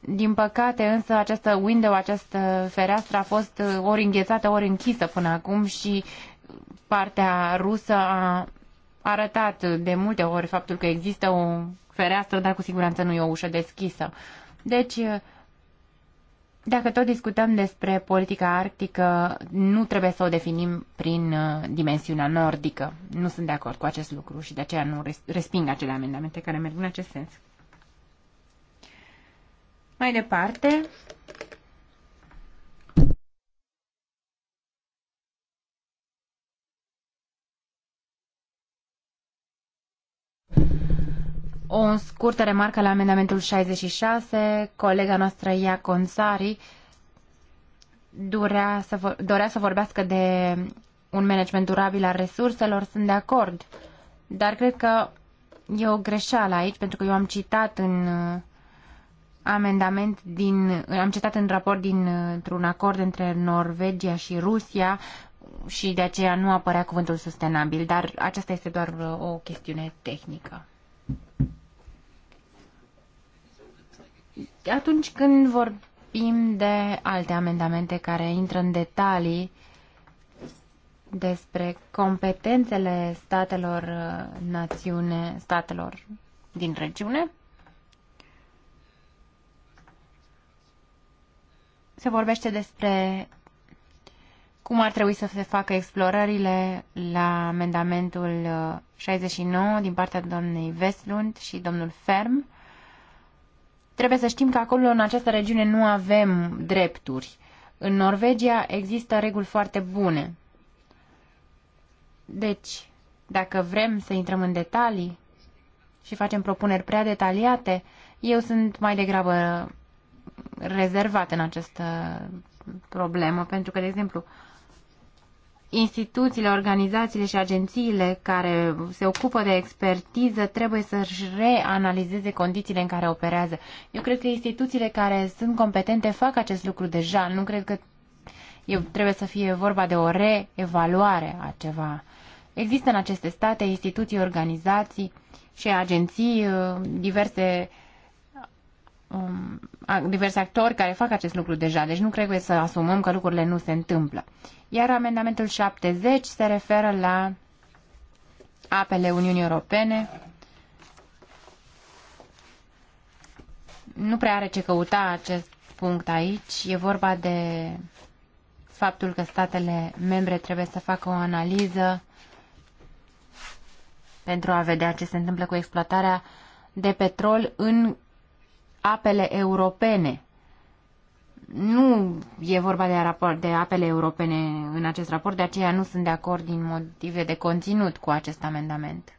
din păcate, însă, această window, această fereastră a fost uh, ori înghețată, ori închisă până acum și partea rusă a arătat de multe ori faptul că există o fereastră, dar cu siguranță nu e o ușă deschisă. Deci, uh, dacă tot discutăm despre politica arctică, nu trebuie să o definim prin uh, dimensiunea nordică. Nu sunt de acord cu acest lucru și de aceea nu resping acele amendamente care merg în acest sens. Mai departe, O scurtă remarcă la amendamentul 66. Colega noastră, Ia Consari, durea să dorea să vorbească de un management durabil al resurselor. Sunt de acord, dar cred că e o greșeală aici, pentru că eu am citat în amendament din, am citat în raport dintr-un acord între Norvegia și Rusia și de aceea nu apărea cuvântul sustenabil, dar aceasta este doar o chestiune tehnică. Atunci când vorbim de alte amendamente care intră în detalii despre competențele statelor uh, națiune, statelor din regiune, se vorbește despre cum ar trebui să se facă explorările la amendamentul 69 uh, din partea doamnei Vestlund și domnul Ferm. Trebuie să știm că acolo, în această regiune, nu avem drepturi. În Norvegia există reguli foarte bune. Deci, dacă vrem să intrăm în detalii și facem propuneri prea detaliate, eu sunt mai degrabă rezervat în această problemă, pentru că, de exemplu, instituțiile, organizațiile și agențiile care se ocupă de expertiză trebuie să-și reanalizeze condițiile în care operează. Eu cred că instituțiile care sunt competente fac acest lucru deja. Nu cred că eu, trebuie să fie vorba de o reevaluare a ceva. Există în aceste state instituții, organizații și agenții uh, diverse uh, um, diversi actori care fac acest lucru deja, deci nu trebuie să asumăm că lucrurile nu se întâmplă. Iar amendamentul 70 se referă la apele Uniunii Europene. Nu prea are ce căuta acest punct aici. E vorba de faptul că statele membre trebuie să facă o analiză pentru a vedea ce se întâmplă cu exploatarea de petrol în apele europene. Nu e vorba de, raport, de apele europene în acest raport, de aceea nu sunt de acord din motive de conținut cu acest amendament.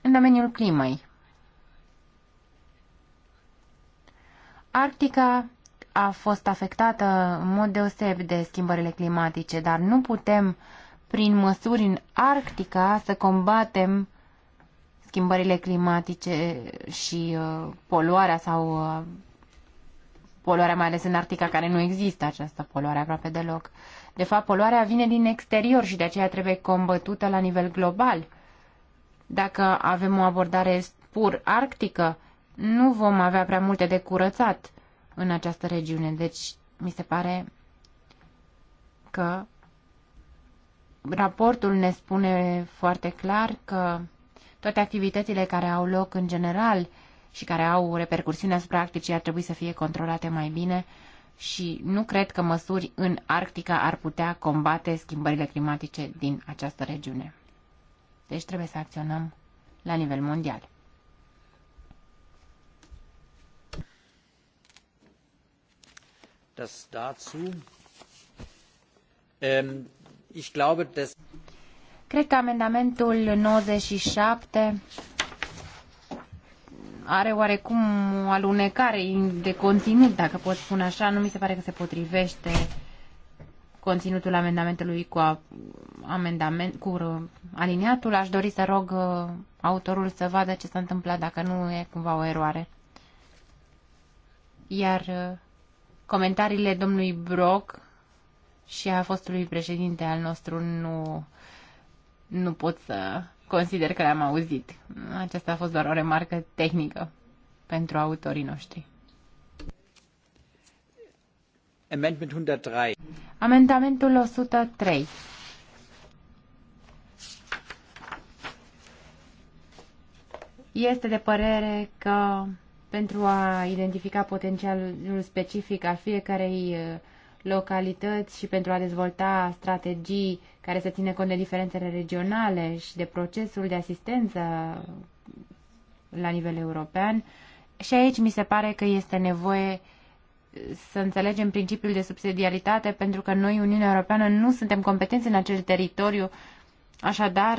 În domeniul climei. Arctica a fost afectată în mod deosebit de schimbările climatice, dar nu putem, prin măsuri în Arctica, să combatem uh, schimbările climatice și uh, poluarea sau uh, poluarea mai ales în Arctica, care nu există această poluare aproape deloc. De fapt, poluarea vine din exterior și de aceea trebuie combătută la nivel global. Dacă avem o abordare pur arctică, nu vom avea prea multe de curățat în această regiune. Deci, mi se pare că raportul ne spune foarte clar că toate activitățile care au loc în general și care au repercursiune asupra Arcticii ar trebui să fie controlate mai bine și nu cred că măsuri în Arctica ar putea combate schimbările climatice din această regiune. Deci trebuie să acționăm la nivel mondial. Das dazu. Ähm, ich glaube, dass Cred că amendamentul 97 are oarecum o alunecare de conținut, dacă pot spune așa. Nu mi se pare că se potrivește conținutul amendamentului cu, amendament, cu uh, aliniatul. Aș dori să rog uh, autorul să vadă ce s-a întâmplat, dacă nu e cumva o eroare. Iar uh, comentariile domnului Brock și a fostului președinte al nostru nu nu pot să consider că le-am auzit. Aceasta a fost doar o remarcă tehnică pentru autorii noștri. Amendment 103. Amendamentul 103. Este de părere că pentru a identifica potențialul specific al fiecarei uh, localități și pentru a dezvolta strategii care să țină cont de diferențele regionale și de procesul de asistență la nivel european. Și aici mi se pare că este nevoie să înțelegem principiul de subsidiaritate, pentru că noi, Uniunea Europeană, nu suntem competenți în acel teritoriu, așadar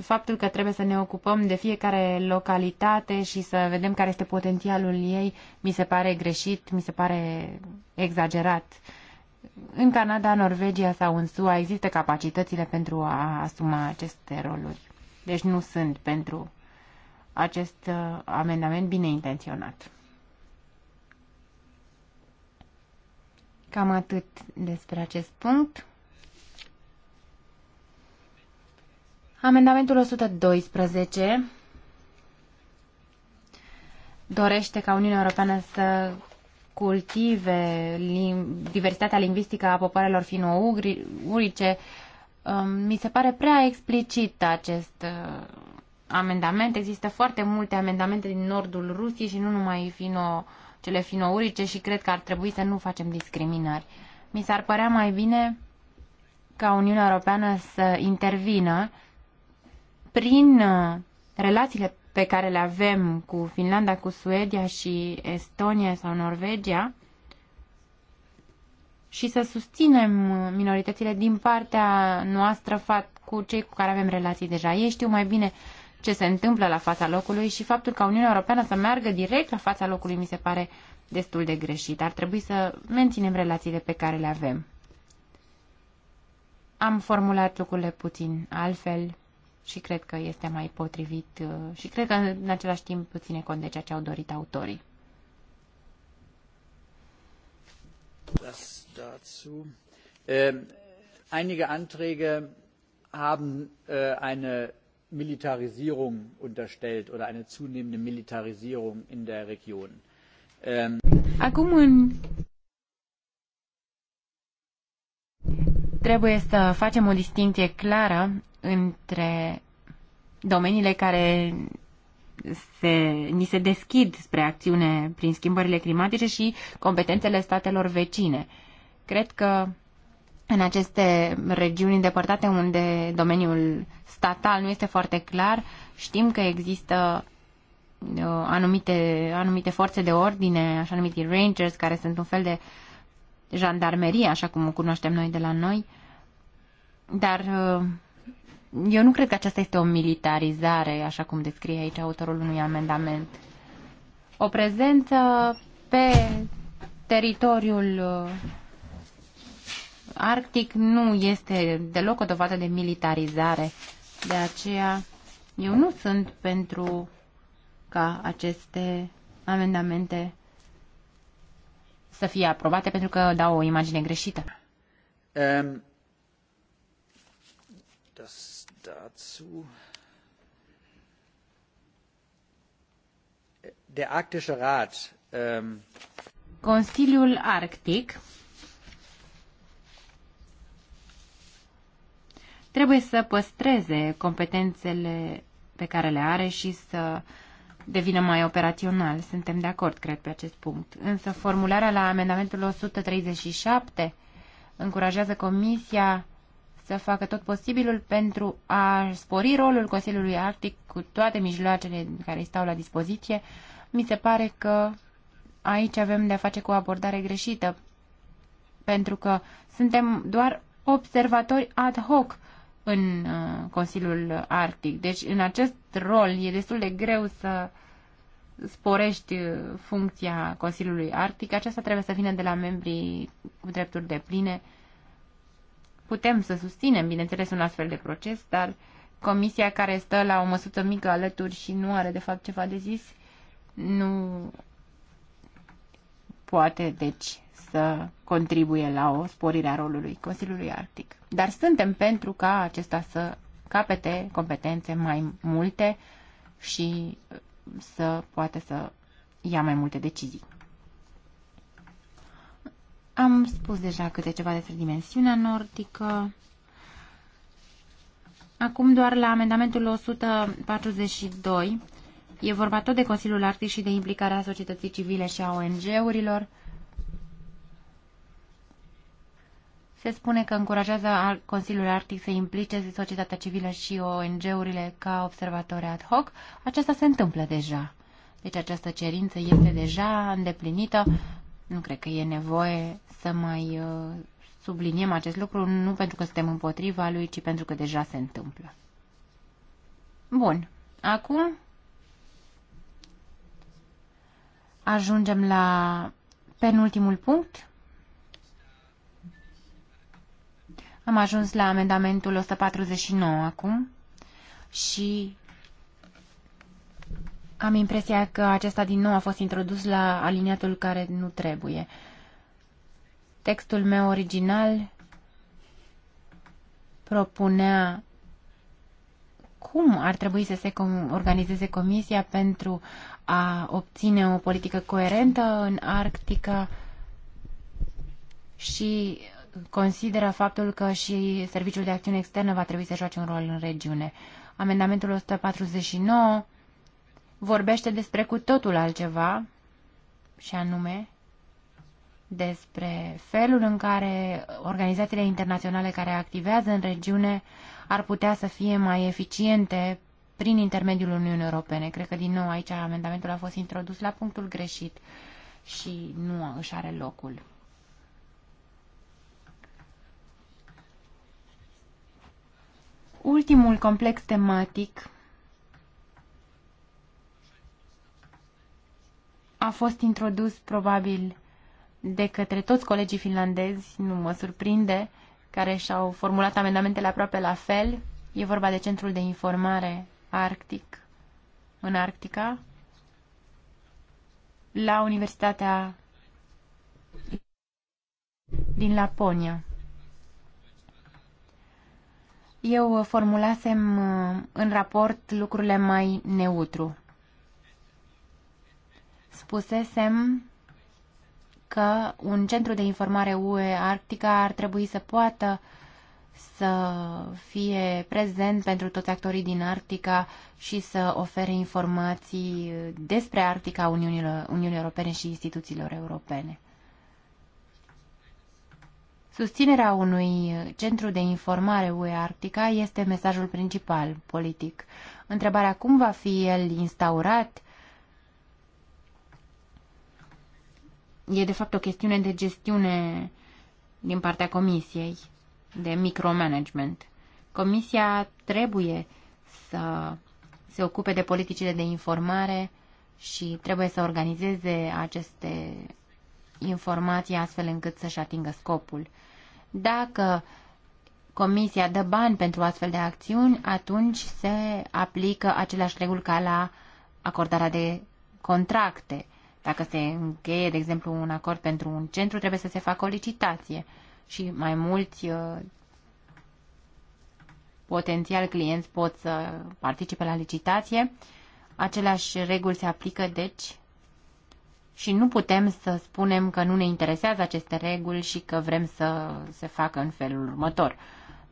faptul că trebuie să ne ocupăm de fiecare localitate și să vedem care este potențialul ei, mi se pare greșit, mi se pare exagerat. În Canada, Norvegia sau în SUA există capacitățile pentru a asuma aceste roluri. Deci nu sunt pentru acest uh, amendament bine intenționat. Cam atât despre acest punct. Amendamentul 112 dorește ca Uniunea Europeană să cultive lim- diversitatea lingvistică a popoarelor fino-urice. Mi se pare prea explicit acest uh, amendament. Există foarte multe amendamente din nordul Rusiei și nu numai fino, cele finourice și cred că ar trebui să nu facem discriminări. Mi s-ar părea mai bine ca Uniunea Europeană să intervină prin uh, relațiile pe care le avem cu Finlanda, cu Suedia și Estonia sau Norvegia și să susținem minoritățile din partea noastră cu cei cu care avem relații deja. Ei știu mai bine ce se întâmplă la fața locului și faptul că Uniunea Europeană să meargă direct la fața locului mi se pare destul de greșit. Ar trebui să menținem relațiile pe care le avem. Am formulat lucrurile puțin altfel și cred că este mai potrivit uh, și cred că în același timp ține cont de ceea ce au dorit autorii. Das dazu. Ähm, einige Anträge haben äh, eine Militarisierung unterstellt oder eine zunehmende Militarisierung in der Region. Ähm, Acum în Trebuie să facem o distinție clară între domeniile care se, ni se deschid spre acțiune prin schimbările climatice și competențele statelor vecine. Cred că în aceste regiuni îndepărtate unde domeniul statal nu este foarte clar, știm că există uh, anumite, anumite forțe de ordine, așa numiti rangers, care sunt un fel de jandarmerie, așa cum o cunoaștem noi de la noi, dar uh, eu nu cred că aceasta este o militarizare, așa cum descrie aici autorul unui amendament. O prezență pe teritoriul uh, arctic nu este deloc o dovadă de militarizare. De aceea eu nu sunt pentru ca aceste amendamente să fie aprobate pentru că dau o imagine greșită. Um, das dazu. Der Arktische Rat. Um... Consiliul Arctic trebuie să păstreze competențele pe care le are și să uh, devină mai operațional. Suntem de acord, cred, pe acest punct. Însă formularea la amendamentul 137 încurajează Comisia să facă tot posibilul pentru a spori rolul Consiliului Arctic cu toate mijloacele care îi stau la dispoziție. Mi se pare că aici avem de-a face cu o abordare greșită, pentru că suntem doar observatori ad hoc în uh, Consiliul Arctic. Deci, în acest rol, e destul de greu să sporești uh, funcția Consiliului Arctic. Aceasta trebuie să vină de la membrii cu drepturi de pline. Putem să susținem, bineînțeles, un astfel de proces, dar comisia care stă la o măsută mică alături și nu are, de fapt, ceva de zis, nu poate, deci, să contribuie la o sporire a rolului Consiliului Arctic. Dar suntem pentru ca acesta să capete competențe mai multe și uh, să poată să ia mai multe decizii. Am spus deja câte ceva despre dimensiunea nordică. Acum doar la amendamentul 142. E vorba tot de Consiliul Arctic și de implicarea societății civile și a ONG-urilor. Se spune că încurajează Consiliul Arctic să implice societatea civilă și ONG-urile ca observatori ad hoc. Aceasta se întâmplă deja. Deci această cerință este deja îndeplinită. Nu cred că e nevoie să mai uh, subliniem acest lucru, nu pentru că suntem împotriva lui, ci pentru că deja se întâmplă. Bun. Acum ajungem la penultimul punct, Am ajuns la amendamentul 149 acum și am impresia că acesta din nou a fost introdus la aliniatul care nu trebuie. Textul meu original propunea cum ar trebui să se organizeze comisia pentru a obține o politică coerentă în Arctica și consideră faptul că și Serviciul de Acțiune Externă va trebui să joace un rol în regiune. Amendamentul 149 vorbește despre cu totul altceva, și anume despre felul în care organizațiile internaționale care activează în regiune ar putea să fie mai eficiente prin intermediul Uniunii Europene. Cred că, din nou, aici amendamentul a fost introdus la punctul greșit și nu își are locul. Ultimul complex tematic a fost introdus probabil de către toți colegii finlandezi, nu mă surprinde, care și-au formulat amendamentele aproape la fel. E vorba de Centrul de Informare Arctic în Arctica la Universitatea din Laponia eu formulasem uh, în raport lucrurile mai neutru. Spusesem că un centru de informare UE Arctica ar trebui să poată să fie prezent pentru toți actorii din Arctica și să ofere informații despre Arctica Uniunii, Europene și instituțiilor europene. Susținerea unui centru de informare UE Arctica este mesajul principal politic. Întrebarea cum va fi el instaurat e de fapt o chestiune de gestiune din partea comisiei, de micromanagement. Comisia trebuie să se ocupe de politicile de informare și trebuie să organizeze aceste informații astfel încât să-și atingă scopul. Dacă Comisia dă bani pentru astfel de acțiuni, atunci se aplică aceleași reguli ca la acordarea de contracte. Dacă se încheie, de exemplu, un acord pentru un centru, trebuie să se facă o licitație și mai mulți uh, potențial clienți pot să participe la licitație. Aceleași reguli se aplică, deci, și nu putem să spunem că nu ne interesează aceste reguli și că vrem să se facă în felul următor.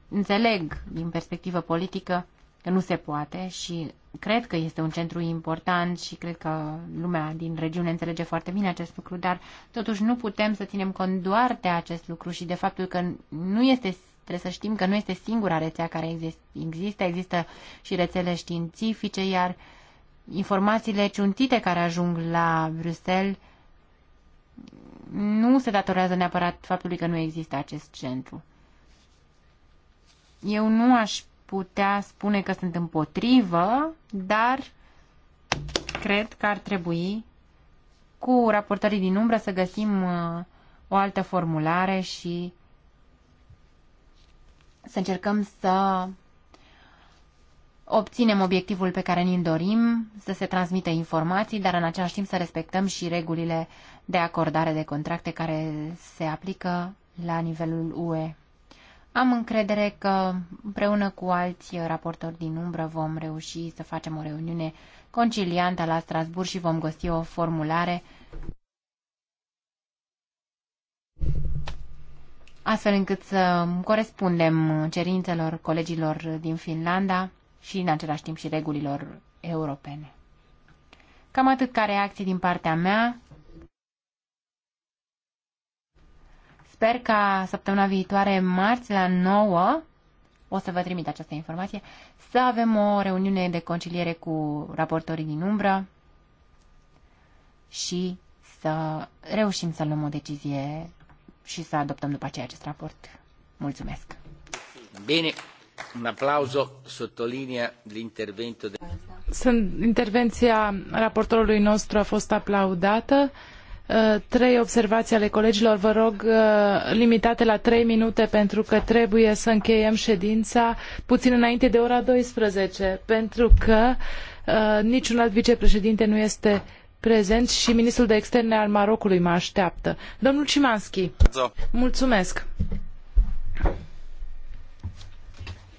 Înțeleg din perspectivă politică că nu se poate și cred că este un centru important și cred că lumea din regiune înțelege foarte bine acest lucru, dar totuși nu putem să ținem cont doar de acest lucru și de faptul că nu este trebuie să știm că nu este singura rețea care există, există și rețele științifice, iar uh, informațiile ciuntite care ajung la Bruxelles nu se datorează neapărat faptului că nu există acest centru. Eu nu aș putea spune că sunt împotrivă, dar cred că ar trebui cu raportării din umbră să găsim uh, o altă formulare și să încercăm să obținem obiectivul pe care ni-l dorim, să se transmită informații, dar în același timp să respectăm și regulile de acordare de contracte care se aplică la nivelul UE. Am încredere că împreună cu alți raportori din umbră vom reuși să facem o reuniune conciliantă la Strasburg și vom găsi o formulare astfel încât să corespundem cerințelor colegilor din Finlanda și în același timp și regulilor europene. Cam atât ca reacții din partea mea. Sper ca săptămâna viitoare, marți, la 9, o să vă trimit această informație, să avem o reuniune de conciliere cu raportorii din umbră și să reușim să luăm o decizie și să adoptăm după aceea acest raport. Mulțumesc! Bine! Un aplauso sottolinea l'intervento de... Intervenția raportorului nostru a fost aplaudată. Uh, trei observații ale colegilor, vă rog, uh, limitate la trei minute pentru că trebuie să încheiem ședința puțin înainte de ora 12, pentru că uh, niciun alt vicepreședinte nu este prezent și ministrul de externe al Marocului mă așteaptă. Domnul Cimanski, mulțumesc!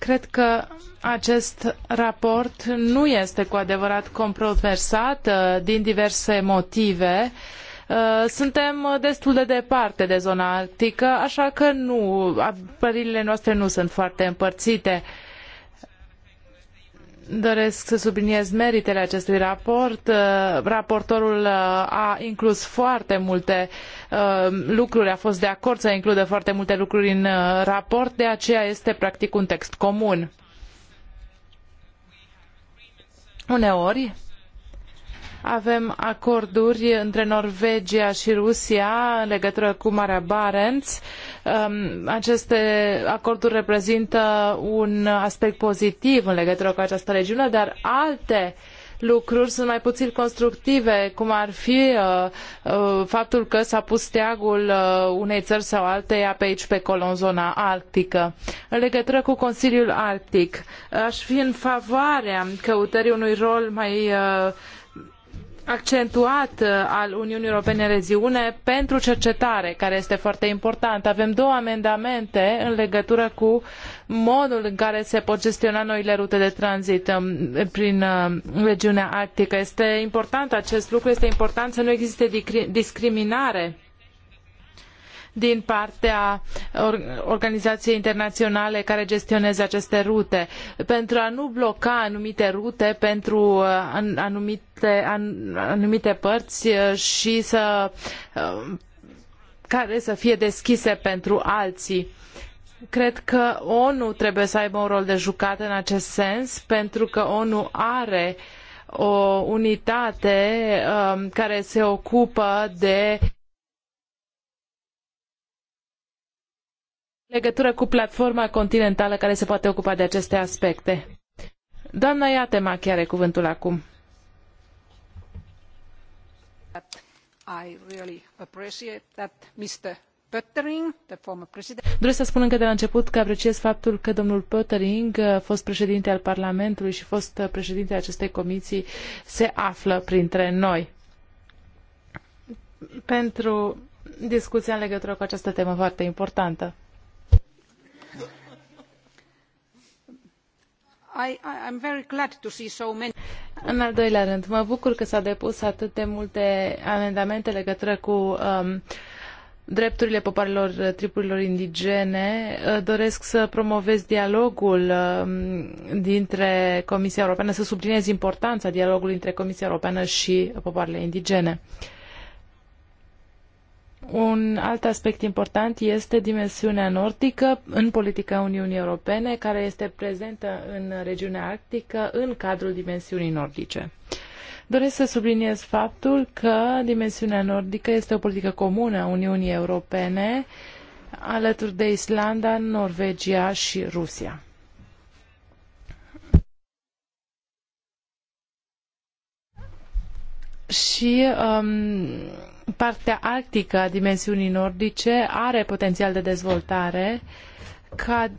Cred că acest raport nu este cu adevărat controversat uh, din diverse motive. Uh, suntem destul de departe de zona arctică, așa că nu, părerile noastre nu sunt foarte împărțite. Uh, Doresc să subliniez meritele acestui raport. Uh, raportorul uh, a inclus foarte multe uh, lucruri, a fost de acord să includă foarte multe lucruri în raport, de aceea este practic un text comun. Uneori, avem acorduri între Norvegia și Rusia în legătură cu Marea Barents. Um, aceste acorduri reprezintă un aspect pozitiv în legătură cu această regiune, dar alte lucruri sunt mai puțin constructive, cum ar fi uh, uh, faptul că s-a pus steagul uh, unei țări sau alteia pe aici, pe acolo, în zona arctică. În legătură cu Consiliul Arctic, aș fi în favoarea căutării unui rol mai uh, accentuat uh, al Uniunii Europene în regiune pentru cercetare, care este foarte important. Avem două amendamente în legătură cu modul în care se pot gestiona noile rute de tranzit um, prin uh, regiunea arctică. Este important acest lucru, este important să nu existe discriminare din partea organizației internaționale care gestionează aceste rute, pentru a nu bloca anumite rute pentru uh, anumite, anumite părți uh, și să uh, care să fie deschise pentru alții. Cred că ONU trebuie să aibă un rol de jucat în acest sens, pentru că ONU are o unitate um, care se ocupă de legătură cu platforma continentală care se poate ocupa de aceste aspecte. Doamna Iatema chiar are cuvântul acum. Doresc să spun încă de la început că apreciez faptul că domnul Pöttering, uh, fost președinte al Parlamentului și fost uh, președinte al acestei comisii, se află printre noi. Pentru discuția în legătură cu această temă foarte importantă. În al doilea rând, mă bucur că s-au depus atât de multe amendamente legătură cu um, drepturile popoarelor triburilor indigene. Uh, doresc să promovez dialogul um, dintre Comisia Europeană, să subliniez importanța dialogului între Comisia Europeană și popoarele indigene. Un alt aspect important este dimensiunea nordică în politica Uniunii Europene, care este prezentă în regiunea arctică în cadrul dimensiunii nordice. Doresc să subliniez faptul că dimensiunea nordică este o politică comună a Uniunii Europene alături de Islanda, Norvegia și Rusia. Și um, partea arctică a dimensiunii nordice are potențial de dezvoltare ca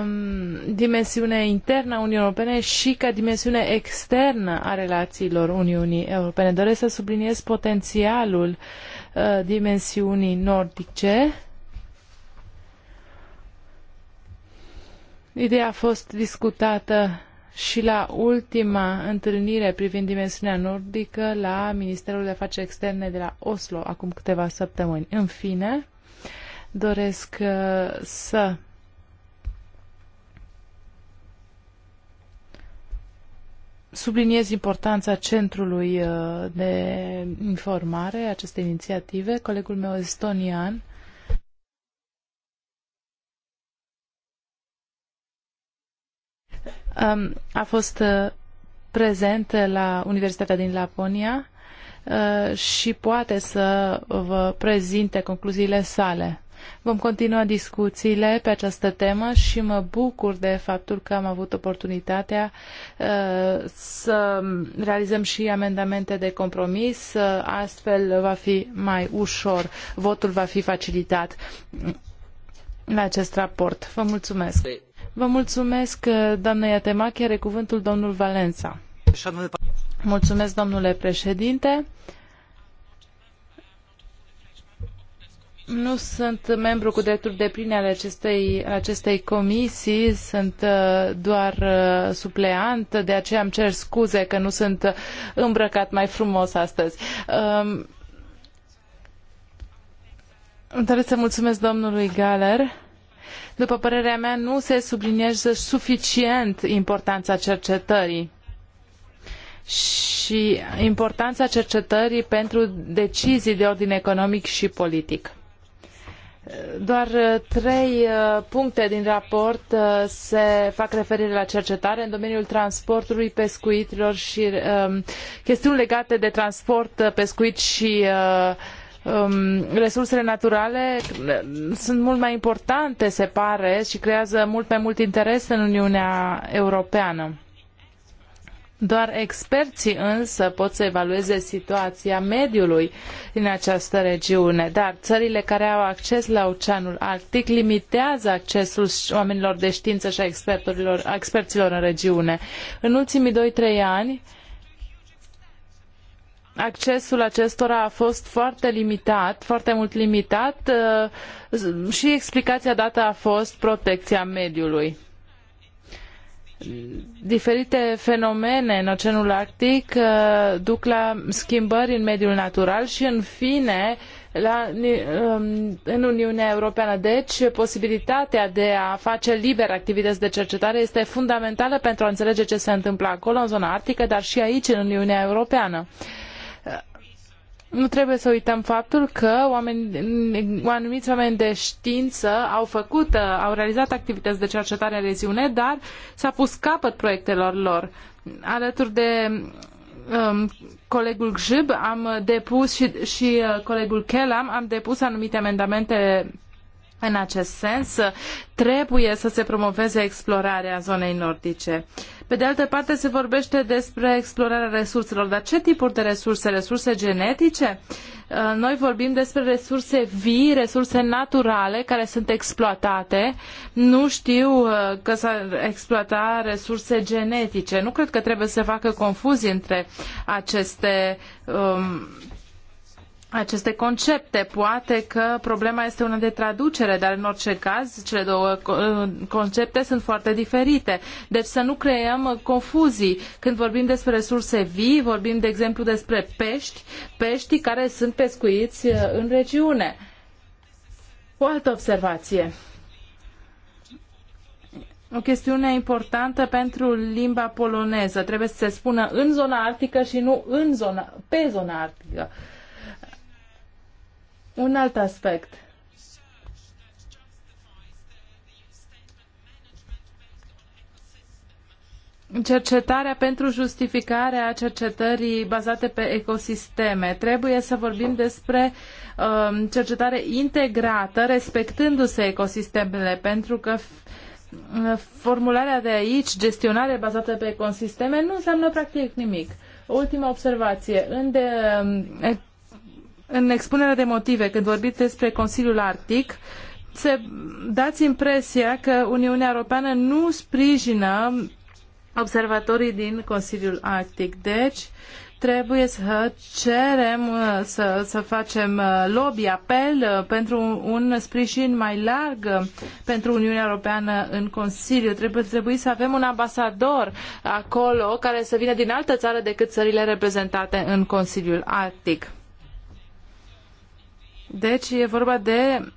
um, dimensiune internă a Uniunii Europene și ca dimensiune externă a relațiilor Uniunii Europene. Doresc să subliniez potențialul uh, dimensiunii nordice. Ideea a fost discutată și la ultima întâlnire privind dimensiunea nordică la Ministerul de Afaceri Externe de la Oslo acum câteva săptămâni. În fine, doresc uh, să subliniez importanța centrului uh, de informare acestei inițiative. Colegul meu estonian a fost uh, prezent la Universitatea din Laponia uh, și poate să vă prezinte concluziile sale. Vom continua discuțiile pe această temă și mă bucur de faptul că am avut oportunitatea uh, să realizăm și amendamente de compromis, astfel va fi mai ușor, votul va fi facilitat la acest raport. Vă mulțumesc! Vă mulțumesc, uh, doamnă Iatemache. Are cuvântul domnul Valența. Mulțumesc, domnule președinte. Nu sunt membru cu drepturi de pline ale acestei, acestei comisii, sunt uh, doar uh, supleant, de aceea îmi cer scuze că nu sunt îmbrăcat mai frumos astăzi. Îmi um, doresc să mulțumesc domnului Galer după părerea mea, nu se subliniază suficient importanța cercetării și importanța cercetării pentru decizii de ordin economic și politic. Doar trei uh, puncte din raport uh, se fac referire la cercetare în domeniul transportului, pescuitilor și um, chestiuni legate de transport, uh, pescuit și uh, um, resursele naturale sunt mult mai importante, se pare, și creează mult mai mult interes în Uniunea Europeană. Doar experții însă pot să evalueze situația mediului din această regiune, dar țările care au acces la Oceanul Arctic limitează accesul oamenilor de știință și a experților în regiune. În ultimii doi-trei ani, accesul acestora a fost foarte limitat, foarte mult limitat uh, și explicația dată a fost protecția mediului. Diferite fenomene în Oceanul Arctic uh, duc la schimbări în mediul natural și, în fine, la, um, în Uniunea Europeană. Deci, posibilitatea de a face liber activități de cercetare este fundamentală pentru a înțelege ce se întâmplă acolo, în zona arctică, dar și aici, în Uniunea Europeană. Uh, nu trebuie să uităm faptul că oameni, anumiți oameni de știință au făcut, au realizat activități de cercetare în regiune, dar s-a pus capăt proiectelor lor. Alături de um, colegul Gjib am depus și, și uh, colegul Kelam am depus anumite amendamente în acest sens. Trebuie să se promoveze explorarea zonei nordice. Uh, pe de altă parte se vorbește despre explorarea resurselor, dar ce tipuri de resurse? Resurse genetice? Uh, noi vorbim despre resurse vii, resurse naturale care sunt exploatate. Nu știu uh, că s-ar exploata resurse genetice. Nu cred că trebuie să facă confuzii între aceste um, aceste concepte. Poate că problema este una de traducere, dar în orice caz cele două uh, concepte sunt foarte diferite. Deci să nu creăm confuzii. Când vorbim despre resurse vii, vorbim de exemplu despre pești, peștii care sunt pescuiți uh, în regiune. O altă observație. O chestiune importantă pentru limba poloneză. Trebuie să se spună în zona arctică și nu în zona, pe zona arctică. Uh, un alt aspect. Cercetarea pentru justificarea cercetării bazate pe ecosisteme. Trebuie să vorbim despre um, cercetare integrată, respectându-se ecosistemele, pentru că uh, formularea de aici, gestionare bazată pe ecosisteme, nu înseamnă practic nimic. Ultima observație. În de, um, în expunerea de motive, când vorbiți despre Consiliul Arctic, se dați impresia că Uniunea Europeană nu sprijină observatorii din Consiliul Arctic. Deci, trebuie să cerem, uh, să, să facem uh, lobby, apel uh, pentru un sprijin mai larg pentru Uniunea Europeană în Consiliu. Trebuie, trebuie să avem un ambasador acolo care să vină din altă țară decât țările reprezentate în Consiliul Arctic. Deci e vorba de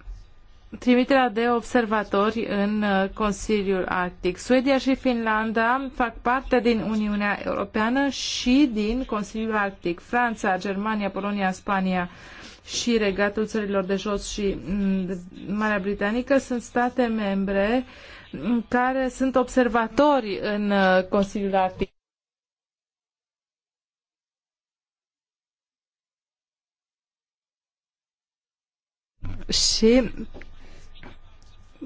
trimiterea de observatori în uh, Consiliul Arctic. Suedia și Finlanda fac parte din Uniunea Europeană și din Consiliul Arctic. Franța, Germania, Polonia, Spania și Regatul Țărilor de Jos și mm, Marea Britanică sunt state membre mm, care sunt observatori în uh, Consiliul Arctic. Și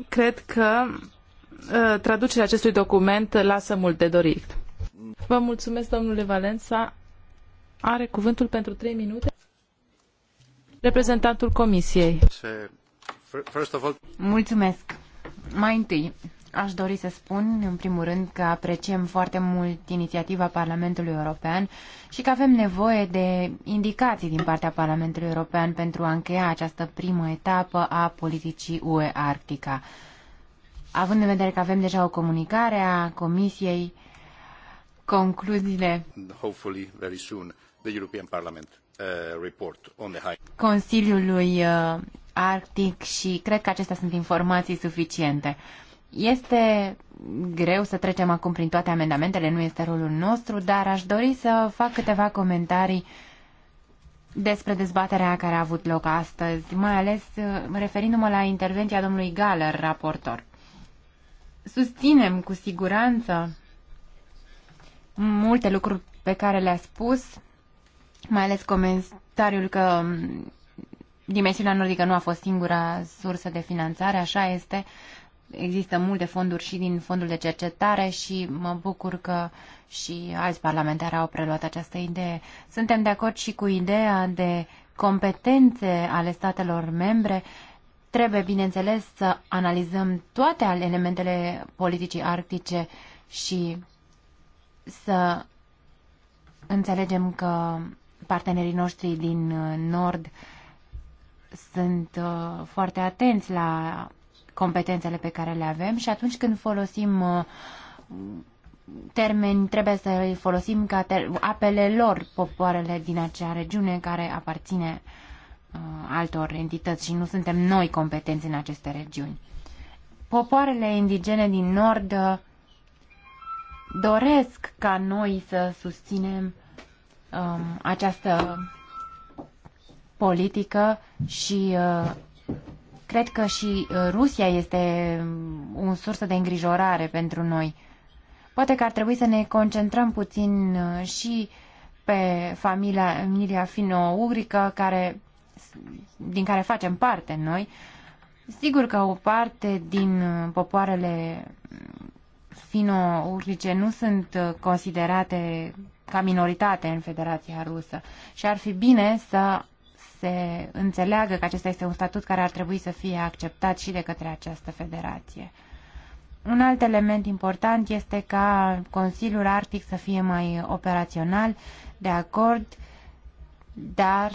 cred că uh, traducerea acestui document lasă mult de dorit. Vă mulțumesc, domnule Valența. Are cuvântul pentru trei minute reprezentantul Comisiei. Mulțumesc. Mai întâi, Aș dori să spun, în primul rând, că apreciem foarte mult inițiativa Parlamentului European și că avem nevoie de indicații din partea Parlamentului European pentru a încheia această primă etapă a politicii UE Arctica. Având în vedere că avem deja o comunicare a Comisiei, concluziile hopefully very soon the European Parliament uh, report on the high Consiliului uh, Arctic și cred că acestea sunt informații suficiente. Este greu să trecem acum prin toate amendamentele, nu este rolul nostru, dar aș dori să fac câteva comentarii despre dezbaterea care a avut loc astăzi, mai ales uh, referindu-mă la intervenția domnului Galler, raportor. Susținem cu siguranță multe lucruri pe care le-a spus, mai ales comentariul că um, dimensiunea nordică nu a fost singura sursă de finanțare, așa este, există multe fonduri și din fondul de cercetare și mă bucur că și alți parlamentari au preluat această idee. Suntem de acord și cu ideea de competențe ale statelor membre. Trebuie, bineînțeles, să analizăm toate elementele politicii arctice și să înțelegem că partenerii noștri din uh, Nord sunt uh, foarte atenți la competențele pe care le avem și atunci când folosim uh, termeni, trebuie să îi folosim ca apele lor, popoarele din acea regiune care aparține uh, altor entități și nu suntem noi competenți în aceste regiuni. Popoarele indigene din nord uh, doresc ca noi să susținem um, această politică și uh, Cred că și uh, Rusia este um, o sursă de îngrijorare pentru noi. Poate că ar trebui să ne concentrăm puțin uh, și pe familia, Emilia fino-ugrică care, din care facem parte noi. Sigur că o parte din uh, popoarele mm, fino-ugrice nu sunt considerate ca minoritate în Federația Rusă și ar fi bine să se înțeleagă că acesta este un statut care ar trebui să fie acceptat și de către această federație. Un alt element important este ca Consiliul Arctic să fie mai operațional, de acord, dar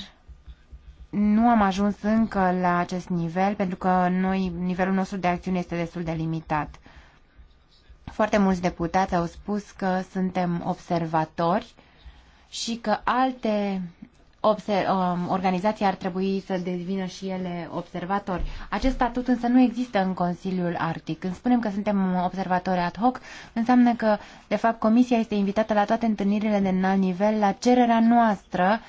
nu am ajuns încă la acest nivel, pentru că noi, nivelul nostru de acțiune este destul de limitat. Foarte mulți deputați au spus că suntem observatori și că alte Um, organizații ar trebui să devină și ele observatori. Acest statut însă nu există în Consiliul Arctic. Când spunem că suntem observatori ad hoc, înseamnă că, de fapt, Comisia este invitată la toate întâlnirile de înalt nivel, la cererea noastră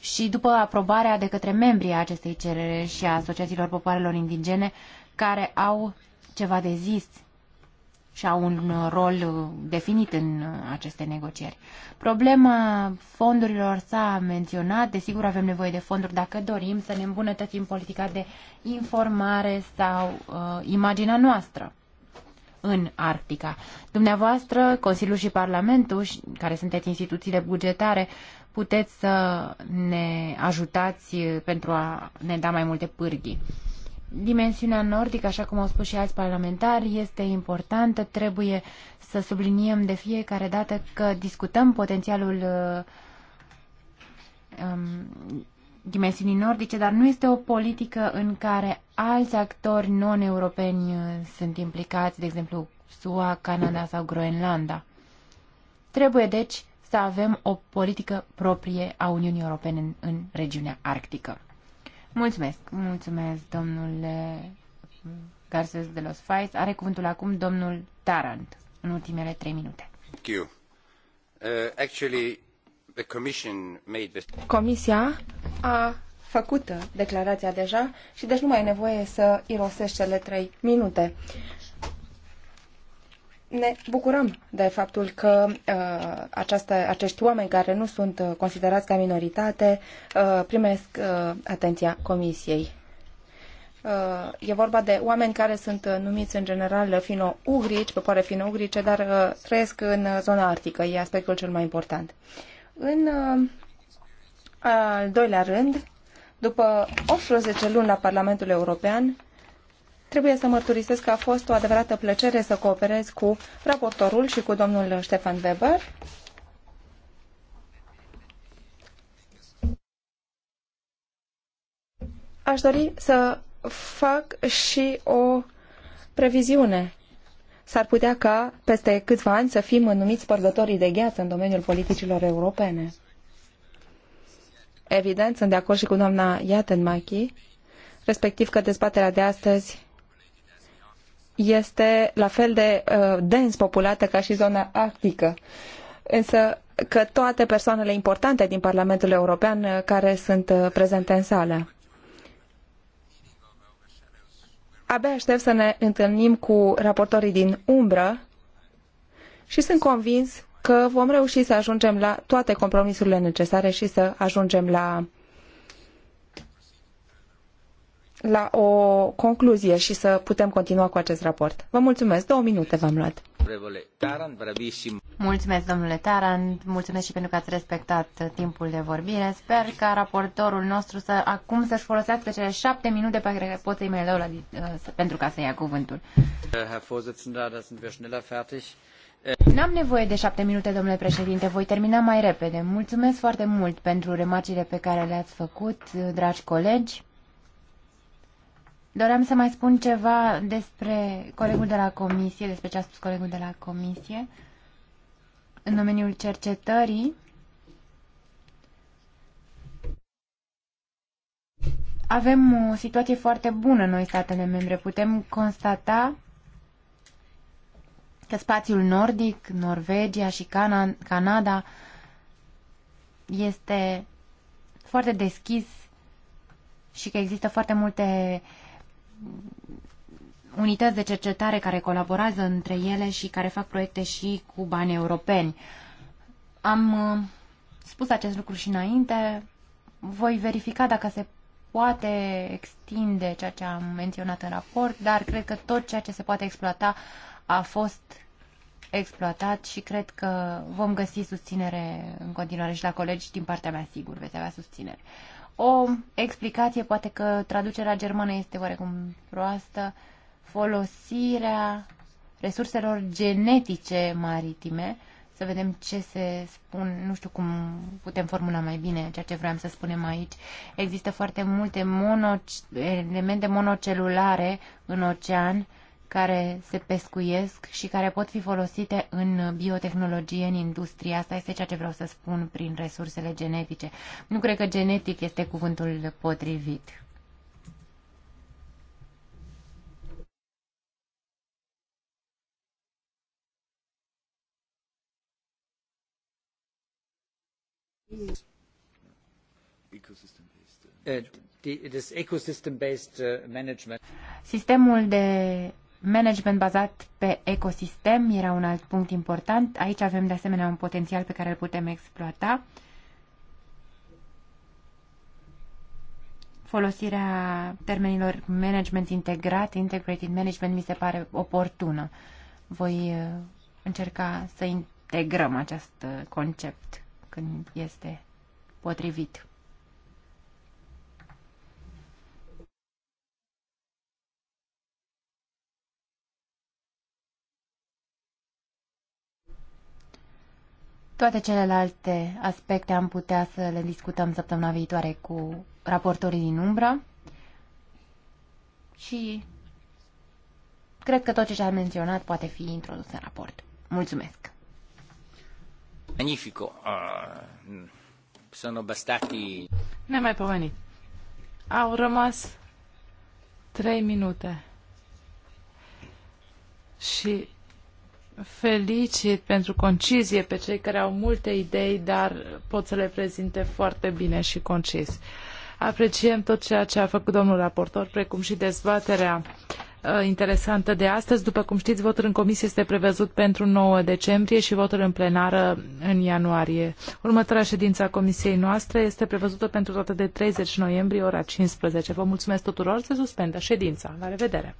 și după aprobarea de către membrii acestei cerere și a asociațiilor popoarelor indigene care au ceva de zis și au un uh, rol uh, definit în uh, aceste negocieri. Problema fondurilor s-a menționat, desigur avem nevoie de fonduri dacă dorim să ne îmbunătățim politica de informare sau uh, imaginea noastră în Arctica. Dumneavoastră, Consiliul și Parlamentul, care sunteți instituțiile bugetare, puteți să ne ajutați pentru a ne da mai multe pârghii. Dimensiunea nordică, așa cum au spus și alți parlamentari, este importantă. Trebuie să subliniem de fiecare dată că discutăm potențialul uh, um, dimensiunii nordice, dar nu este o politică în care alți actori non-europeni uh, sunt implicați, de exemplu SUA, Canada sau Groenlanda. Trebuie, deci, să avem o politică proprie a Uniunii Europene în, în regiunea arctică. Mulțumesc, mulțumesc, domnule Garces de los Fais. Are cuvântul acum domnul Tarant, în ultimele trei minute. Thank you. Uh, actually, the Commission made Comisia a făcut declarația deja și deci nu mai e nevoie să irosești cele trei minute ne bucurăm de faptul că uh, această, acești oameni care nu sunt uh, considerați ca minoritate uh, primesc uh, atenția Comisiei. Uh, e vorba de oameni care sunt uh, numiți în general fino-ugrici, popoare fino-ugrice, dar uh, trăiesc în uh, zona arctică. E aspectul cel mai important. În uh, al doilea rând, după 18 luni la Parlamentul European, Trebuie să mărturisesc că a fost o adevărată plăcere să cooperez cu raportorul și cu domnul Stefan Weber. Aș dori să fac și o previziune. S-ar putea ca peste câțiva ani să fim numiți părzătorii de gheață în domeniul politicilor europene. Evident, sunt de acord și cu doamna Iatenmachi, respectiv că dezbaterea de astăzi este la fel de uh, dens populată ca și zona arctică. Însă că toate persoanele importante din Parlamentul European uh, care sunt uh, prezente în sală. Abia aștept să ne întâlnim cu raportorii din umbră și sunt convins că vom reuși să ajungem la toate compromisurile necesare și să ajungem la la o concluzie și să putem continua cu acest raport. Vă mulțumesc. Două minute v-am luat. Mulțumesc, domnule Taran. Mulțumesc și pentru că ați respectat timpul de vorbire. Sper ca raportorul nostru să acum să-și folosească cele șapte minute pe care pot să-i mai dau la, ă, pentru ca să ia cuvântul. N-am nevoie de șapte minute, domnule președinte, voi termina mai repede. Mulțumesc foarte mult pentru remarcile pe care le-ați făcut, dragi colegi. Doream să mai spun ceva despre colegul de la comisie, despre ce a spus colegul de la comisie în domeniul cercetării. Avem o situație foarte bună noi, statele membre. Putem constata că spațiul nordic, Norvegia și Canada este foarte deschis și că există foarte multe unități de cercetare care colaborează între ele și care fac proiecte și cu bani europeni. Am uh, spus acest lucru și înainte. Voi verifica dacă se poate extinde ceea ce am menționat în raport, dar cred că tot ceea ce se poate exploata a fost exploatat și cred că vom găsi susținere în continuare și la colegi din partea mea, sigur, veți avea susținere o explicație, poate că traducerea germană este oarecum proastă, folosirea resurselor genetice maritime, să vedem ce se spun, nu știu cum putem formula mai bine ceea ce vreau să spunem aici. Există foarte multe mono, elemente monocelulare în ocean care se pescuiesc și care pot fi folosite în biotehnologie, în industrie. Asta este ceea ce vreau să spun prin resursele genetice. Nu cred că genetic este cuvântul potrivit. Uh, Sistemul de Management bazat pe ecosistem era un alt punct important. Aici avem de asemenea un potențial pe care îl putem exploata. Folosirea termenilor management integrat, integrated management, mi se pare oportună. Voi uh, încerca să integrăm acest uh, concept când este potrivit. Toate celelalte aspecte am putea să le discutăm săptămâna viitoare cu raportorii din umbră și cred că tot ce și-a menționat poate fi introdus în raport. Mulțumesc! Magnifico! Uh, sono bastati... mai pomenit. Au rămas trei minute. Și felicit pentru concizie pe cei care au multe idei, dar pot să le prezinte foarte bine și concis. Apreciem tot ceea ce a făcut domnul raportor, precum și dezbaterea uh, interesantă de astăzi. După cum știți, votul în comisie este prevăzut pentru 9 decembrie și votul în plenară în ianuarie. Următoarea ședință a comisiei noastre este prevăzută pentru data de 30 noiembrie, ora 15. Vă mulțumesc tuturor, se suspendă ședința. La revedere!